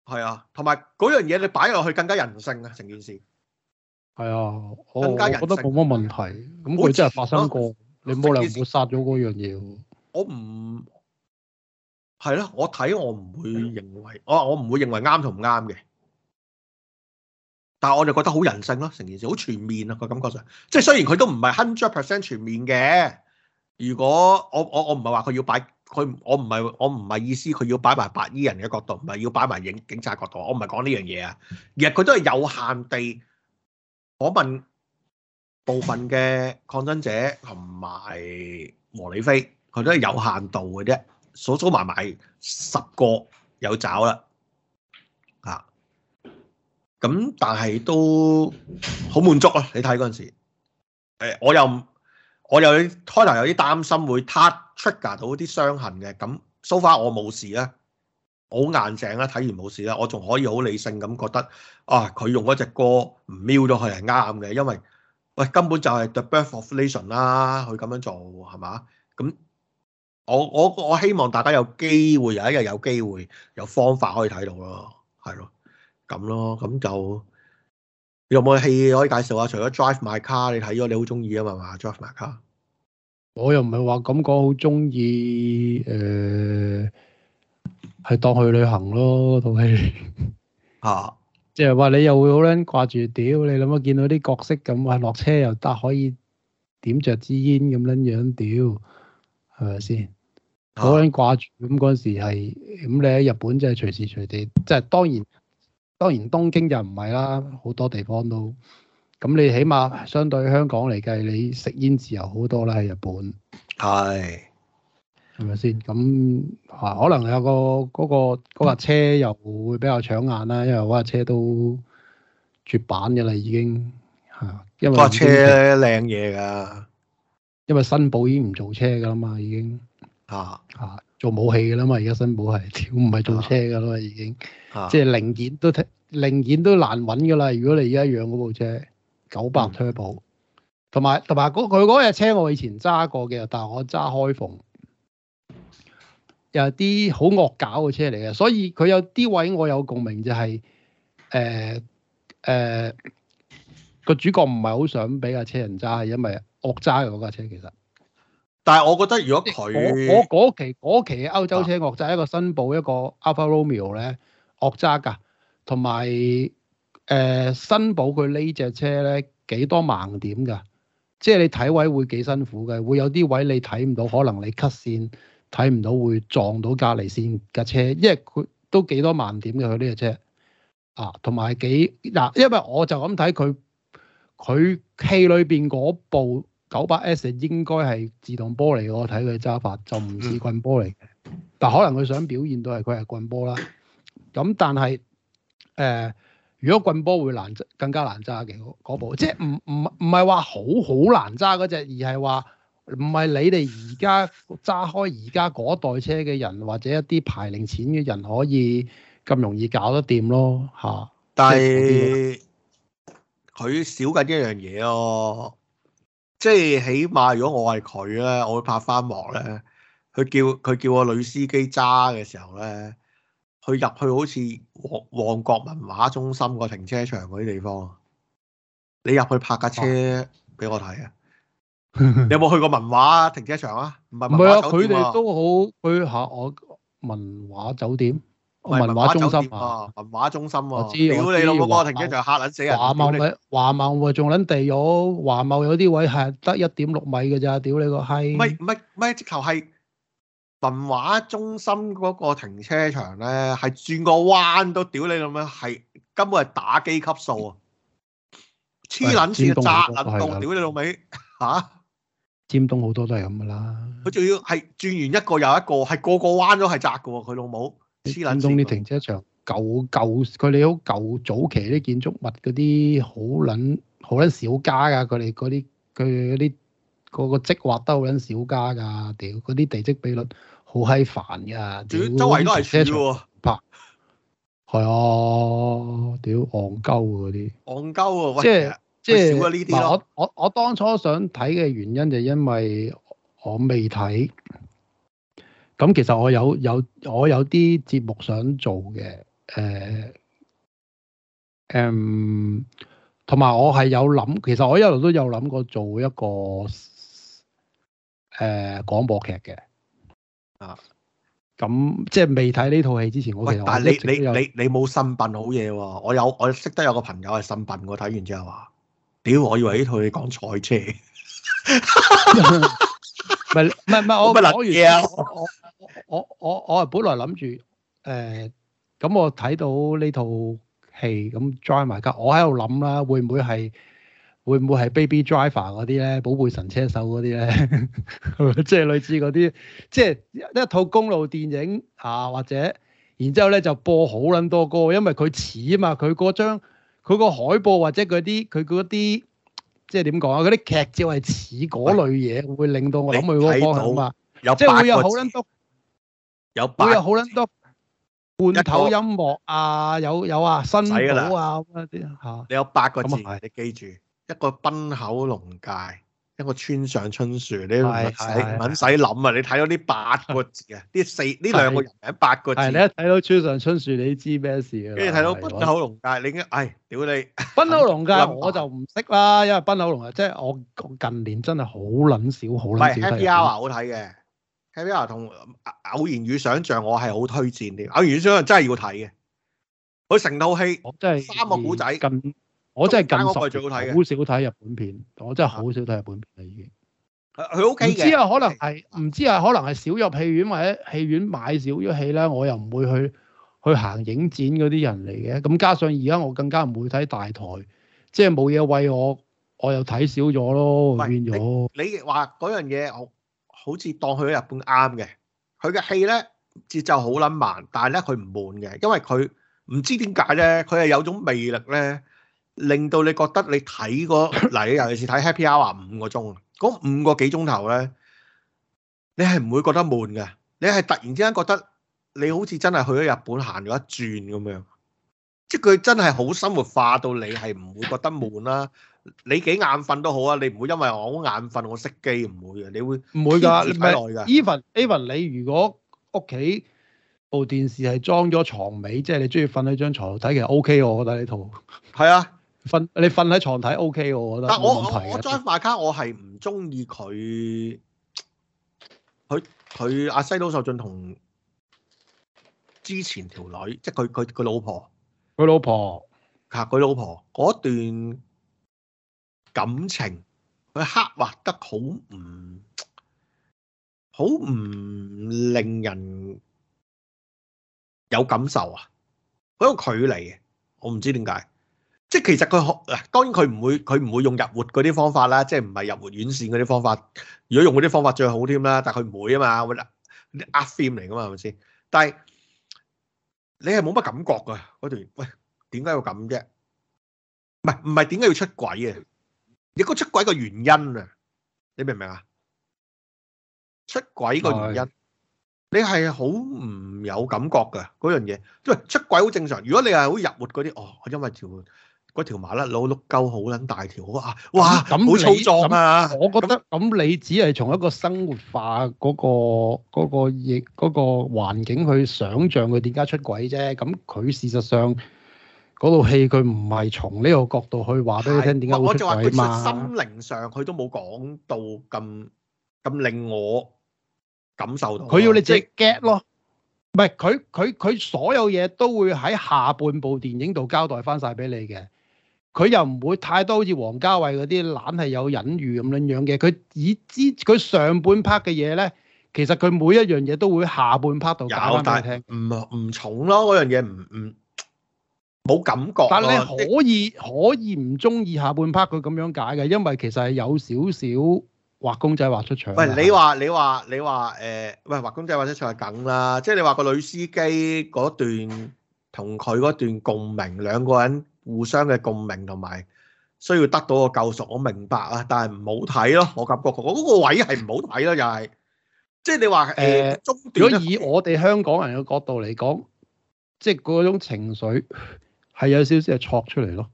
係啊，同埋嗰樣嘢，你擺落去更加人性啊，成件事、啊。係啊，我更加人啊，我覺得冇乜問題。咁佢真係發生過，啊、你冇理由殺咗嗰樣嘢、啊。我唔係咯，我睇我唔會認為，我我唔會認為啱同唔啱嘅。但係我哋覺得好人性咯、啊，成件事好全面啊，個感覺上。即係雖然佢都唔係 hundred percent 全面嘅。如果我我我唔係話佢要擺。佢我唔係我唔係意思，佢要擺埋白衣人嘅角度，唔係要擺埋影警察角度。我唔係講呢樣嘢啊！而佢都係有限地訪問部分嘅抗爭者同埋和理非，佢都係有限度嘅啫，數數埋埋十個有找啦啊！咁但係都好滿足啊！你睇嗰陣時，欸，我又。我有開頭有啲擔心會 touch trigger 到啲傷痕嘅，咁 so far 我冇事啦，好硬淨啦，睇完冇事啦，我仲可以好理性咁覺得，啊佢用嗰隻歌唔瞄到佢係啱嘅，因為喂根本就係 The Birth of a Nation 啦，佢咁樣做係嘛？咁我我我希望大家有機會，有一日有機會有方法可以睇到咯，係咯，咁咯，咁就。有冇戲可以介紹下？除咗 Drive My Car，你睇咗你好中意啊嘛？Drive My Car，我又唔係話咁講好中意，誒，係、呃、當去旅行咯套戲、 啊就是。啊，即係話你又會好捻掛住，屌你諗下見到啲角色咁啊，落車又得可以點着支煙咁捻樣，屌係咪先？好捻掛住咁嗰陣時係，咁你喺日本即係隨時隨地，即係當然。當然東京就唔係啦，好多地方都咁，你起碼相對香港嚟計，你食煙自由好多啦喺日本係係咪先咁啊？可能有個嗰架、嗰個嗰個、車又會比較搶眼啦，因為嗰架車都絕版嘅啦已經嚇，因為嗰架車靚嘢㗎，因為紳寶已經唔做車㗎啦嘛已經嚇嚇。啊做武器嘅啦嘛，而家新寶係屌，唔係做車嘅啦嘛，已經、啊啊，即係零件都零件都難揾嘅啦。如果你而家養嗰部車九百 turbo 同埋同埋佢嗰隻車我以前揸過嘅，但係我揸開逢有啲好惡搞嘅車嚟嘅。所以佢有啲位我有共鳴、就是，就係誒誒個主角唔係好想俾架車人揸，因為惡揸嘅嗰架車其實車。但係我覺得，如果佢我嗰期嗰期歐洲車惡揸，一個紳寶一個 Alfa Romeo 咧惡揸㗎，同埋誒紳寶佢呢隻車咧幾多盲點㗎？即係你睇位會幾辛苦嘅，會有啲位你睇唔到，可能你 cut 線睇唔到，會撞到隔離線嘅車，因為佢都幾多盲點嘅佢呢隻車啊，同埋幾嗱，因為我就咁睇佢佢戲裏邊嗰部。九八 S 應該係自動波嚟，我睇佢揸法就唔似棍波嚟嘅、嗯。但可能佢想表現到係佢係棍波啦。咁但係誒、呃，如果棍波會難，更加難揸嘅嗰部，即係唔唔唔係話好好難揸嗰隻，而係話唔係你哋而家揸開而家嗰代車嘅人，或者一啲排零錢嘅人可以咁容易搞得掂咯嚇、啊。但係佢少緊一樣嘢喎。即係起碼，如果我係佢咧，我會拍翻幕咧，佢叫佢叫個女司機揸嘅時候咧，佢入去好似旺旺角文化中心個停車場嗰啲地方，你入去拍架車俾我睇啊！你有冇去過文化停車場啊？唔係唔係啊！佢哋都好去下我文化酒店。文化中心啊！文化，啊文化中心喎，啊，屌你老母！嗰個停車場就吓撚死人。華茂嘅華茂，仲諗地租？華茂有啲位係得一點六米嘅咋？屌你個閪！唔係係唔直頭係文化中心嗰個停車場咧，係轉個彎都屌你老咩？係根本係打機級數啊！黐撚線，窄撚道，屌你老味！吓！尖東好多都係咁噶啦。佢仲，啊、要係轉完一個又一個，係個個彎都係窄噶，啊，佢老母。黐捻東啲停車場舊舊，佢哋好舊，早期啲建築物嗰啲好捻好捻少家噶，佢哋嗰啲佢嗰啲嗰個積劃得好捻少家噶，屌嗰啲地積比率好閪煩噶，周圍都係停車場。那個、車場拍係啊，屌戇鳩嗰啲，戇鳩啊，即係即係呢啲我我我當初想睇嘅原因就係因為我未睇。咁其實我有有我有啲節目想做嘅，誒、呃、誒，同、嗯、埋我係有諗。其實我一路都有諗過做一個誒、呃、廣播劇嘅。啊，咁即係未睇呢套戲之前，我其實我有識。但係你你你你冇呻笨好嘢喎、哦！我有我識得有個朋友係呻笨，我睇完之後話：屌，我以為呢套戲講賽車。唔係唔係，我講完啊， 我我我啊，本來諗住誒，咁、呃、我睇到呢套戲咁，Drive 埋㗎，我喺度諗啦，會唔會係會唔會係 Baby Driver 嗰啲咧？寶貝神車手嗰啲咧？即 係類似嗰啲，即、就、係、是、一套公路電影吓、啊，或者，然之後咧就播好撚多歌，因為佢似啊嘛，佢嗰張佢個海報或者嗰啲，佢嗰啲即係點講啊？嗰啲劇照係似嗰類嘢，會令到我諗佢嗰個方向啊，即係會有好撚多。有八個有好捻多罐頭音樂啊，有有啊新寶啊啲吓。你有八個字，嗯、你記住一個濱口龍介，一個村上春樹。你唔使唔使諗啊！你睇到呢八個字啊，呢四呢兩個人名八個字。個人個字你一睇到村上春樹，你知咩事啊？跟住睇到濱口龍介，你驚？唉、哎，屌你濱口龍介， 我就唔識啦，因為濱口龍啊，即、就、係、是、我近年真係好捻少，少有好捻少 r 好睇嘅。k a b 同《偶然與想象》，我係好推薦嘅。《偶然與想象》真係要睇嘅，佢成套戲，我真係三個古仔，我真係近我好少睇日本片，我真係好少睇日本片啦。已經佢 OK 嘅。唔知啊，可能係唔知啊，可能係少入戲院或者戲院買少咗戲呢。我又唔會去去行影展嗰啲人嚟嘅。咁加上而家我更加唔會睇大台，即係冇嘢喂我，我又睇少咗咯，變咗。你話嗰樣嘢好似當去咗日本啱嘅，佢嘅戲呢，節奏好撚慢，但係呢，佢唔悶嘅，因為佢唔知點解呢，佢係有種魅力呢，令到你覺得你睇嗰嗱，你尤其是睇 Happy Hour 五個鐘，嗰五個幾鐘頭呢，你係唔會覺得悶嘅，你係突然之間覺得你好似真係去咗日本行咗一轉咁樣，即係佢真係好生活化到你係唔會覺得悶啦。你幾眼瞓都好啊，你唔會因為我好眼瞓我熄機，唔會嘅，你會唔會噶？你唔係 even even 你如果屋企部電視係裝咗床尾，即係你中意瞓喺張床度睇，其實 OK，我覺得呢套係啊，瞓你瞓喺床睇 OK，我覺得。但我我我裝快卡，我係唔中意佢佢佢阿西島秀俊同之前條女，即係佢佢佢老婆，佢老婆吓，佢老婆嗰段。感情佢刻畫得好唔好唔令人有感受啊！嗰個距離啊，我唔知點解。即係其實佢，當然佢唔會，佢唔會用日活嗰啲方法啦。即係唔係日活遠線嗰啲方法，如果用嗰啲方法最好添啦。但係佢唔會啊嘛，啲 art film 嚟噶嘛係咪先？但係你係冇乜感覺噶嗰段。喂，點解要咁啫？唔係唔係點解要出軌啊？你個出軌嘅原因啊，你明唔明啊？出軌嘅原因，你係好唔有感覺嘅嗰樣嘢。喂，出軌好正常。如果你係好入沒嗰啲，哦，因為條嗰條馬甩佬碌鳩好撚大條，條大哇咁好操作啊你！我覺得，咁你只係從一個生活化嗰個嗰個亦嗰個環境去想像佢點解出軌啫。咁佢事實上。嗰套戲佢唔係從呢個角度去話俾你聽點解好出位嘛，我其實心靈，心靈上佢都冇講到咁咁令我感受到。佢要你自己 get 咯，就是，唔係佢佢佢所有嘢都會喺下半部電影度交代翻晒俾你嘅。佢又唔會太多好似王家衛嗰啲懶係有隱喻咁樣樣嘅。佢已知佢上半 part 嘅嘢咧，其實佢每一樣嘢都會下半 part 度講翻俾你聽。唔唔重咯，嗰樣嘢唔唔。冇感覺，但係你可以你可以唔中意下半 part 佢咁樣解嘅，因為其實係有少少畫公仔畫出腸。喂，你話你話你話誒、呃，喂，畫公仔畫出腸係梗啦。即係你話個女司機嗰段同佢嗰段共鳴，兩個人互相嘅共鳴同埋需要得到個救贖，我明白啊。但係唔好睇咯，我感覺嗰個位係唔好睇咯，又係即係你話誒，如果以我哋香港人嘅角度嚟講，即係嗰種情緒。係有少少係錯出嚟咯，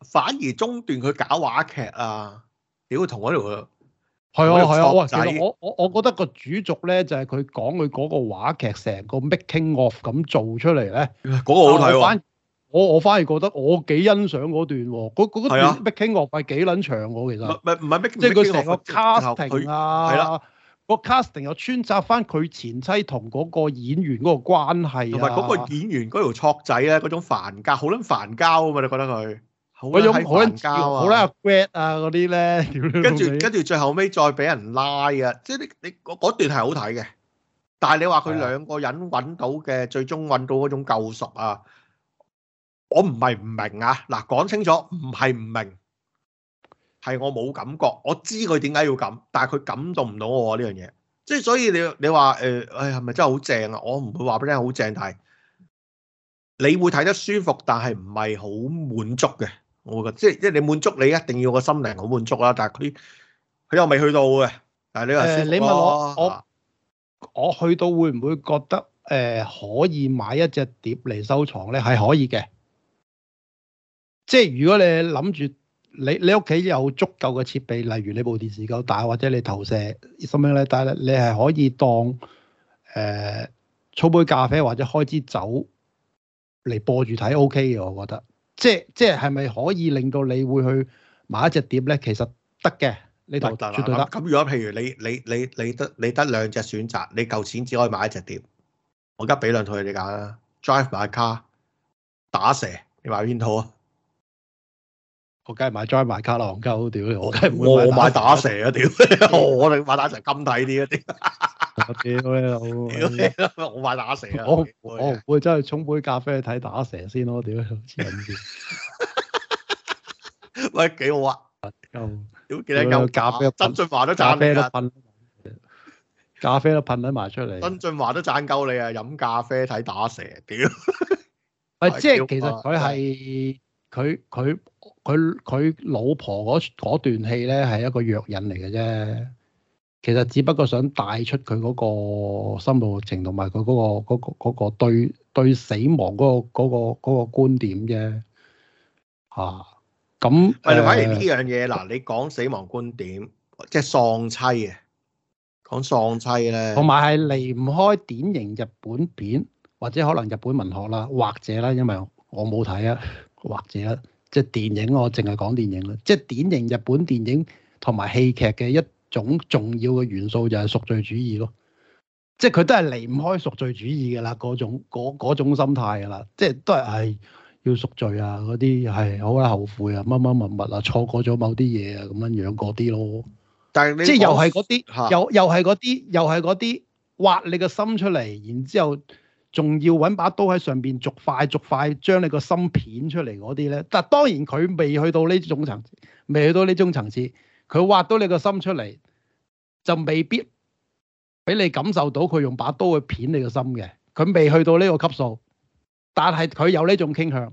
反而中段佢搞話劇啊，屌同喺度係啊係啊，係啊我我我覺得個主軸咧就係、係、佢講佢嗰個話劇成個 making of 咁做出嚟咧，嗰、嗰個好睇喎。我我反而覺得我幾欣賞嗰段喎，嗰嗰段 making of 係幾撚長喎、啊，其實唔係唔係即係佢成個 casting 個 casting 又穿插翻佢前妻同嗰個演員嗰個關係，同埋嗰個演員嗰條錯仔咧，嗰種煩交好撚煩交啊嘛！你覺得佢好撚煩交啊，好撚 grad 啊啲咧，跟住跟住最後尾再俾人拉啊！即係你你嗰段係好睇嘅，但係你話佢兩個人揾到嘅最終揾到嗰種救贖啊，我唔係唔明啊！嗱、啊，講清楚唔係唔明。係我冇感覺，我知佢點解要咁，但係佢感動唔到我呢樣嘢。即係所以你你話誒，哎呀，係咪真係好正啊？我唔會話俾你聽好正，但係你會睇得舒服，但係唔係好滿足嘅。我會覺得即係即係你滿足，你一定要個心靈好滿足啦。但係佢佢又未去到嘅。但嗱，你話先、欸。你問我我我去到會唔會覺得誒、呃、可以買一隻碟嚟收藏咧？係可以嘅。即係如果你諗住。你你屋企有足夠嘅設備，例如你部電視夠大，或者你投射甚麼咧，但係你係可以當誒沖杯咖啡或者開支酒嚟播住睇 OK 嘅，我覺得。即係即係係咪可以令到你會去買一隻碟咧？其實得嘅，呢度絕對得。咁如果譬如你你你你，你得你得兩隻選擇，你夠錢只可以買一隻碟。我而家俾兩套你揀啦，Drive 買卡打蛇，你買邊套啊？我梗係買 Drive My Car 啦，鳩屌！我梗係唔會買打蛇啊屌！我哋買打蛇金睇啲啊屌！屌咩啊！屌咩！我買打蛇啊！我我唔會真係沖杯咖啡睇打蛇先咯屌！好似咁啲喂，幾好啊！屌幾多嚿咖啡？曾俊華都賺咖啡都噴，咖啡都噴得埋出嚟。曾俊華都賺夠你啊！飲咖啡睇打蛇屌！喂即係其實佢係佢佢。佢佢老婆嗰段戲咧，係一個藥引嚟嘅啫。其實只不過想帶出佢嗰個心路路程、嗰個，同埋佢嗰個嗰、嗰個嗰、嗰個、對，對死亡嗰、嗰個嗰、嗰個嗰、嗰個、觀點啫。嚇、啊、咁，反而呢樣嘢嗱，你講死亡觀點，即、就、係、係、喪妻嘅講喪妻咧，同埋係離唔開典型日本片或者可能日本文學啦，或者咧，因為我冇睇啊，或者咧。即係電影，我淨係講電影啦。即係典型日本電影同埋戲劇嘅一種重要嘅元素，就係贖罪主義咯。即係佢都係離唔開贖罪主義嘅啦，嗰種，種心態嘅啦。即係都係係、哎、要贖罪啊，嗰啲係好啦，後悔啊，乜乜乜物啊，錯過咗某啲嘢啊，咁樣樣嗰啲咯。但係即係又係嗰啲，又又係嗰啲，又係嗰啲，挖你個心出嚟，然之後。仲要揾把刀喺上邊逐塊逐塊將你個心片出嚟嗰啲咧，但當然佢未去到呢種層次，未去到呢種層次，佢挖到你個心出嚟就未必俾你感受到佢用把刀去片你個心嘅，佢未去到呢個級數，但係，佢有呢種傾向。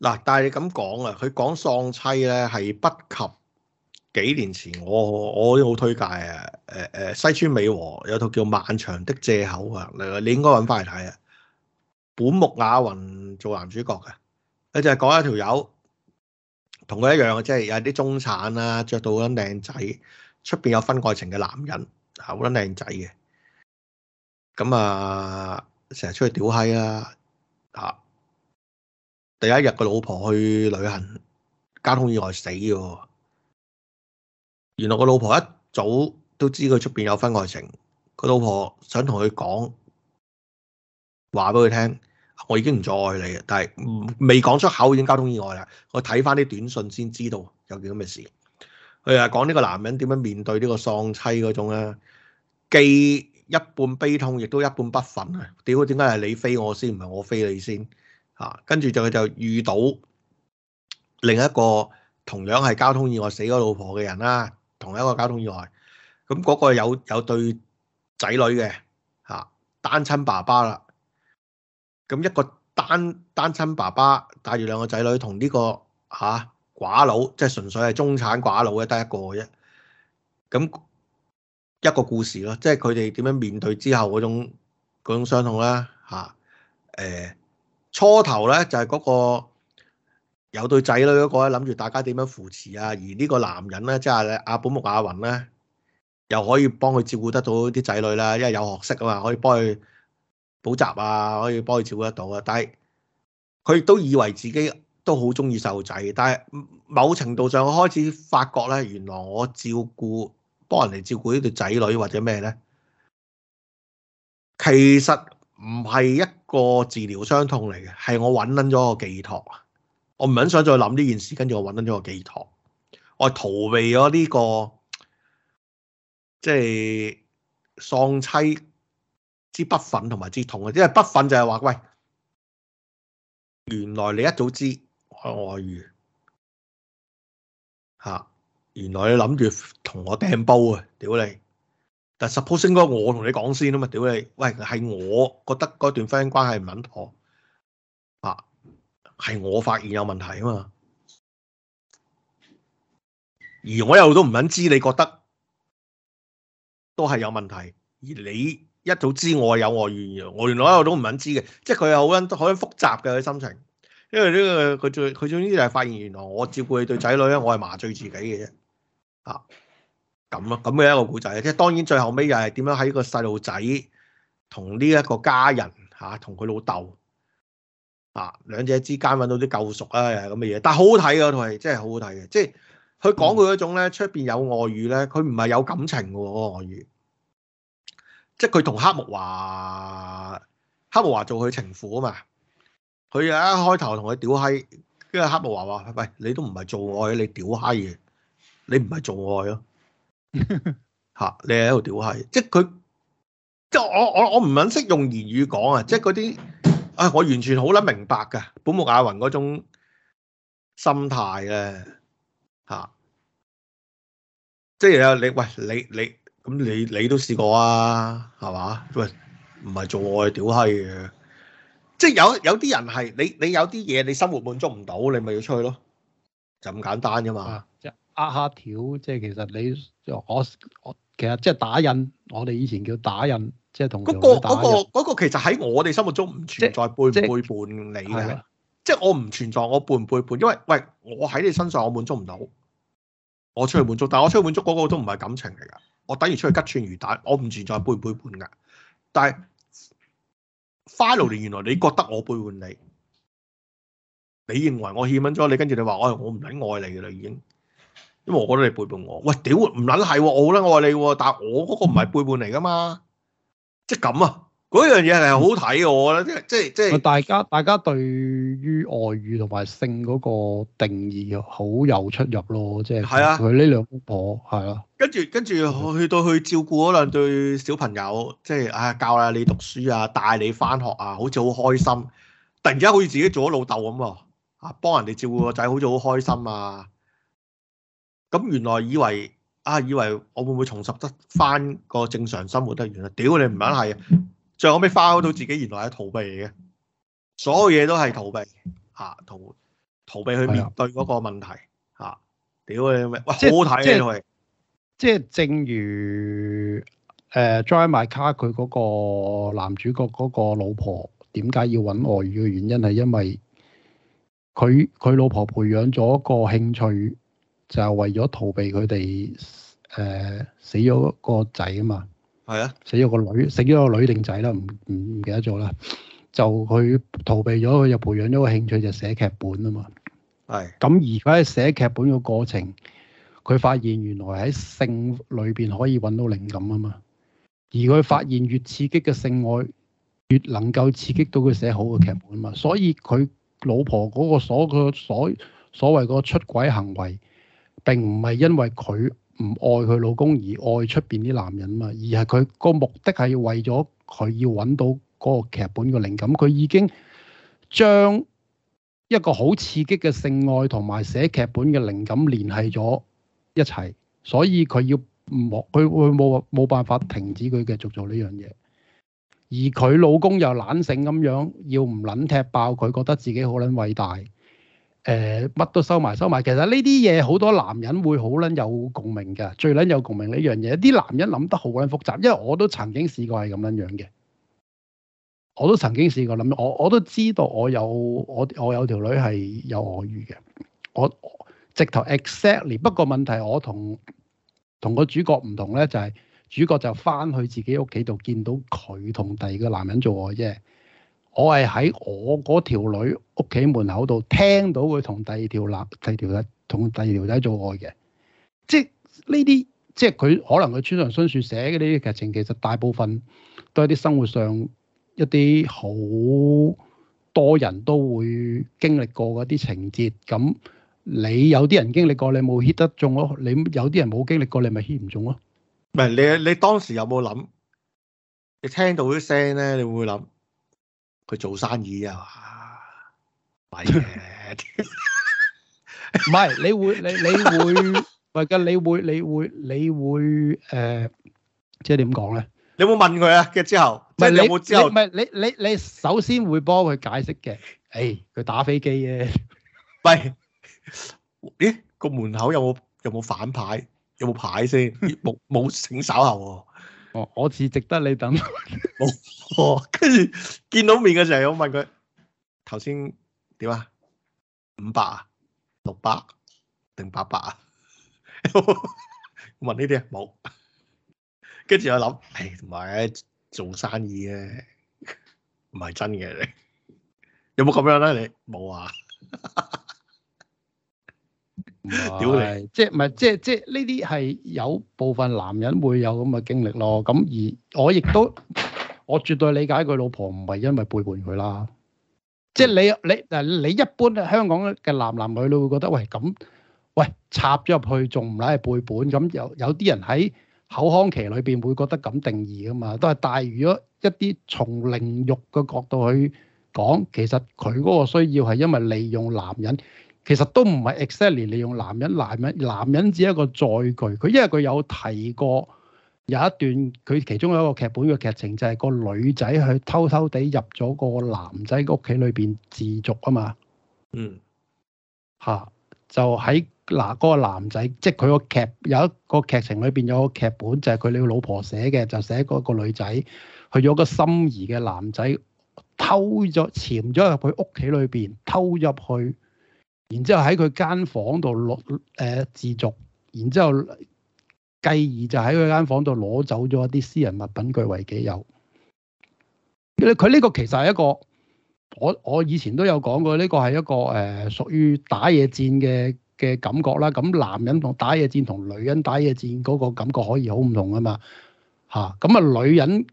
嗱，但係，你咁講啊，佢講喪妻咧，係不及。幾年前我，我都好推介啊！誒誒西村美和有一套叫《漫長的藉口》啊，你應該揾翻嚟睇啊！本木雅弘做男主角嘅，佢就係講一條友同佢一樣，即係有啲中產啊，着到好撚靚仔，出邊有婚外情嘅男人，好撚靚仔嘅，咁啊成日出去屌閪啦嚇！第一日個老婆去旅行，交通意外死嘅。原來個老婆一早都知佢出邊有婚外情，個老婆想同佢講話俾佢聽，我已經唔再愛你，但係未講出口已經交通意外啦。我睇翻啲短信先知道有件咁嘅事。佢又講呢個男人點樣面對呢個喪妻嗰種咧，既一半悲痛亦都一半不忿啊！屌，點解係你飛我先唔係我飛你先？跟住就佢就遇到另一個同樣係交通意外死咗老婆嘅人啦。同一個交通意外，咁嗰個有有對仔女嘅，吓單親爸爸啦，咁一個單單親爸爸帶住兩個仔女同、這個，同呢個吓寡佬，即係純粹係中產寡佬嘅，得一個嘅啫，咁一個故事咯，即係佢哋點樣面對之後嗰種嗰種傷痛啦。吓、啊，誒、欸，初頭咧就係、是、嗰、那個。有對仔女嗰個咧諗住大家點樣扶持啊，而呢個男人咧，即係阿寶木阿云咧，又可以幫佢照顧得到啲仔女啦，因為有學識啊嘛，可以幫佢補習啊，可以幫佢照顧得到啊。但係佢都以為自己都好中意細路仔，但係某程度上我開始發覺咧，原來我照顧幫人嚟、照顧呢對仔女或者咩咧，其實唔係一個治療傷痛嚟嘅，係我搵捻咗個寄託。我唔想再諗呢件事，跟住我搵翻咗個寄託，我逃避咗呢個即係喪妻之不忿同埋之痛啊！因為不忿就係話喂，原來你一早知我外遇吓，原來你諗住同我掟煲啊！屌你，但 supposing 哥我同你講先啊嘛，屌你，喂，係我覺得嗰段婚姻關係唔肯妥。係我發現有問題啊嘛，而我又都唔肯知，你覺得都係有問題，而你一早知道我有外遇嘅，我原來我一路都唔肯知嘅，即係佢又好忍，好複雜嘅佢心情。因為呢、這個佢最佢最屘就係發現，原來我照顧佢對仔女咧，我係麻醉自己嘅啫啊，咁咯，咁嘅一個故仔。即係當然最後尾又係點樣喺個細路仔同呢一個家人吓，同、啊、佢老豆。啊！兩者之間揾到啲救贖啊，又係咁嘅嘢，但係好好睇㗎，同埋真係好好睇嘅。即係佢講佢嗰種咧，出邊有外遇咧，佢唔係有感情喎，外遇。即係佢同黑木華，黑木華做佢情婦啊嘛。佢啊一開頭同佢屌閪，跟住黑木華話，喂，你都唔係做愛，你屌閪嘢，你唔係做愛咯、啊。嚇、 啊！你喺度屌閪，即係佢，即、就、係、是、我我我唔肯識用言語講啊，即係嗰啲。啊、哎！我完全好撚明白噶，本木雅云嗰種心態咧嚇、啊，即係有你喂你你咁你你都試過啊，係嘛？喂，唔係做愛屌閪嘅，即係有有啲人係你你有啲嘢你生活滿足唔到，你咪要出去咯，就咁簡單啫嘛。啊、即係呃下條，即係其實你我我其實即係打印，我哋以前叫打印。嗰個嗰個嗰個其實喺我哋心目中唔存在背唔背叛你嘅，即係我唔存在我背唔背叛，因為喂我喺你身上我滿足唔到，我出去滿足，但係我出去滿足嗰個都唔係感情嚟噶，我等於出去拮串魚蛋，我唔存在背唔背叛嘅。但係 finally，原來你覺得我背叛你，你認為我欠咁咗、哎？你跟住你話我我唔肯愛你噶啦，已經，因為我覺得你背叛我，喂屌唔撚係，我好撚，我愛你，但係我嗰個唔係背叛嚟噶嘛。即咁啊！嗰樣嘢係好睇我咧、嗯，即係即係即係大家大家對於外遇同埋性嗰個定義好有出入咯，即係係啊，佢呢兩公婆係咯，跟住跟住去到去照顧嗰兩對小朋友，即係啊，教下你讀書啊，帶你翻學啊，好似好開心，突然之間好似自己做咗老豆咁啊，啊幫人哋照顧個仔，好似好開心啊，咁原來以為。啊！以為我會唔會重拾得翻個正常生活得完啦？屌你唔撚係，最後尾翻到到自己原來係逃避嘅，所有嘢都係逃避嚇，逃逃避去面對嗰個問題嚇。屌你咩？哎、你好好睇嘅佢，即係正如誒《Drive、呃、My Car》，佢嗰個男主角嗰個老婆點解要揾外遇嘅原因係因為佢佢老婆培養咗一個興趣。就係為咗逃避佢哋誒死咗個仔啊嘛，係啊，死咗個女，死咗個女定仔啦？唔唔唔記得咗啦。就佢逃避咗，佢就培養咗個興趣，就寫劇本啊嘛。係咁，而家寫劇本個過程，佢發現原來喺性裏邊可以搵到靈感啊嘛。而佢發現越刺激嘅性愛，越能夠刺激到佢寫好嘅劇本啊嘛。所以佢老婆嗰個所嘅所所謂個出軌行為。並唔係因為佢唔愛佢老公而愛出邊啲男人啊嘛，而係佢個目的係為咗佢要揾到嗰個劇本嘅靈感。佢已經將一個好刺激嘅性愛同埋寫劇本嘅靈感聯繫咗一齊，所以佢要冇佢會冇冇辦法停止佢繼續做呢樣嘢。而佢老公又懶醒咁樣，要唔捻踢爆佢，覺得自己好捻偉大。誒、呃、乜都收埋收埋，其實呢啲嘢好多男人會好撚有共鳴嘅，最撚有共鳴呢樣嘢。啲男人諗得好撚複雜，因為我都曾經試過係咁撚樣嘅。我都曾經試過諗，我我都知道我有我我有條女係有外遇嘅，我，我直頭 accept 你。不過問題我同同個主角唔同咧，就係、是、主角就翻去自己屋企度，見到佢同第二個男人做愛啫。我係喺我嗰條女屋企門口度聽到佢同第二條男第二條仔同第二條仔做愛嘅，即係呢啲即係佢可能佢村上春樹寫嘅呢啲劇情，其實大部分都係啲生活上一啲好多人都會經歷過嗰啲情節。咁你有啲人經歷過，你冇 hit 得中咯、啊；你有啲人冇經歷過，你咪 hit 唔中咯、啊。唔係你你當時有冇諗？你聽到啲聲咧，你會諗？佢做生意啊嘛，唔係，你會你你會唔係噶？你會你會你會誒，即係點講咧？你有冇問佢啊？佢之後即係你你唔係你你你首先會幫佢解釋嘅。誒，佢打飛機嘅，唔係？咦？個門口有冇有冇反牌？有冇牌先？冇冇請稍候喎。哦，我似值得你等，跟、哦、住、哦、見到面嘅時候，我問佢頭先點啊？五百、六百定八百啊？ 我問呢啲冇，跟住我諗，誒、哎，同埋做生意咧，唔係真嘅，你有冇咁樣咧？你冇啊？ 屌你！即係唔係？即係即係呢啲係有部分男人會有咁嘅經歷咯。咁而我亦都，我絕對理解佢老婆唔係因為背叛佢啦。即係你你誒，你一般香港嘅男男女女會覺得喂，咁，喂，喂插咗入去仲唔嚟係背叛？咁有有啲人喺口腔期裏邊會覺得咁定義噶嘛。都係，但係如果一啲從靈慾嘅角度去講，其實佢嗰個需要係因為利用男人。其實都唔係 exactly 利用男人，男人男人只係一個載具。佢因為佢有提過，有一段佢其中有一個劇本嘅劇情就係個女仔去偷偷地入咗個男仔嘅屋企裏邊自續啊嘛。嗯，嚇、啊、就喺嗱嗰個男仔，即係佢個劇有一個劇情裏邊有個劇本就係佢哋老婆寫嘅，就寫嗰個女仔去咗個心儀嘅男仔偷咗潛咗入佢屋企裏邊偷入去。然之後喺佢間房度落誒自續，然之後繼而就喺佢間房度攞走咗一啲私人物品，據為己有。佢呢個其實係一個，我我以前都有講過，呢、這個係一個誒屬於打野戰嘅嘅感覺啦。咁男人同打野戰同女人打野戰嗰個感覺可以好唔同啊嘛。吓咁啊，女人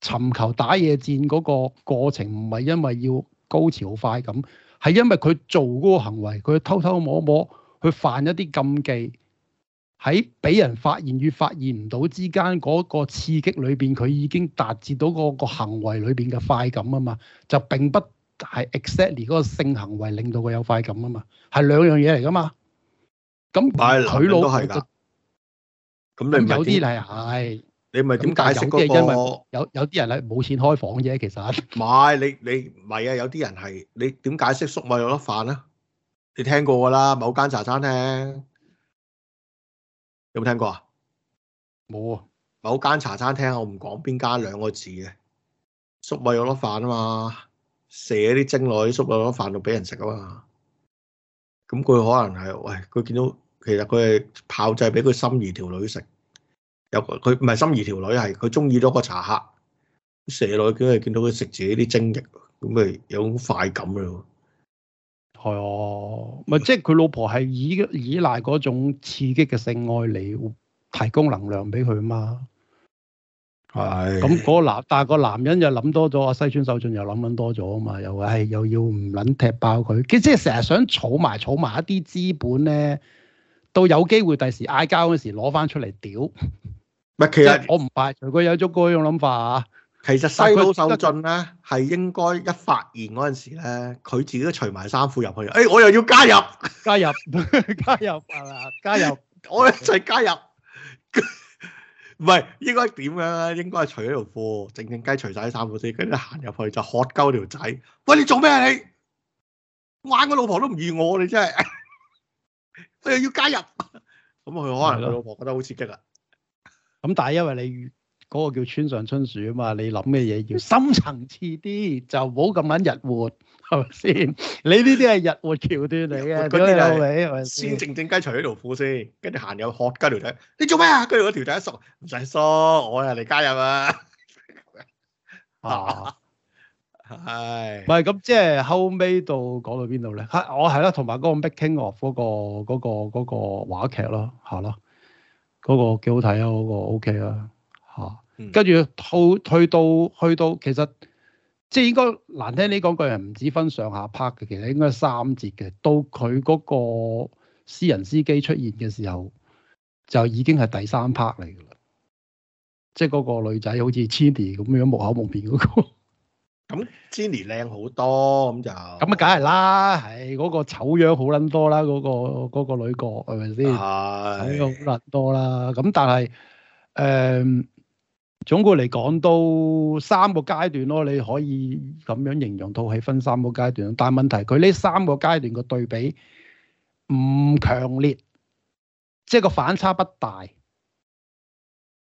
尋求打野戰嗰個過程唔係因為要高潮快咁。係因為佢做嗰個行為，佢偷偷摸摸去犯一啲禁忌，喺俾人發現與發現唔到之間嗰個刺激裏邊，佢已經達至到嗰個行為裏邊嘅快感啊嘛，就並不係 exactly 嗰個性行為令到佢有快感啊嘛，係兩樣嘢嚟噶嘛。咁佢老婆都係㗎。咁你有啲例係。嗯嗯嗯嗯嗯嗯嗯你咪點解釋嗰個，有有啲人咧冇錢開房啫，其實。唔係，你你唔係啊！有啲人係，你點解釋粟米有粒飯啊？你聽過噶啦，某間茶餐廳有冇聽過啊？冇啊！某間茶餐廳，我唔講邊間，兩個字嘅粟米有粒飯啊嘛，射啲精女粟米有粒飯就俾人食啊嘛。咁佢可能係喂，佢見到，其實佢係炮製俾佢心儀條女食。佢唔係心儀條女，係佢中意咗個茶客蛇女，佢見到佢食自己啲精液，咁咪有種快感咯。係啊、哦，咪即係佢老婆係依依賴嗰種刺激嘅性愛嚟提供能量俾佢啊嘛。係咁嗰男，但係個男人又諗多咗啊。西村秀俊又諗穩多咗啊嘛，又話係又要唔捻踢爆佢。佢即係成日想儲埋儲埋一啲資本咧，到有機會第時嗌交嗰時攞翻出嚟屌。其實我唔快，除佢有咗嗰種諗法啊。其實細佬受盡咧，係應該一發現嗰陣時咧，佢自己都除埋衫褲入去。誒、哎，我又要加入，加入，加入，係啊，加入，我一齊加入。唔係，應該點樣咧？應該係除咗條褲，靜靜雞除晒啲衫褲先，跟住行入去就喝鳩條仔。喂，你做咩啊？你玩個老婆都唔預我，你真係。我又要加入，咁佢可能佢老婆覺得好刺激啊。咁但係因為你嗰個叫村上春樹啊嘛，你諗嘅嘢要深層次啲，就唔好咁撚日活，係咪先？你呢啲係日活橋段嚟嘅，嗰啲係先正正雞除呢條褲先，跟住行有殼雞條仔，你做咩啊？跟住嗰條仔梳唔使梳，我嚟加入啊！ 啊，係唔係咁？即係後尾到講到邊度咧？嚇，我係啦，同埋嗰個 Making of 嗰個、嗰個、嗰個話劇咯，嚇咯。嗰、那個幾好睇、那個 OK 嗯、啊！嗰個 OK 啦嚇，跟住去到去到，其實即係應該難聽啲講句，唔止分上下 part 嘅，其實應該三節嘅。到佢嗰個私人司機出現嘅時候，就已經係第三 part 嚟嘅啦，即嗰個女仔好似 Chandy 咁樣木口木面嗰、那個。咁 Jenny 靚好多，咁就咁啊，梗係啦，唉，嗰個醜樣好捻多啦，嗰個嗰個女角係咪先？係好捻多啦，咁但係，誒，總括嚟講都三個階段咯，你可以咁樣形容套戲分三個階段，但係問題佢呢三個階段嘅對比唔強烈，即係個反差不大，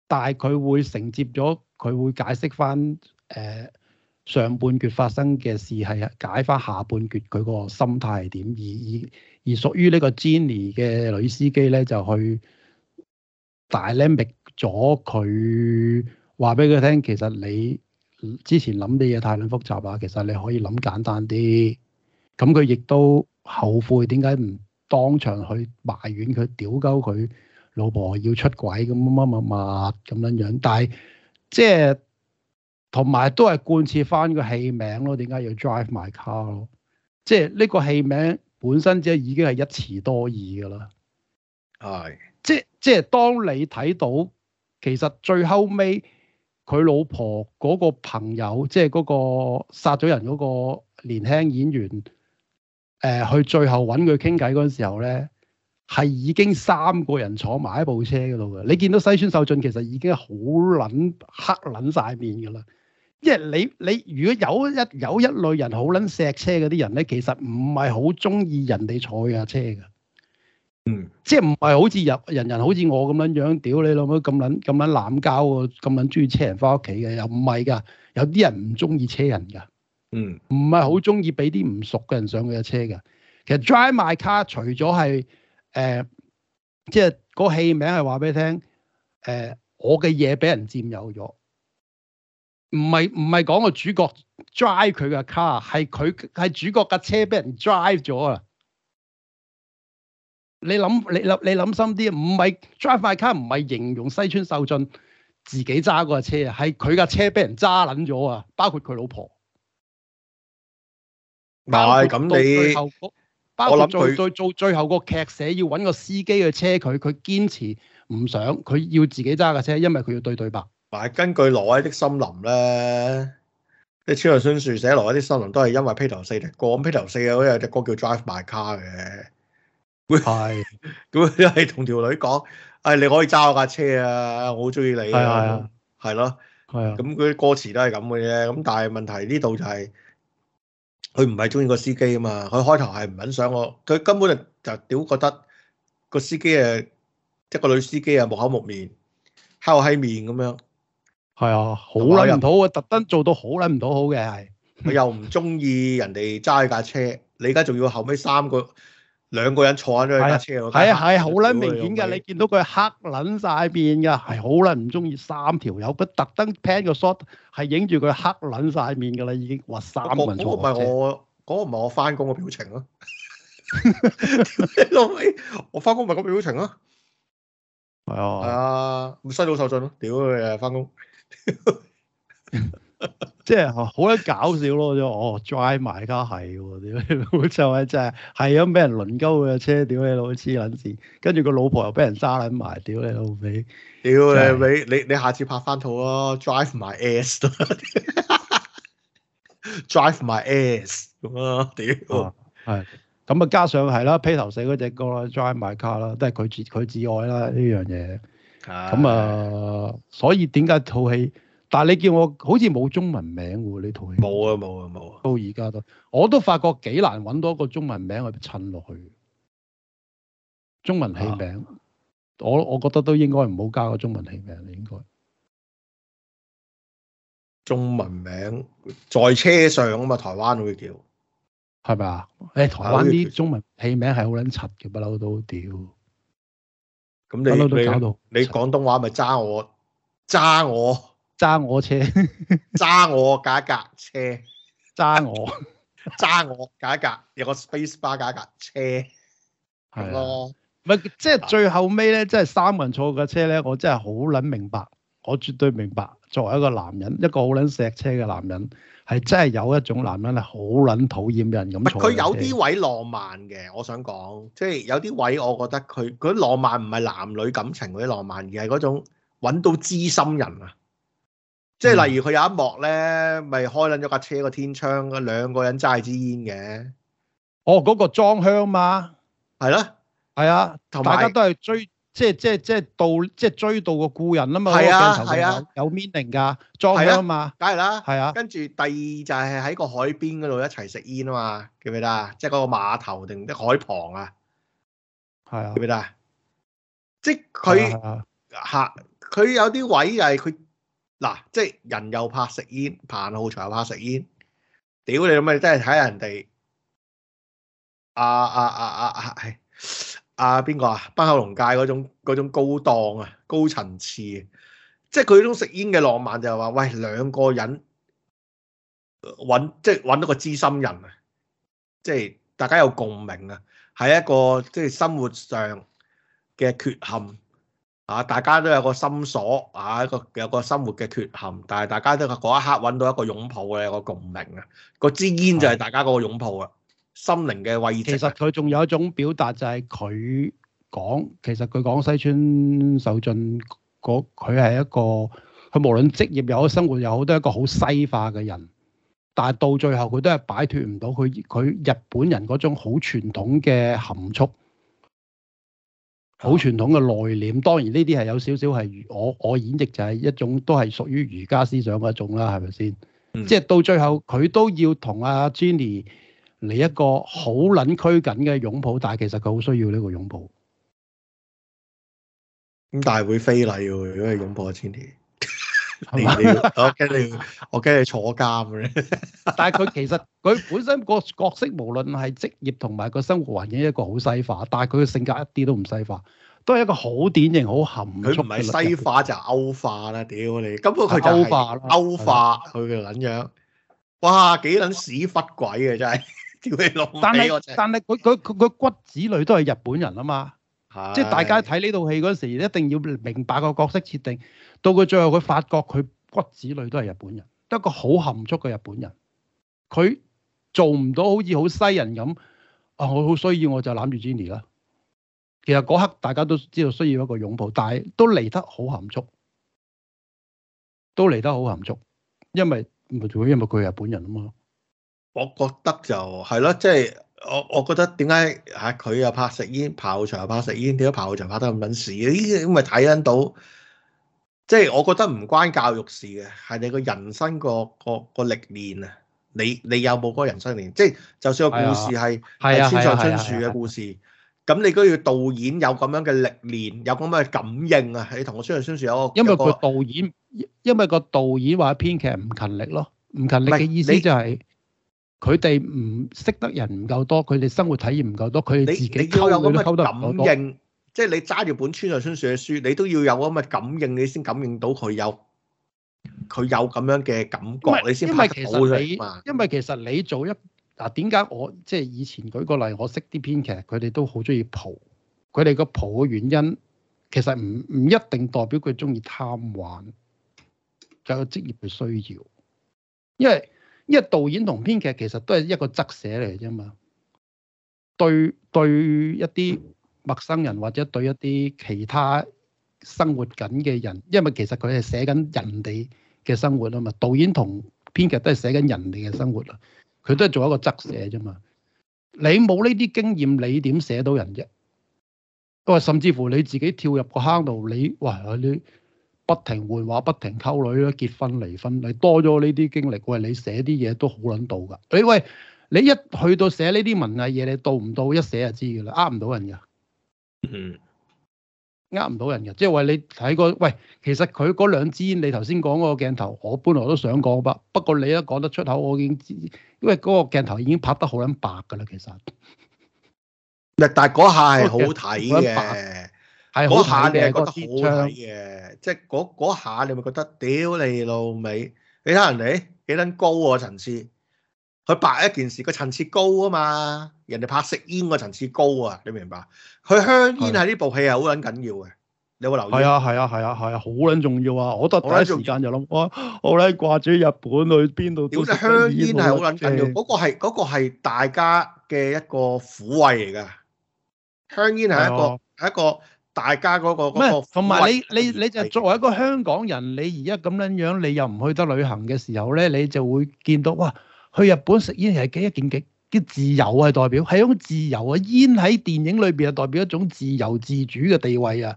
但係佢會承接咗，佢會解釋翻，誒。上半決發生嘅事係解返下半決佢個心態係點，而而而屬於呢個 Jenny 嘅女司機咧就去大 limit 咗佢，話俾佢聽，其實你之前諗啲嘢太撚複雜啊，其實你可以諗簡單啲。咁佢亦都後悔點解唔當場去埋怨佢屌鳩佢老婆要出軌咁乜乜乜乜咁樣樣，但係即係。同埋都係貫徹翻個戲名咯，點解要 Drive My Car 咯？即係呢個戲名本身即係已經係一詞多義噶啦。係即即係當你睇到其實最後尾佢老婆嗰個朋友，即係嗰個殺咗人嗰個年輕演員，誒、呃、去最後揾佢傾偈嗰陣時候咧，係已經三個人坐埋喺部車嗰度嘅。你見到西村秀俊其實已經好撚黑撚晒面噶啦。即係你你如果有一有一類人好捻錫車嗰啲人咧，其實唔係好中意人哋坐架車噶，嗯，即係唔係好似人人人好似我咁樣樣，屌你老母咁捻咁捻濫交喎，咁捻中意車人翻屋企嘅，又唔係噶，有啲人唔中意車人噶，嗯，唔係好中意俾啲唔熟嘅人上佢架車噶。其實 Drive My Car 除咗係誒，即係個戲名係話俾你聽，誒，我嘅嘢俾人佔有咗。唔係唔係，講個主角 drive 佢嘅 car，係佢係主角架車俾人 drive 咗啊。你諗你諗你諗深啲，唔係 drive my car，唔係形容西村秀俊自己揸嗰個車啊，係佢架車俾人揸捻咗啊，包括佢老婆。唔係咁你，包括我諗佢再做最後個劇社要搵個司機嘅車，佢佢堅持唔想，佢要自己揸架車，因為佢要對對白。係根據《挪威的森林》咧，村上春樹寫《挪威的森林》都係因為披頭四嘅歌。披頭四嘅嗰有隻歌叫《Drive My Car》嘅，係咁即係同條女講，誒你可以揸我架車啊，我好中意你啊，係咯，係啊。咁佢啲歌詞都係咁嘅啫。咁但係問題呢度就係佢唔係中意個司機啊嘛。佢開頭係唔欣賞我，佢根本就就屌覺得個司機誒，即係個女司機啊，木口木面，敲閪面咁樣。係啊，好捻唔到啊！特登做到好捻唔到好嘅係，佢又唔中意人哋揸架車。 你而家仲要後尾三個，兩個人坐喺張架車度。係啊，係啊，好捻、啊啊、明顯噶！你見到佢黑捻晒面噶，係好捻唔中意。三條友佢特登 pan 個 shot，係影住佢黑捻晒面噶啦，已經。哇、那個，三、那個唔嗰個唔係我，嗰、那個唔係我翻工嘅表情咯、啊。 我翻工咪咁表情咯。係啊，係啊，西島受盡咯，屌佢啊，翻、啊、工。即係好鬼搞笑咯，就哦，drive my car 係，屌就係真係係咁俾人輪溝嘅車，屌你老屎捻事，跟住個老婆又俾人揸捻埋，屌你老味，屌、 就是、你你你，你下次拍翻套咯，drive my ass drive my ass 屌、 啊，係咁啊，加上係啦，披頭死嗰隻歌啦，drive my car 啦，都係佢自佢至愛啦呢樣嘢。咁啊，所以點解套戲？但係你叫我好似冇中文名喎呢套戲。冇啊冇啊冇。啊。到而家都，我都發覺幾難揾到一個中文名去襯落去。中文戲名，啊、我我覺得都應該唔好加個中文戲名。應該中文名在車上啊嘛，台灣會叫係咪啊？誒、哎，台灣啲中文戲名係好撚柒嘅，不嬲都屌。咁你你你廣東話咪揸我揸我揸我車，揸我架架格車，揸我揸 我架架？有個 space bar 架架格車係咯，唔係即係最後尾咧，即係三個人坐嘅車咧，我真係好捻明白，我絕對明白，作為一個男人，一個好捻錫車嘅男人。係真係有一種男人係好撚討厭人咁。佢有啲位浪漫嘅，我想講，即係有啲位，我覺得佢佢浪漫唔係男女感情嗰啲浪漫，而係嗰種揾到知心人啊！即係例如佢有一幕咧，咪開撚咗架車個天窗，兩個人揸支煙嘅。哦，嗰個裝香嘛，係咯，係啊，同大家都係追。即係即係即係到即係追到個故人啦嘛，啊那個、有、啊、有 meaning 噶裝啊嘛，梗係啦，係啊。跟住第二就係喺個海邊嗰度一齊食煙啊嘛，記唔記得啊？即係嗰個碼頭定啲海旁啊，係啊，記唔記得啊？即係佢佢有啲位係佢嗱，即係人又怕食煙，彭浩翔又怕食煙，屌你老味真係睇下人哋啊啊啊啊啊，邊個啊？北口龍界嗰種，嗰種高檔啊，高層次，啊，即係佢嗰種食煙嘅浪漫就係話，喂，兩個人揾即係揾到個知心人啊，即係大家有共鳴啊，喺一個即係生活上嘅缺陷啊，大家都有個心鎖啊，一個有個生活嘅缺陷，但係大家都嗰一刻揾到一個擁抱有個共鳴啊，支煙就係大家嗰個擁抱啊。心靈嘅慰藉。其實佢仲有一種表達，就係佢講，其實佢講西島秀俊佢係一個，佢無論職業又好，生活又好，都係一個好西化嘅人。但係到最後他擺他，佢都係擺脫唔到佢佢日本人嗰種好傳統嘅含蓄，好、哦、傳統嘅內斂。當然呢啲係有少少係我我演繹，就係一種都係屬於儒家思想嘅一種啦，係咪先？即係到最後，佢都要同阿 Jenny。嚟一個好撚拘謹嘅擁抱，但係其實佢好需要呢個擁抱。咁但係會非禮喎！如果係擁抱嘅前提。我驚你，我驚你，你坐監嘅。但係佢其實佢本身個角色，無論係職業同埋個生活環境，一個好西化，但係佢嘅性格一啲都唔西化，都係一個好典型、好含蓄。佢唔係西化就歐化啦！屌 你，根本佢就係、歐化，歐化，歐化佢嘅撚樣。哇！幾撚屎忽鬼嘅真係～但係但係佢佢佢骨子裏都係日本人啊嘛， 即係大家睇呢套戲嗰時，一定要明白個角色設定。到佢最後，佢發覺佢骨子裏都係日本人，得一個好含蓄嘅日本人。佢做唔到好似好西人咁啊！我好需要，我就攬住 Jenny 啦。其實嗰刻大家都知道需要一個擁抱，但係都嚟得好含蓄，都嚟得好含蓄，因為因為佢係日本人啊嘛。我覺得就係咯，即係我我覺得點解嚇佢又怕食煙，炮場又怕食煙，點解炮場拍得咁撚屎？依啲咪睇得到，即係我覺得唔關教育事嘅，係你，人你，你有有個人生個個個歷練啊！你你有冇嗰人生歷練？即係就算個故事係係啊，村上春樹嘅故事，咁、啊啊啊啊啊啊啊、你都要導演有咁樣嘅歷練，有咁嘅感應啊！你同我村上春樹有一個，因為，導個，因為個導演，因為個導演話編劇唔勤力咯，唔勤力嘅意思就係、是。佢哋唔識得人唔夠多，佢哋生活體驗唔夠多，佢哋自己抽唔抽得咁多？即係你揸住、就是、本村上春樹嘅書，你都要有咁嘅感應，你先感應到佢有佢有咁樣嘅感覺，你先拍得到佢嘛，因？因為其實你做一嗱，點解我即係、就是、以前舉個例，我識啲編劇，佢哋都好中意蒲，佢哋個蒲嘅原因，其實唔唔一定代表佢中意貪玩，有、就是、職業嘅需要，因為，因為導演同編劇其實都係一個側寫嚟啫嘛，對對一啲陌生人或者對一啲其他生活緊嘅人，因為其實佢係寫緊人哋嘅生活啊嘛，導演同編劇都係寫緊人哋嘅生活啊，佢都係做一個側寫啫嘛，你冇呢啲經驗，你點寫到人啫？因為甚至乎你自己跳入個坑度，你哇你～不停換畫，不停溝女啦，結婚離婚，多你多咗呢啲經歷，喂你寫啲嘢都好撚到㗎。誒喂，你一去到寫呢啲文藝嘢，你到唔到一寫就知㗎喇，呃唔到人㗎。嗯，呃唔到人㗎，即係話你睇過喂，其實佢嗰兩支煙，你頭先講嗰個鏡頭，我本來都想講，不不過你都講得出口，我已經知，因為嗰個鏡頭已經拍得好撚白㗎喇，其實。但係嗰下係好睇嘅。Okay, 嗰、嗯下，那個就是、下你係覺得好睇嘅，即係嗰下你咪覺得屌你老味。你睇人哋幾撚高個層次，佢、啊、白一件事個層次高啊嘛，人哋拍食煙個層次高啊，你明白？佢香煙喺呢、啊、部戲係好撚緊要嘅，你有冇留意？係啊係啊係啊係啊，好撚、啊啊啊、重要啊！我覺得第一時間就諗、啊，我我咧掛住日本去邊度都香煙係好撚緊要，嗰個係嗰個係大家嘅一個苦味嚟㗎，香煙係、就是那個那個、一個係一個。大家嗰個同、那、埋、個、你你你就作為一個香港人，你而家咁樣樣，你又唔去得旅行嘅時候咧，你就會見到哇，去日本食煙係幾一件極啲自由啊，代表係一種自由啊，煙喺電影裏邊啊，代表一種自由自主嘅地位啊，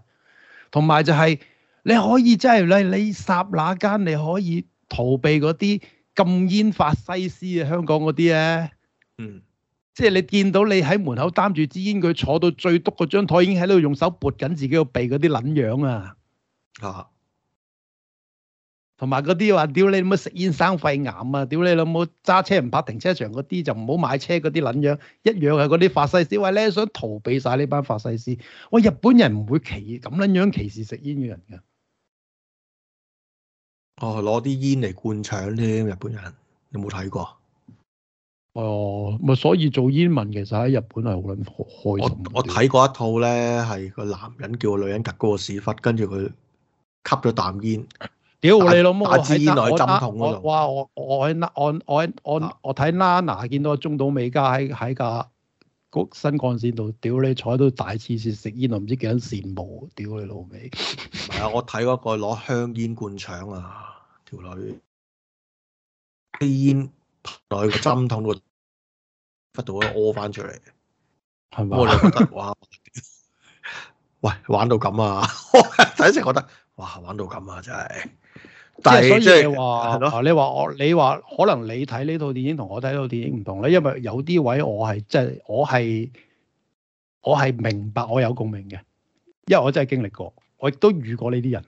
同埋就係、是、你可以真係你你霎那間你可以逃避嗰啲禁煙法西斯啊，香港嗰啲啊。嗯。即係你見到你喺門口擔住支煙，佢坐到最篤嗰張台，已經喺度用手撥緊自己個鼻嗰啲捻樣啊！啊，同埋嗰啲話，屌你老母食煙生肺癌啊！屌你老母揸車唔泊停車場嗰啲就唔好買車嗰啲捻樣，一樣係嗰啲法西斯。喂，想逃避晒呢班法西斯，喂、哦，日本人唔會歧咁捻樣歧視食煙嘅人噶。哦，攞啲煙嚟灌腸添，日本人你冇睇過？哦，咪所以做煙民其實喺日本係好捻開心。我我睇過一套咧，係個男人叫個女人夾高個屎忽，跟住佢吸咗啖煙。屌你老母！牙齒煙內針痛啊！哇！我我喺納我我我我睇 Nana 見到中島美嘉喺喺架嗰新幹線度，屌你坐喺度大剌剌食煙，我唔知幾多人羨慕。屌你老味！係啊，我睇嗰個攞香煙灌腸啊，條、啊、女吸煙。內個針筒度，不到可以屙翻出嚟，係咪？我哋覺得哇， 喂，玩到咁啊！第一次覺得哇，玩到咁啊，真係。但係即係話，你話我，你話可能你睇呢套電影同我睇呢套電影唔同咧，因為有啲位我係即係我係我係明白我有共鳴嘅，因為我真係經歷過，我亦都遇過呢啲人，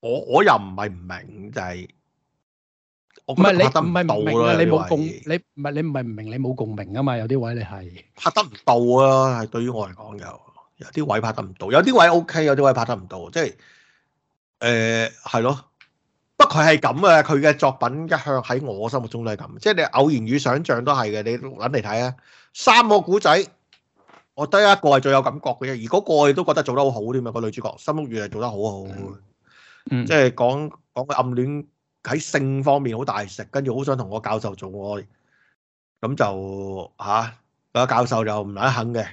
我我又唔係唔明就係、是。唔係你唔明啦，你冇共你唔係你唔係唔明你冇共鳴啊嘛！有啲位你係拍得唔到啊，係對於我嚟講有有啲位拍得唔到，有啲位 OK，有啲位拍得唔到，即係誒係咯。不過佢係咁啊，佢嘅作品一向喺我心目中都係咁，即係你偶然與想像都係嘅。你諗嚟睇啊，三個古仔，我得一個係最有感覺嘅啫。而嗰個亦都覺得做得好好添嘛。個女主角《心屋月》係做得好好，嗯、即係講講個暗戀。喺性方面好大食，跟住好想同個教授做愛，咁就吓，啊嗰個教授就唔肯肯嘅，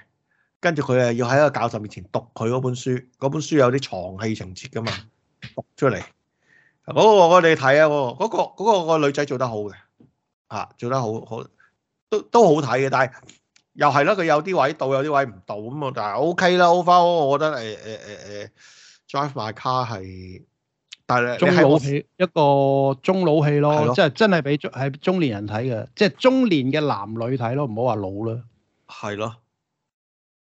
跟住佢啊要喺個教授面前讀佢嗰本書，嗰本書有啲床戲情節噶嘛，讀出嚟嗰、嗰個我哋睇啊，嗰、嗰個嗰、嗰個嗰個、女仔做得好嘅，嚇、啊、做得好好都都好睇嘅，但係又係啦，佢有啲位到，有啲位唔到咁啊，但係 O K 啦 overall 我覺得誒誒誒誒 Drive My Car 係。但係中老戲一個中老戲咯，是的即係真係俾中係中年人睇嘅，即係中年嘅男女睇咯，唔好話老啦。係咯。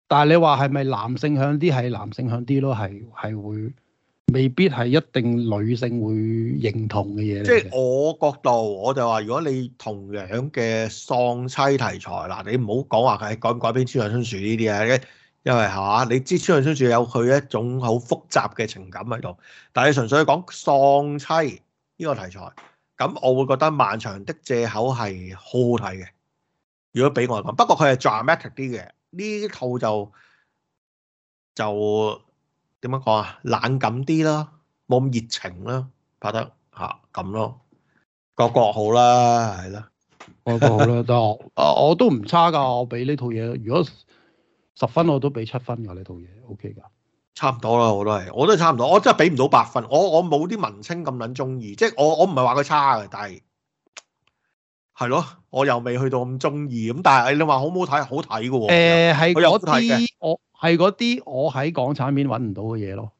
但係你話係咪男性向啲，係男性向啲咯？係係會未必係一定女性會認同嘅嘢。即係我角度，我就話如果你同樣嘅喪妻題材，嗱，你唔好講話係改唔改編《村上春樹》呢啲嘢因為吓，你知穿來穿去有佢一種好複雜嘅情感喺度，但係你純粹講喪妻呢個題材，咁我會覺得《漫長的借口》係好好睇嘅。如果俾我嚟講，不過佢係 dramatic 啲嘅，呢套就就點樣講啊？冷感啲啦，冇咁熱情啦，拍得吓咁咯。個角好啦，係啦，個角好啦， 但我啊，我都唔差噶。我俾呢套嘢，如果。十分我都俾七分噶呢套嘢，O K 噶，差唔多啦，我都係，我都係差唔多，我真係俾唔到八分，我我冇啲文青咁撚中意，即係我我唔係話佢差嘅，但係係咯，我又未去到咁中意，咁但係你話好唔好睇，好睇噶喎，誒係嗰嘅。我係嗰啲我喺港產片揾唔到嘅嘢咯，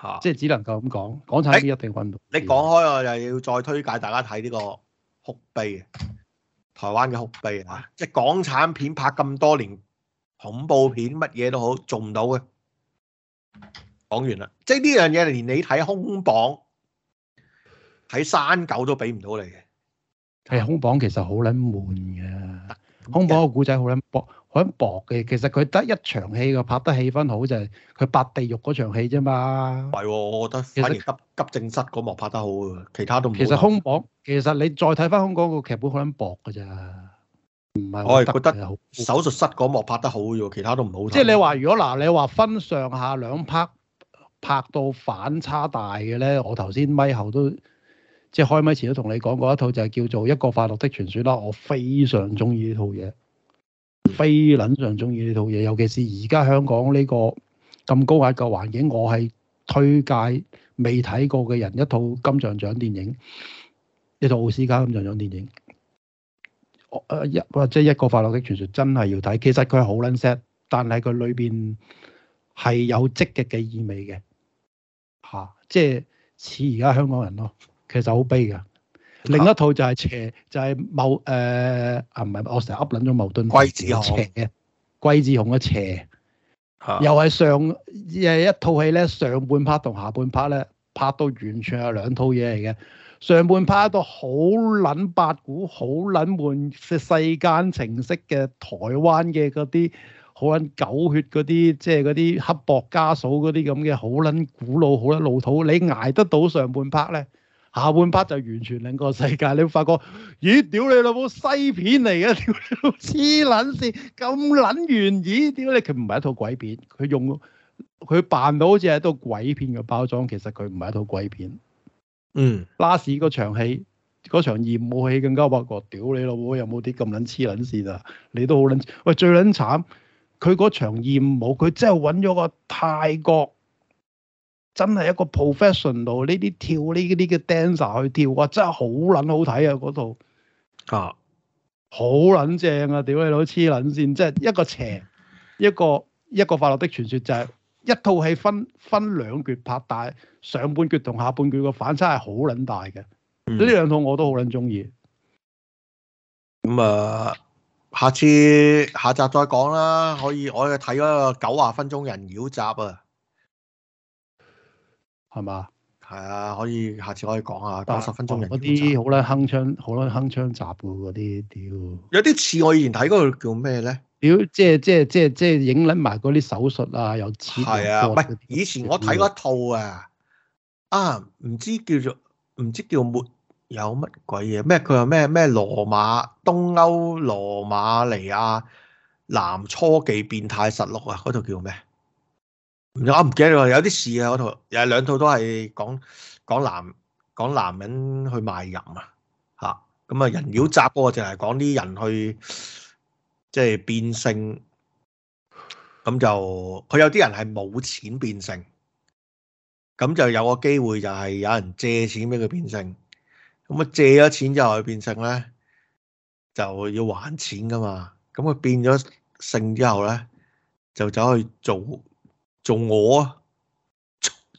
吓，即係只能夠咁講，港產片一定揾到。你講開，我又要再推介大家睇呢、這個哭悲。酷台灣嘅哭悲嚇，即係港產片拍咁多年恐怖片，乜嘢都好做唔到嘅。講完啦，即係呢樣嘢連你睇空榜喺山狗都畀唔到你嘅。係空榜其實好撚悶嘅，空榜個古仔好撚搏。嗯好、那個、薄嘅，其實佢得一場戲個拍得氣氛好就係佢拍地獄嗰場戲啫嘛。唔係喎，我覺得反而急急症室嗰幕拍得好其他都唔其實空殼。其實你再睇翻空殼個劇本可能薄㗎咋。唔係我係覺得手術室嗰幕拍得好其他都唔好。即係你話如果嗱，你話分上下兩拍，拍到反差大嘅咧，我頭先咪後都即係開咪前都同你講過一套就係叫做《一個快樂的傳説》啦，我非常中意呢套嘢。非撚常中意呢套嘢，尤其是而家香港呢個咁高壓嘅環境，我係推介未睇過嘅人一套金像獎電影，一套奧斯卡金像獎電影，誒一或者一個快樂的傳說真係要睇，其實佢係好撚 sad，但係佢裏邊係有積極嘅意味嘅，吓、啊、即係似而家香港人咯，其實好悲噶。另一套就係邪，就係矛誒啊！唔係，我成日噏撚咗矛盾。鬼子嘅邪嘅，鬼子雄嘅邪，又係上誒一套戲咧，上半 part 同下半 part 咧，拍到完全係兩套嘢嚟嘅。上半 part 喺度好撚八股，好撚悶，即世間情色嘅台灣嘅嗰啲好撚狗血嗰啲，即係嗰啲黑薄家嫂嗰啲咁嘅，好撚古老，好撚老土。你捱得到上半 part 咧？下半 part 就完全另一個世界，你會發覺，咦？屌你老母西片嚟嘅，屌你老母黐撚線，咁撚完咦？屌你，佢唔係一套鬼片，佢用佢扮到好似係一套鬼片嘅包裝，其實佢唔係一套鬼片。嗯，last 嗰場戲，嗰場艷舞戲更加百個，屌你老母有冇啲咁撚黐撚線啊！你都好撚，喂最撚慘，佢嗰場艷舞佢真係揾咗個泰國。真係一個 professional 呢啲跳呢啲嘅 dancer 去跳，哇、啊啊！真係好撚好睇啊，嗰套啊，好撚正啊！屌你老痴撚線，即係一個邪，一個一個快樂的傳說就係、是、一套戲分分兩段拍大，大上半段同下半段個反差係好撚大嘅。呢兩套我都好撚中意。咁、嗯、啊、嗯，下次下集再講啦。可以，我去睇個九十分鐘人妖集啊。係嘛？係啊，可以下次可以講下。但係十分鐘嗰啲好啦，鏗鏘好啦，鏗鏘集嗰啲屌。有啲似我以前睇嗰個叫咩咧？屌，即係即係即係即係影撚埋嗰啲手術啊，又似係啊，唔係以前我睇過一套啊，啊，唔知叫做唔知叫沒有乜鬼嘢、啊、咩？佢話咩咩羅馬東歐羅馬尼亞南初級變態實錄啊？嗰套叫咩？唔，我唔記得，有啲事啊，嗰套又係兩套都係講講男講男人去賣淫啊，吓咁啊人妖雜，不過就係講啲人去即係變性，咁就佢有啲人係冇錢變性，咁就有個機會就係有人借錢俾佢變性，咁啊借咗錢之後去變性咧，就要還錢噶嘛，咁佢變咗性之後咧就走去做。做我啊，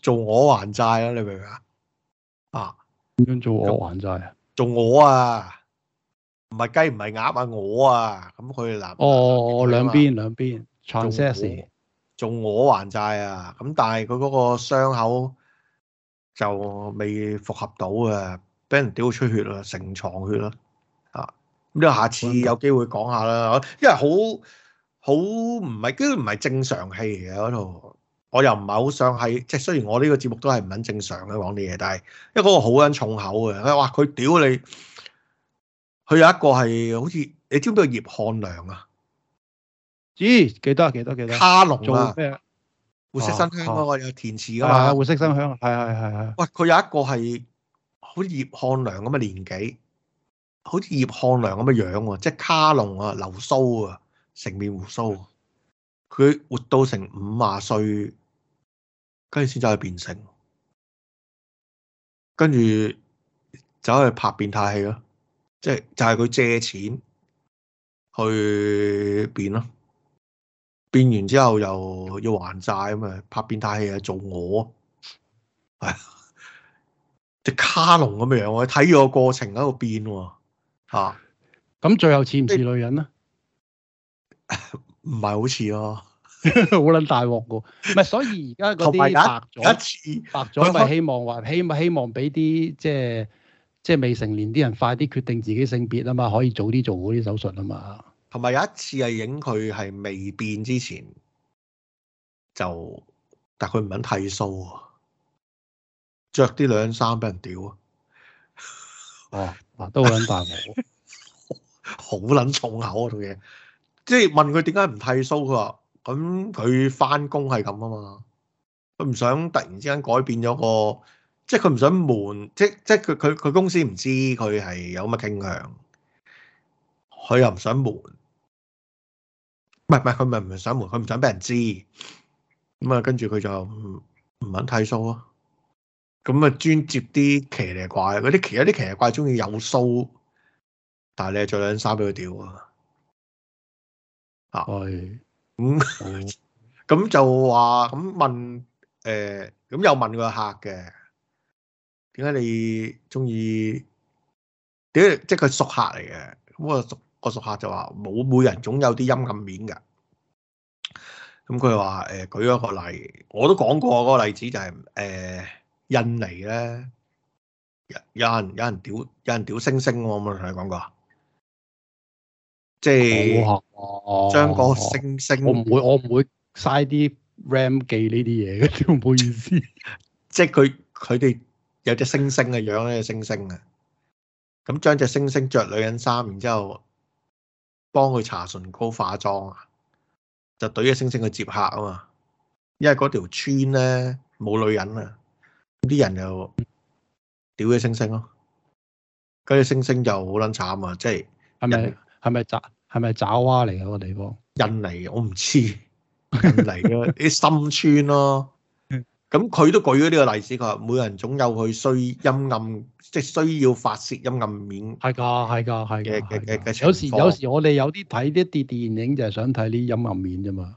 做我還債啊！你明唔明啊？啊，點樣做我還債啊？做我啊，唔係雞唔係鴨啊，我啊，咁佢嗱，哦，兩邊兩邊，transsex，做我還債啊！咁但係佢嗰個傷口就未複合到嘅，俾人屌到出血啦，成牀血啦，啊！咁都下次有機會講下啦，因為好好唔係，都唔係正常戲嚟嘅嗰度。我又唔係好想係，即係雖然我呢個節目都係唔撚正常嘅講啲嘢，但係因為嗰個好撚重口嘅，佢話佢屌你，佢有一個係好似你知唔知道葉漢良啊？咦？幾多啊？幾多幾多？卡龍啊！咩？活色生香嗰、啊哦、有填詞噶嘛？活色生香係係係係。喂，佢有一個係好似葉漢良咁嘅年紀，好似葉漢良咁嘅樣喎、啊，即係卡龍啊，留鬚啊，成面鬍鬚、啊。佢活到成五啊歲，跟住先走去變性，跟住走去拍變態戲咯。即係就係、是、佢借錢去變咯，變完之後又要還債啊嘛。拍變態戲啊，做我，係、哎、只卡龍咁樣樣，我睇住個過程喺度變喎。吓、啊，咁最後似唔似女人啊？唔係好似咯。好捻大鑊噶，唔係，所以而家嗰啲白咗一次，白咗咪希望話希咪希望俾啲即係即係未成年啲人快啲決定自己性別啊嘛，可以早啲做好啲手術啊嘛。同埋有一次係影佢係未變之前，就但佢唔肯剃鬚，着啲兩衫俾人屌。 哦，都好捻大鑊，好 捻 重口啊！套嘢，即係問佢點解唔剃鬚，佢話。咁佢翻工係咁啊嘛，佢唔想突然之間改變咗個，即係佢唔想悶，即即佢佢佢公司唔知佢係有乜傾向，佢又唔想悶，唔係唔係佢咪唔想悶，佢唔想俾人知，咁啊跟住佢就唔肯剃鬚啊，咁啊專接啲奇奇怪嗰啲，其他啲奇怪鍾意有鬚，但係你係着兩衫俾佢屌啊，啊。咁咁就話咁問誒，咁、欸、又問個客嘅，點解你中意？點解即係佢熟客嚟嘅，咁、個熟、個熟客就話冇，每人總有啲陰暗面嘅。咁佢話誒，舉一個例，我都講過嗰個例子就係、是、誒、欸，印尼咧，有有人有人屌有人屌星星，我冇同你講過。即係將個猩猩、哦哦就是、星星，我唔會，我唔會嘥啲 RAM 記呢啲嘢嘅，唔好意思？即係佢佢哋有隻星星嘅養一隻星星啊，咁將隻星星着女人衫，然之後幫佢搽唇膏、化妝啊，就懟隻星星去接客啊嘛。因為嗰條村咧冇女人啊，啲人又屌隻星星咯，咁隻星星就好撚慘啊！即係係咪係咪雜？是係咪爪哇嚟嗰個地方？印尼，我唔知印尼咯，啲深村咯。咁佢都舉咗呢個例子，佢話每個人總有佢需陰暗，即係需要發洩陰暗面。係噶，係噶，係嘅嘅嘅嘅。有時有時我哋有啲睇一啲電影就係想睇啲陰暗面啫嘛。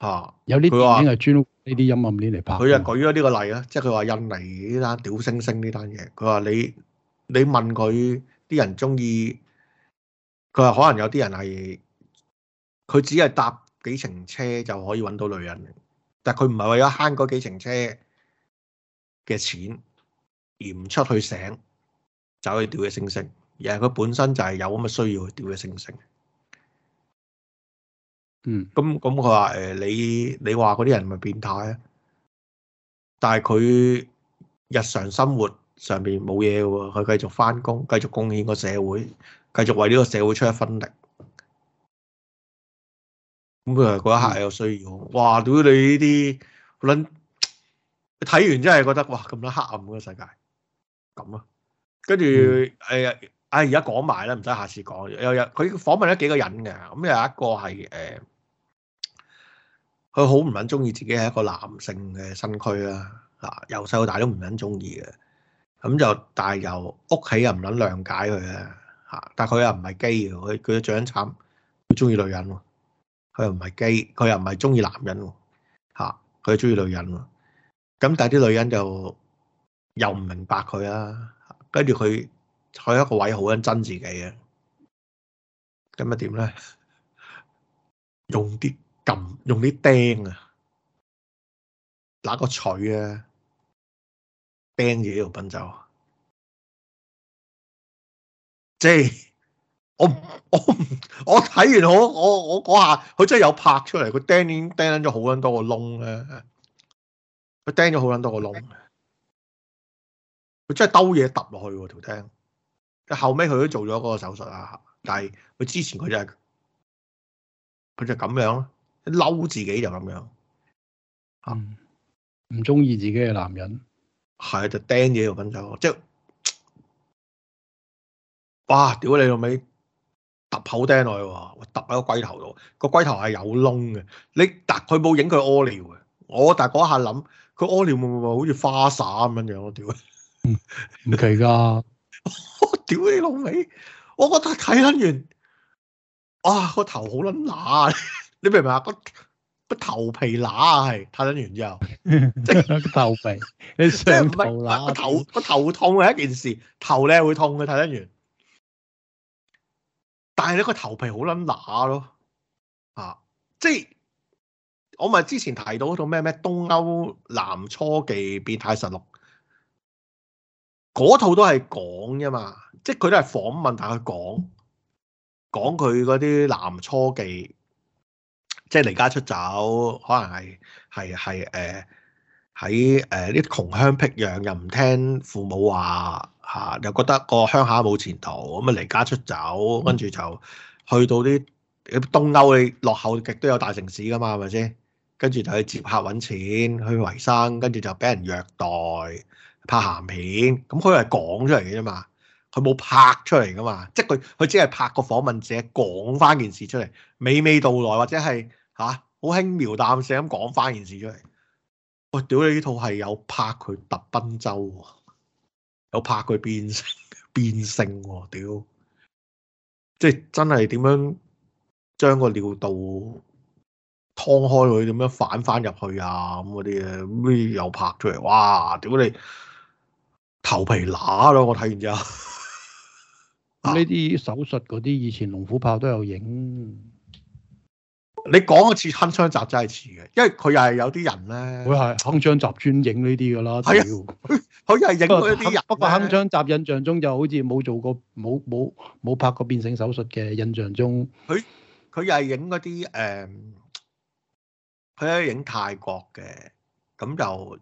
吓，有啲電影係專呢啲陰暗面嚟拍。佢又舉咗呢個例啊，即係佢話印尼呢單屌星星呢單嘢。佢話你你問佢啲人中意。佢話可能有啲人係佢只係搭幾程車就可以揾到女人，但係佢唔係為咗慳嗰幾程車嘅錢而唔出去醒，走去屌嘅星星，而係佢本身就係有咁嘅需要去屌嘅星星。嗯，咁咁佢話誒你你話嗰啲人咪變態啊？但係佢日常生活上面冇嘢喎，佢繼續返工，繼續貢獻個社會。繼續為呢個社會出一分力。咁佢嗰一刻有需要，哇！對你呢啲，好撚睇完真係覺得哇，咁多黑暗嘅世界，咁啊。跟住誒，啊而家講埋啦，唔使下次講。又有有佢訪問咗幾個人嘅，咁有一個係誒，佢好唔撚中意自己係一個男性嘅身軀啦，啊，由細到大都唔撚中意嘅。咁就但係由屋企又唔撚諒解佢啊。吓！但佢又唔係基嘅，佢佢最撚慘，佢中意女人喎，佢又唔係基，佢又唔係中意男人喎，吓，佢中意女人喎，咁但係啲女人就又唔明白佢啦，跟住佢喺一個位好撚憎自己嘅，咁咪點咧？用啲撳，用啲釘啊，拿個錘啊，釘嘢喺度品走。即係我我我睇完好我我我嗰下，佢真係有拍出嚟，佢釘釘咗好撚多個窿咧，佢釘咗好撚多個窿，佢真係兜嘢揼落去喎條釘。後尾佢都做咗嗰個手術啊，但係佢之前佢就佢就咁樣，嬲自己就咁樣，啊唔中意自己嘅男人，係就釘嘢又咁就即係。哇！屌你老味，揼口釘落去喎，揼喺個龜頭度。個龜頭係有窿嘅，你但佢冇影佢屙尿嘅。我但係嗰下諗，佢屙尿會唔會好似花灑咁樣樣咯？我屌！唔奇㗎。我屌你老味！我覺得睇撚完，啊，個頭好撚乸，你明唔明啊？個個頭皮乸啊，係睇撚完之後， 即係個頭皮，你上頭乸個頭個頭痛係一件事，頭咧會痛嘅睇撚完。但係你個頭皮好捻乸咯，啊！即係我咪之前提到嗰套咩咩東歐男雛妓變態實錄，嗰套都係講啫嘛，即係佢都係訪問，但係講講佢嗰啲男雛妓，即係離家出走，可能係係係誒喺誒啲窮鄉僻壤又唔聽父母話。嚇、啊、又覺得個鄉下冇前途，咁啊離家出走，跟住就去到啲東歐你落後極都有大城市噶嘛，係咪先？跟住就去接客揾錢，去維生，跟住就俾人虐待拍鹹片。咁佢係講出嚟嘅啫嘛，佢冇拍出嚟噶嘛。即係佢，佢只係拍個訪問者講翻件事出嚟，娓娓道來或者係嚇好輕描淡寫咁講翻件事出嚟。我屌你！呢套係有拍佢特賓州。有拍佢變變性喎、啊，屌！即係真係點樣將個尿道湯開佢，點樣反翻入去啊咁嗰啲咧，咩又拍出嚟？哇！屌你頭皮乸咯！我睇完之後、啊，呢、啊、啲手術嗰啲以前龍虎豹都有影。你講一次鏗鏘集真係似嘅，因為佢又係有啲人咧，佢係鏗鏘集專影呢啲噶啦，係啊，佢又係影嗰啲人。不過鏗鏘集印象中就好似冇做過冇冇冇拍過變性手術嘅，印象中，佢佢又係影嗰啲誒，佢喺影泰國嘅，咁就誒、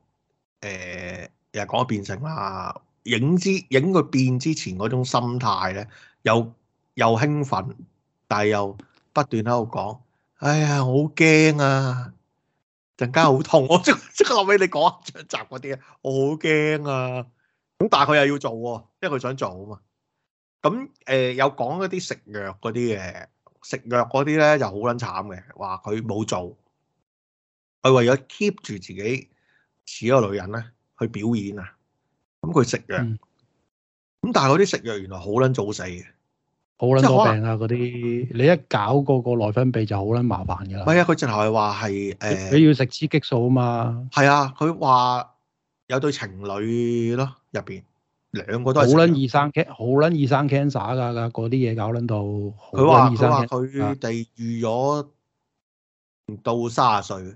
呃、又講變性啦，影之影佢變之前嗰種心態咧，又又興奮，但係又不斷喺度講。哎呀，我好驚啊！陣間好痛， 我即即刻諗起你講一集嗰啲啊，我好驚啊！咁但係佢又要做喎，啊，因為佢想做啊嘛。咁誒，有、呃、講一啲食藥嗰啲嘅，食藥嗰啲咧就好捻慘嘅，話佢冇做，佢為咗 keep 住自己似一個女人咧去表演啊。咁佢食藥，咁、嗯、但係嗰啲食藥原來好捻早死嘅。好撚多病啊！嗰啲你一搞個個內分泌就好撚麻煩㗎啦、嗯。係啊，佢直頭係話係誒，你要食雌激素啊嘛。係啊，佢話有對情侶咯，入邊兩個都係好撚易生癌，好撚易生 cancer 㗎㗎，嗰啲嘢搞撚到。佢話佢話佢哋預咗到卅歲，啊、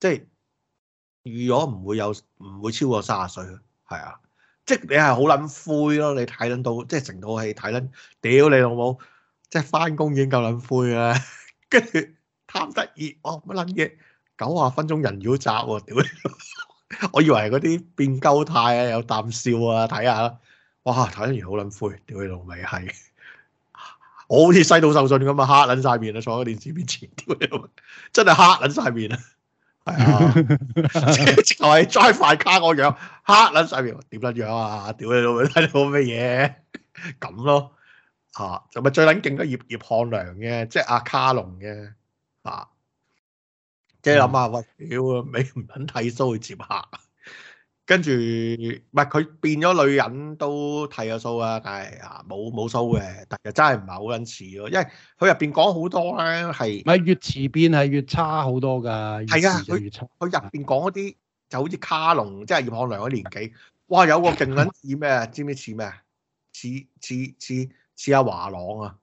即係預咗唔會有唔會超過卅歲，係啊。即係你係好撚灰咯，你睇撚到即係成套戲睇撚屌你老母，即係翻工已經夠撚灰啦，跟住貪得意哦乜撚嘢九十分鐘人妖集喎，屌你老母！我以為嗰啲變鳩態啊，有啖笑啊，睇下啦，哇睇完好撚灰屌你老味係，我好似細到受盡咁啊，黑撚晒面啦，坐喺電視面前屌你老母，真係黑撚晒面啊！ 哎、呀即就係 Drive My Car 個樣，黑卵上邊點樣，樣啊？屌你老味睇到咩嘢？咁咯，啊，就咪、是、最捻勁嘅葉葉漢良嘅，即係阿卡隆嘅，啊，即係諗下喂，屌你唔肯睇蘇去接客。跟住，唔係佢變咗女人都剃咗須啊，但係啊冇冇須嘅，但係真係唔係好撚似咯，因為佢入邊講好多咧係，唔係越遲變係越差好多㗎。係啊，佢佢入邊講嗰啲就好似卡龍，即係、就是、葉漢良嘅年紀。哇，有個勁撚似咩？知唔知似咩？似似似似阿華朗啊？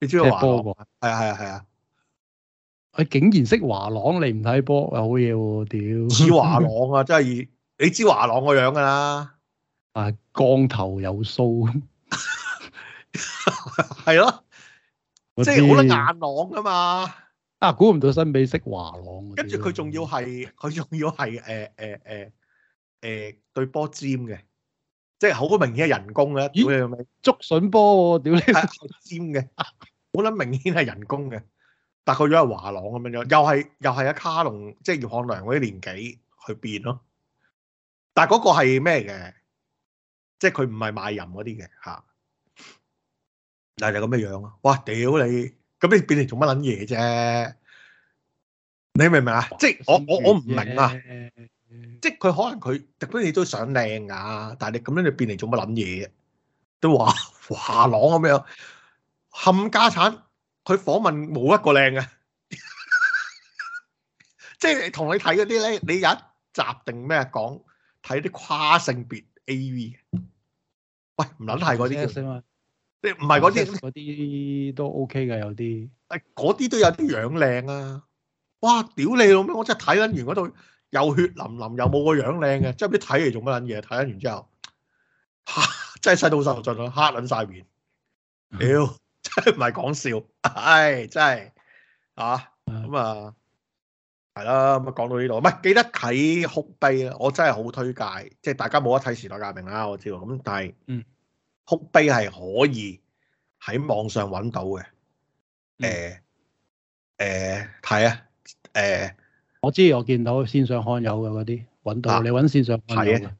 你中意、啊、華朗？啊係啊係啊！佢竟然識華朗，你唔睇波啊，好嘢喎！屌，似華朗啊， 真係你知華朗個樣噶啦，啊，光頭有鬚，係咯，即係好撚硬朗噶嘛。啊，估唔到新比識華朗，跟住佢仲要係佢仲要係誒誒誒誒對波尖嘅，即係好明顯係人工嘅。咦？捉筍波喎，屌你！尖嘅，好撚明顯係人工嘅。大概咗係華朗咁樣樣，又係又係阿卡隆，即係葉漢良嗰啲年紀去變咯。但係嗰個係咩嘅？即係佢唔係賣淫嗰啲嘅嚇。嗱，你咁嘅樣啊？哇！屌你，咁你變嚟做乜撚嘢啫？你明唔明啊？即係我我我唔明啊！即係佢可能佢特登你都想靚啊，但係你咁樣你變嚟做乜撚嘢嘅？都話華朗咁樣冚家鏟。佢訪問冇一個靚嘅，即係同你睇嗰啲咧，你有一集定咩講睇啲跨性別 AV，喂唔撚係嗰啲嘅嘛？即係唔係嗰啲？嗰啲都 OK 嘅，有啲，誒嗰啲都有啲樣靚啊！哇！屌你老咩！我真係睇撚完嗰度又血淋淋，又冇個樣靚嘅，即係唔知睇嚟做乜撚嘢？睇撚完之後，啊，真係世道受盡咯，黑撚晒面，屌！唔係講笑，唉、哎，真係啊，咁、嗯、啊，係啦、嗯，咁、嗯、啊，講到呢度，唔係記得睇哭悲啊，我真係好推介，即係大家冇得睇時代革命啊，我知道，咁但係，嗯，哭悲係可以喺網上揾到嘅，誒、嗯、誒、欸，睇、欸、啊，誒、欸，我知，我見到線上看有嘅嗰啲，揾到，啊、你揾線上睇啊？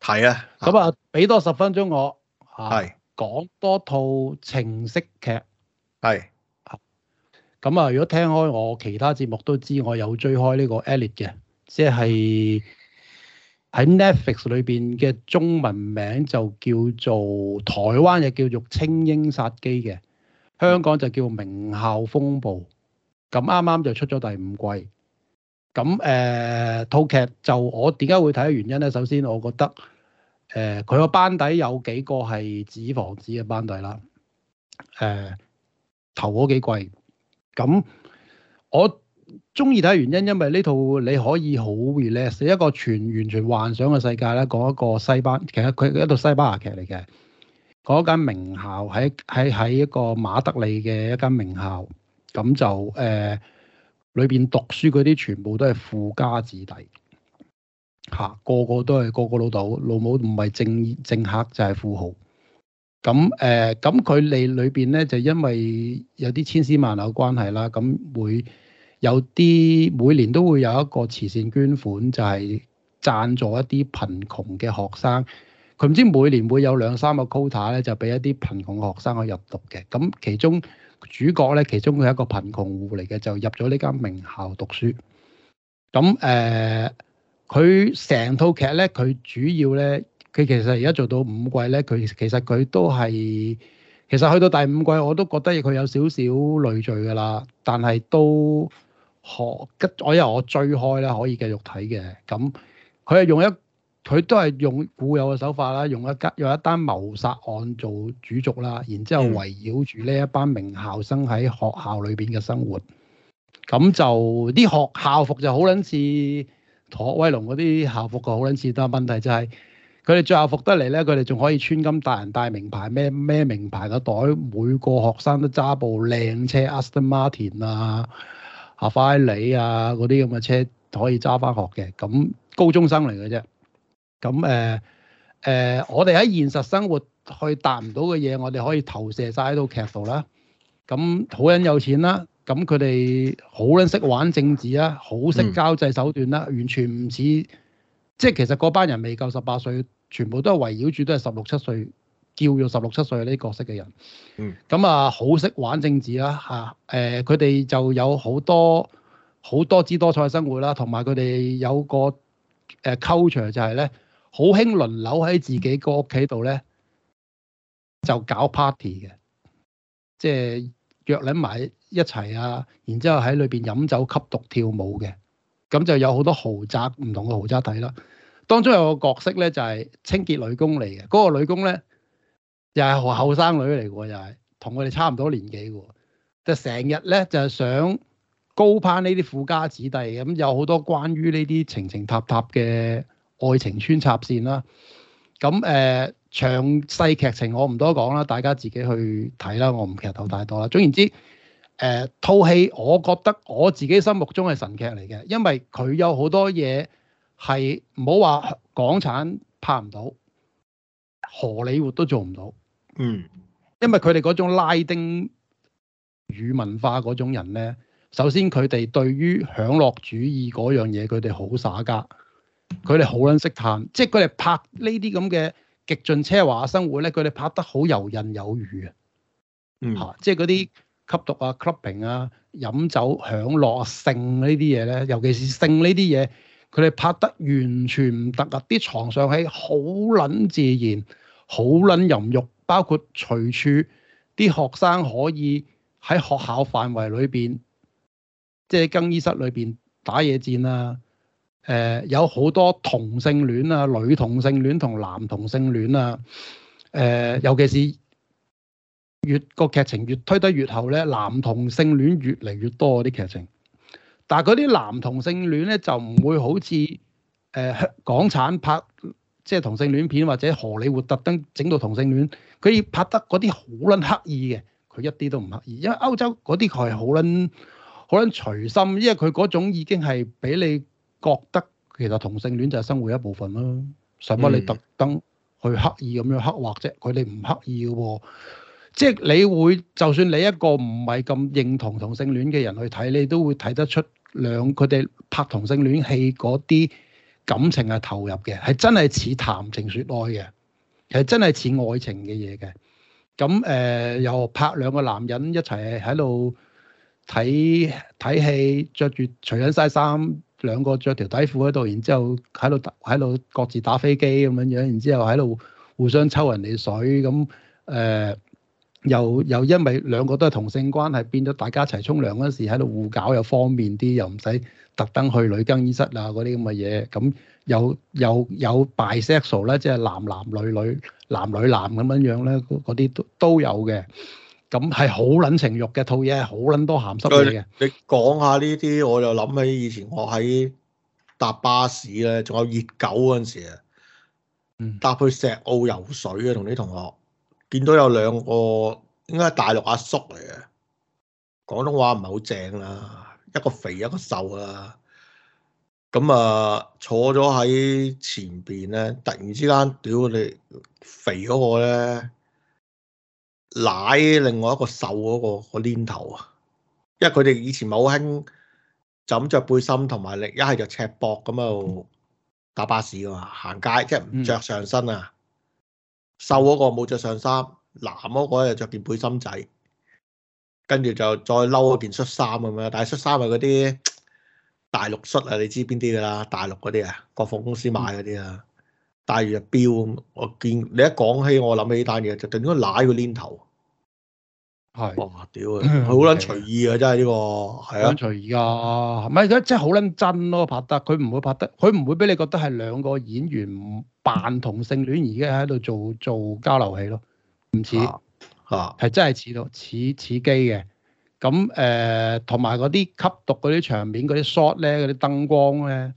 睇啊，咁啊，俾、啊、多十分鐘我，係。講多套情色劇係，咁啊！如果聽開我其他節目都知，我有追開呢個《Elite》嘅，即係喺 Netflix 裏邊嘅中文名就叫做台灣嘅叫做《菁英殺機》嘅，香港就叫《名校風暴》。咁啱啱就出咗第五季。咁誒、呃、套劇就我點解會睇嘅原因咧？首先，我覺得。誒、呃，佢個班底有幾個係《紙房子》嘅班底啦。誒、呃，頭嗰幾季，咁我中意睇原因，因為呢套你可以好 relax，一個全完全幻想嘅世界啦，講一,一個西班牙劇，其實佢一套西班牙劇嚟嘅。嗰間名校喺喺喺一個馬德里嘅一間名校，咁就誒、呃、裏邊讀書嗰啲全部都係富家子弟。吓、啊！個個都係個個老豆老母唔係正，唔係政政客就係富豪。咁誒，咁佢哋裏邊咧，就因為有啲千絲萬縷嘅關係啦，咁會有啲每年都會有一個慈善捐款，就係、係、贊助一啲貧窮嘅學生。佢唔知每年會有兩三個 quota 咧，就俾一啲貧窮學生去入讀嘅。咁其中主角咧，其中佢係一個貧窮戶嚟嘅，就入咗呢間名校讀書。咁誒佢成套劇咧，佢主要咧，佢其實而家做到五季咧，佢其實佢都係，其實去到第五季我都覺得佢有少少累贅㗎啦，但係都可跟，因為我追開啦，可以繼續睇嘅。咁佢係用一，佢都係用固有嘅手法啦，用一單，用一單謀殺案做主軸啦，然之後圍繞住呢一班名校生喺學校裏面嘅生活，咁就啲學校服就好撚似。駝威龍嗰啲校服個好撚似，但問題就係佢哋着校服得嚟咧，佢哋仲可以穿金戴銀戴名牌，咩咩名牌個袋，每個學生都揸部靚車，Aston Martin 啊、阿法拉利啊嗰啲咁嘅車可以揸翻學嘅。咁高中生嚟嘅啫。咁誒誒，我哋喺現實生活去達唔到嘅嘢，我哋可以投射晒喺套劇度啦。咁好撚有錢啦～咁佢哋好撚識玩政治啊，好識交際手段啦、啊嗯，完全唔似即係其實嗰班人未夠十八歲，全部都係圍繞住都係十六七歲，叫做十六七歲呢啲角色嘅人。咁、嗯、啊，好識玩政治啦，佢哋就有好多好多姿多彩嘅生活啦、啊，同埋佢哋有，有個、呃、culture 就係咧，好興輪流喺自己個屋企度咧就搞 party 嘅，即係約撚埋。一齊啊！然之後喺裏邊飲酒、吸毒、跳舞嘅咁，就有好多豪宅，唔同嘅豪宅睇啦。當中有個角色咧就係清潔女工嚟嘅，嗰個女工咧，又係後生女嚟嘅，又係同我哋差唔多年紀嘅，就成日咧就係想高攀呢啲富家子弟咁。有好多關於呢啲情情塔塔嘅愛情穿插線啦。咁，誒詳細劇情我唔多講啦，大家自己去睇啦。我唔劇透太多啦。總言之。誒、呃、套戲，我覺得我自己心目中係神劇嚟嘅，因為佢有好多嘢係唔好話港產拍唔到，荷里活都做唔到。嗯，因為佢哋嗰種拉丁語文化嗰種人呢，首先佢哋對於享樂主義嗰樣嘢，佢哋好耍家，佢哋好撚識嘆，即係佢哋拍呢啲咁嘅極盡奢華嘅生活呢，佢哋拍得好遊刃有餘啊。嗯，啊、即係啲。吸毒啊、clubbing 啊、飲酒享樂啊、性呢啲嘢咧，尤其是性呢啲嘢，佢哋拍得完全唔得啊！啲床上戲好撚自然，好撚淫欲，包括隨處啲學生可以喺學校範圍裏邊，即係更衣室裏邊打野戰啊！誒、呃，有好多同性戀啊、女同性戀同男同性戀啊！誒、呃，尤其是。越個劇情越推得越後咧，男同性戀越嚟越多啲劇情。但係嗰啲男同性戀咧就唔會好似誒、呃、港產拍即係同性戀片或者荷里活特登整到同性戀，佢拍得嗰啲好撚刻意嘅。佢一啲都唔刻意，因為歐洲嗰啲佢係好撚好撚隨心，因為佢嗰種已經係俾你覺得其實同性戀就係生活一部分囉，使乜你特登去刻意咁樣刻畫啫？佢哋唔刻意嘅喎。即係你會，就算你一個唔係咁認同同性戀嘅人去睇，你都會睇得出兩佢哋拍同性戀戲嗰啲感情係投入嘅，係真係似談情説愛嘅，係真係似愛情嘅嘢嘅。咁誒、呃、又拍兩個男人一齊喺度睇睇戲，戲着住除緊晒衫，兩個着條底褲喺度，然之後喺度喺度各自打飛機咁樣樣，然之後喺度互相抽人哋水咁誒。又又因為兩個都係同性關係，變咗大家一齊沖涼嗰時喺度互搞又方便啲，又唔使特登去女更衣室啊嗰啲咁嘅嘢。咁有有有 bisexual 咧，即係男男女女、男女男咁樣樣咧，嗰啲都都有嘅。咁係好撚情慾嘅套嘢，係好撚多鹹濕嘢嘅。你講下呢啲，我就諗起以前我喺搭巴士啊，仲有熱狗嗰陣時啊，搭去石澳游水啊，同啲同學。見到有兩個應該係大陸阿叔嚟嘅，廣東話唔係好正啦，啊。一個肥一個瘦啊，咁啊坐咗喺前邊咧，突然之間屌你肥嗰個咧，拉另外一個瘦嗰、嗰個、嗰個攣頭啊！因為佢哋以前冇興枕着背心同埋力，一係就赤膊咁啊，搭巴士啊，行街即係唔着上身啊！嗯瘦嗰個冇着上衫，男嗰個又着件背心仔，跟住就再嬲件恤衫咁樣。但係恤衫係嗰啲大陸恤啊，你知邊啲㗎啦？大陸嗰啲啊，國防公司買嗰啲啊，戴住隻表。我見你一講起，我諗起呢單嘢就等於拉佢鏈頭。係，哇屌啊！好撚隨意啊，啊，真係呢個，係啊，隨意啊，唔係佢真係好撚真咯，拍得佢唔會拍得，佢唔會俾你覺得係兩個演員扮同性戀而家喺度做做交流戲咯，唔似啊，係、啊、真係似到似似機嘅，咁誒同埋嗰啲吸毒嗰啲場面嗰啲 shot 咧，嗰啲燈光咧，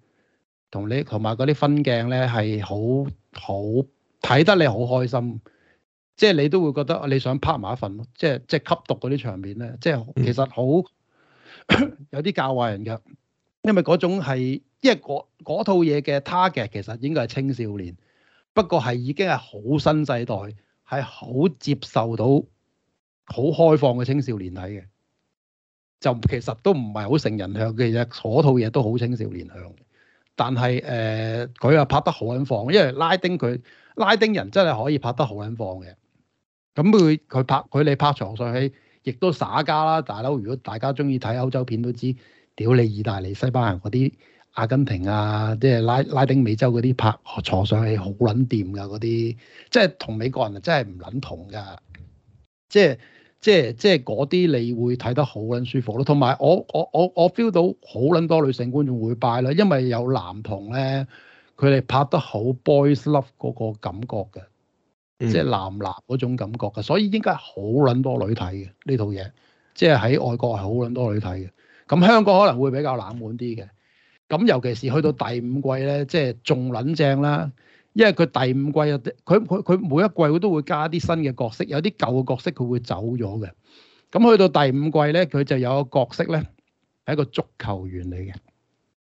同你同埋嗰啲分鏡咧係好好睇得你好開心。即係你都會覺得，你想拍埋一份即係即係吸毒嗰啲場面咧，即係其實好、嗯、 有啲教壞人嘅，因為嗰種係因為嗰套嘢嘅 target 其實應該係青少年，不過係已經係好新世代，係好接受到好開放嘅青少年睇嘅，就其實都唔係好成人向嘅，其實嗰套嘢都好青少年向，但係誒佢又拍得好開放，因為拉丁佢拉丁人真係可以拍得好開放嘅。咁佢佢拍佢哋拍床上戲，亦都耍家啦。大佬，如果大家中意睇歐洲片都知，屌你意大利、西班牙嗰啲、阿根廷啊，即係拉拉丁美洲嗰啲拍床上戲好撚掂噶嗰啲，即係同美國人真係唔撚同噶。即係即係即係嗰啲你會睇得好撚舒服咯。同埋我我我我 feel 到好撚多女性觀眾會 buy 啦，因為有男同咧，佢哋拍得好 boys love 嗰個感覺嘅。即係男男嗰種感覺嘅，所以應該好撚多女睇嘅呢套嘢。即係喺外國係好撚多女睇嘅。咁香港可能會比較冷門啲嘅。咁尤其是去到第五季咧，即係仲撚正啦。因為佢第五季啊，佢佢佢每一季佢都會加啲新嘅角色，有啲舊嘅角色佢會走咗嘅。咁去到第五季咧，佢就有個角色咧係一個足球員嚟嘅。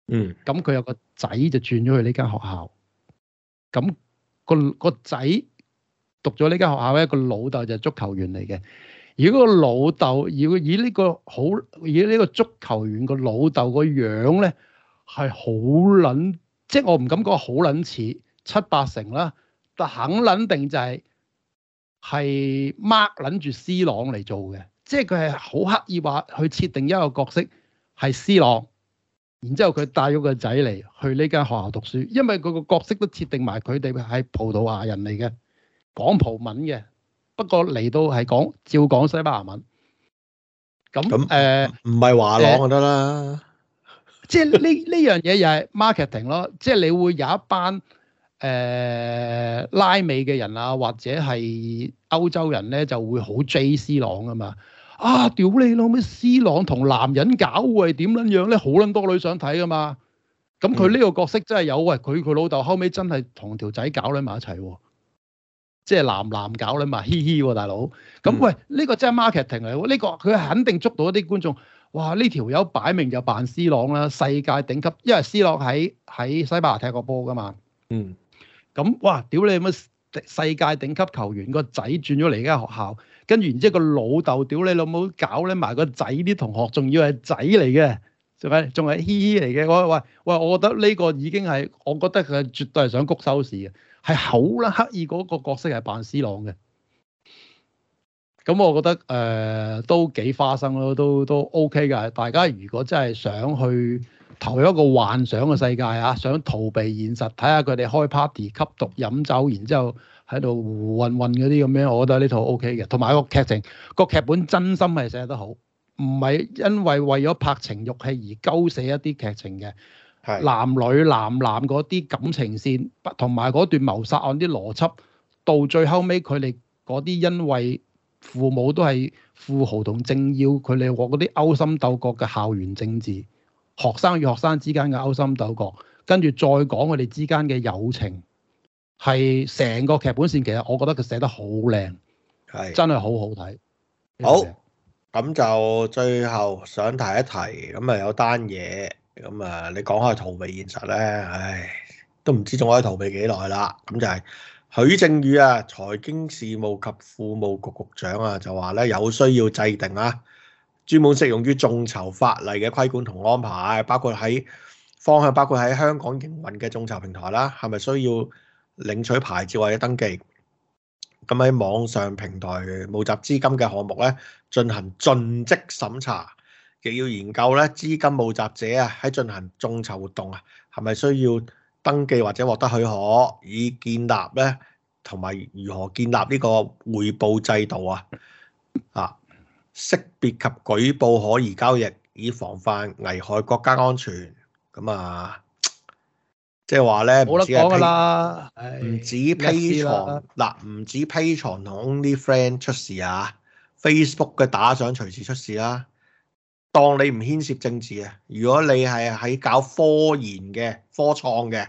嗯。咁佢有個仔就轉咗去呢間學校。咁個個仔。讀咗呢間學校咧，一個老豆就係足球員嚟嘅。如果個老豆要以呢個好，以呢個足球員個老豆個樣咧，係好撚，即係我唔敢講好撚似，七八成啦，但肯撚定就係係 mark 撚住 C 朗嚟做嘅，即係佢係好刻意話去設定一個角色係 C 朗，然之後佢帶咗個仔嚟去呢間學校讀書，因為佢個角色都設定埋佢哋係葡萄牙人嚟嘅。講葡文嘅，不過嚟到係講，照講西班牙文。咁咁誒，唔係話朗就得啦、呃。即係呢呢樣嘢又係 marketing 咯。即係你會有一班誒、呃、拉美嘅人啊，或者係歐洲人咧，就會好 J C 朗啊嘛。啊，屌你老味！C 朗同男人搞喂，點撚樣咧？好撚多女想睇噶嘛。咁佢呢個角色真係有、嗯、喂，佢佢老豆後尾真係同條仔搞撚埋一齊、啊。即係男男搞你埋，嘻嘻喎大佬，咁、嗯、喂呢、呢個真係 marketing 嚟喎，呢個佢肯定捉到一啲觀眾。哇，呢條友擺明就扮 C 朗啦，世界頂級，因為 C 朗喺喺西班牙踢過波㗎嘛。嗯，咁哇，屌你乜世界頂級球員個仔轉咗嚟間學校，跟住然之後個老豆屌你老母搞你埋個仔啲同學，仲要係仔嚟嘅，仲係嘻嘻嚟嘅。我話喂喂，我覺得呢個已經係我覺得佢係絕對係想谷收視嘅。係好啦，刻意嗰個角色係扮斯朗嘅，咁我覺得誒、呃、都幾花生咯，都都 OK 嘅。大家如果真係想去投入一個幻想嘅世界啊，想逃避現實，睇下佢哋開 party、吸毒、飲酒，然之後喺度胡混混嗰啲咁樣，我覺得呢套 OK 嘅。同埋個劇情、個劇本真心係寫得好，唔係因為為咗拍情慾戲而勾寫一啲劇情嘅。男女男男嗰啲感情線，同埋嗰段謀殺案啲邏輯到最後尾，佢哋嗰啲因為父母都係富豪同政要，佢哋嗰啲勾心鬥角嘅校園政治，學生與學生之間嘅勾心鬥角，跟住再講，佢哋之間嘅友情，係成個劇本線。其實我覺得佢寫得好靚，係真係好好睇。好，咁就最後想提一提，咁啊有單嘢。咁啊，你講開逃避現實咧，唉，都唔知仲可以逃避幾耐啦。咁就係許正宇啊，財經事務及庫務局局長啊，就話咧有需要制定啊，專門適用於眾籌法例嘅規管同安排、啊，包括喺方向，包括喺香港營運嘅眾籌平台啦、啊，係咪需要領取牌照或者登記？咁喺網上平台募集資金嘅項目咧，進行盡職審查。亦要研究咧，資金募集者啊，喺進行眾籌活動啊，係咪需要登記或者獲得許可，以建立咧？同埋如何建立呢個匯報制度啊？啊，識別及舉報可疑交易，以防範危害國家安全。咁啊，即係話咧，冇得講㗎啦，唔止 Patreon 嗱，唔止 Patreon 同 Only Friend 出事啊，Facebook 嘅打賞隨時出事啦、啊。當你唔牽涉政治啊！如果你係喺搞科研嘅、科創嘅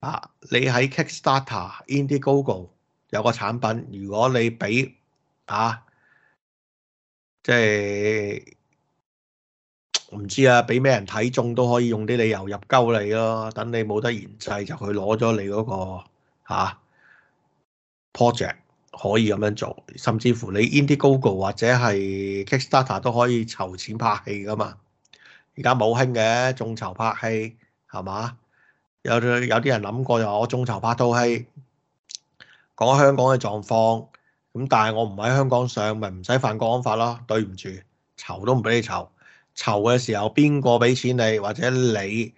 啊，你喺 Kickstarter、Indiegogo 有個產品，如果你俾啊，即係唔知啊，俾咩人睇中都可以用啲理由入鳩你咯。等你冇得研製就去攞咗你嗰個吓 project。可以咁樣做，甚至乎你 Indiegogo 或者係 Kickstarter 都可以籌錢拍戲噶嘛，現在沒有的。而家冇興嘅眾籌拍戲係嘛？有，有啲人諗過就我眾籌拍套戲，講香港嘅狀況。咁但係我唔喺香港上，咪唔使犯國安法咯。對唔住，籌都唔俾你籌。籌嘅時候邊個俾錢你，或者你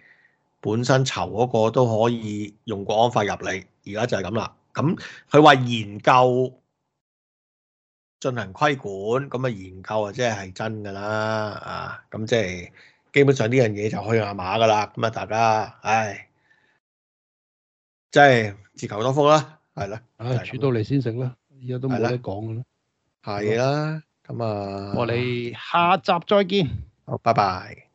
本身籌嗰個都可以用國安法入嚟。而家就係咁啦。咁佢話研究進行規管，咁啊研究啊即係係真噶啦啊！咁即係基本上呢樣嘢就可以去馬噶啦。咁啊大家，唉，即係自求多福啦，係啦。啊，煮到嚟先食啦，依家都冇得講噶啦。係啦，咁啊，我哋下集再見。好，拜拜。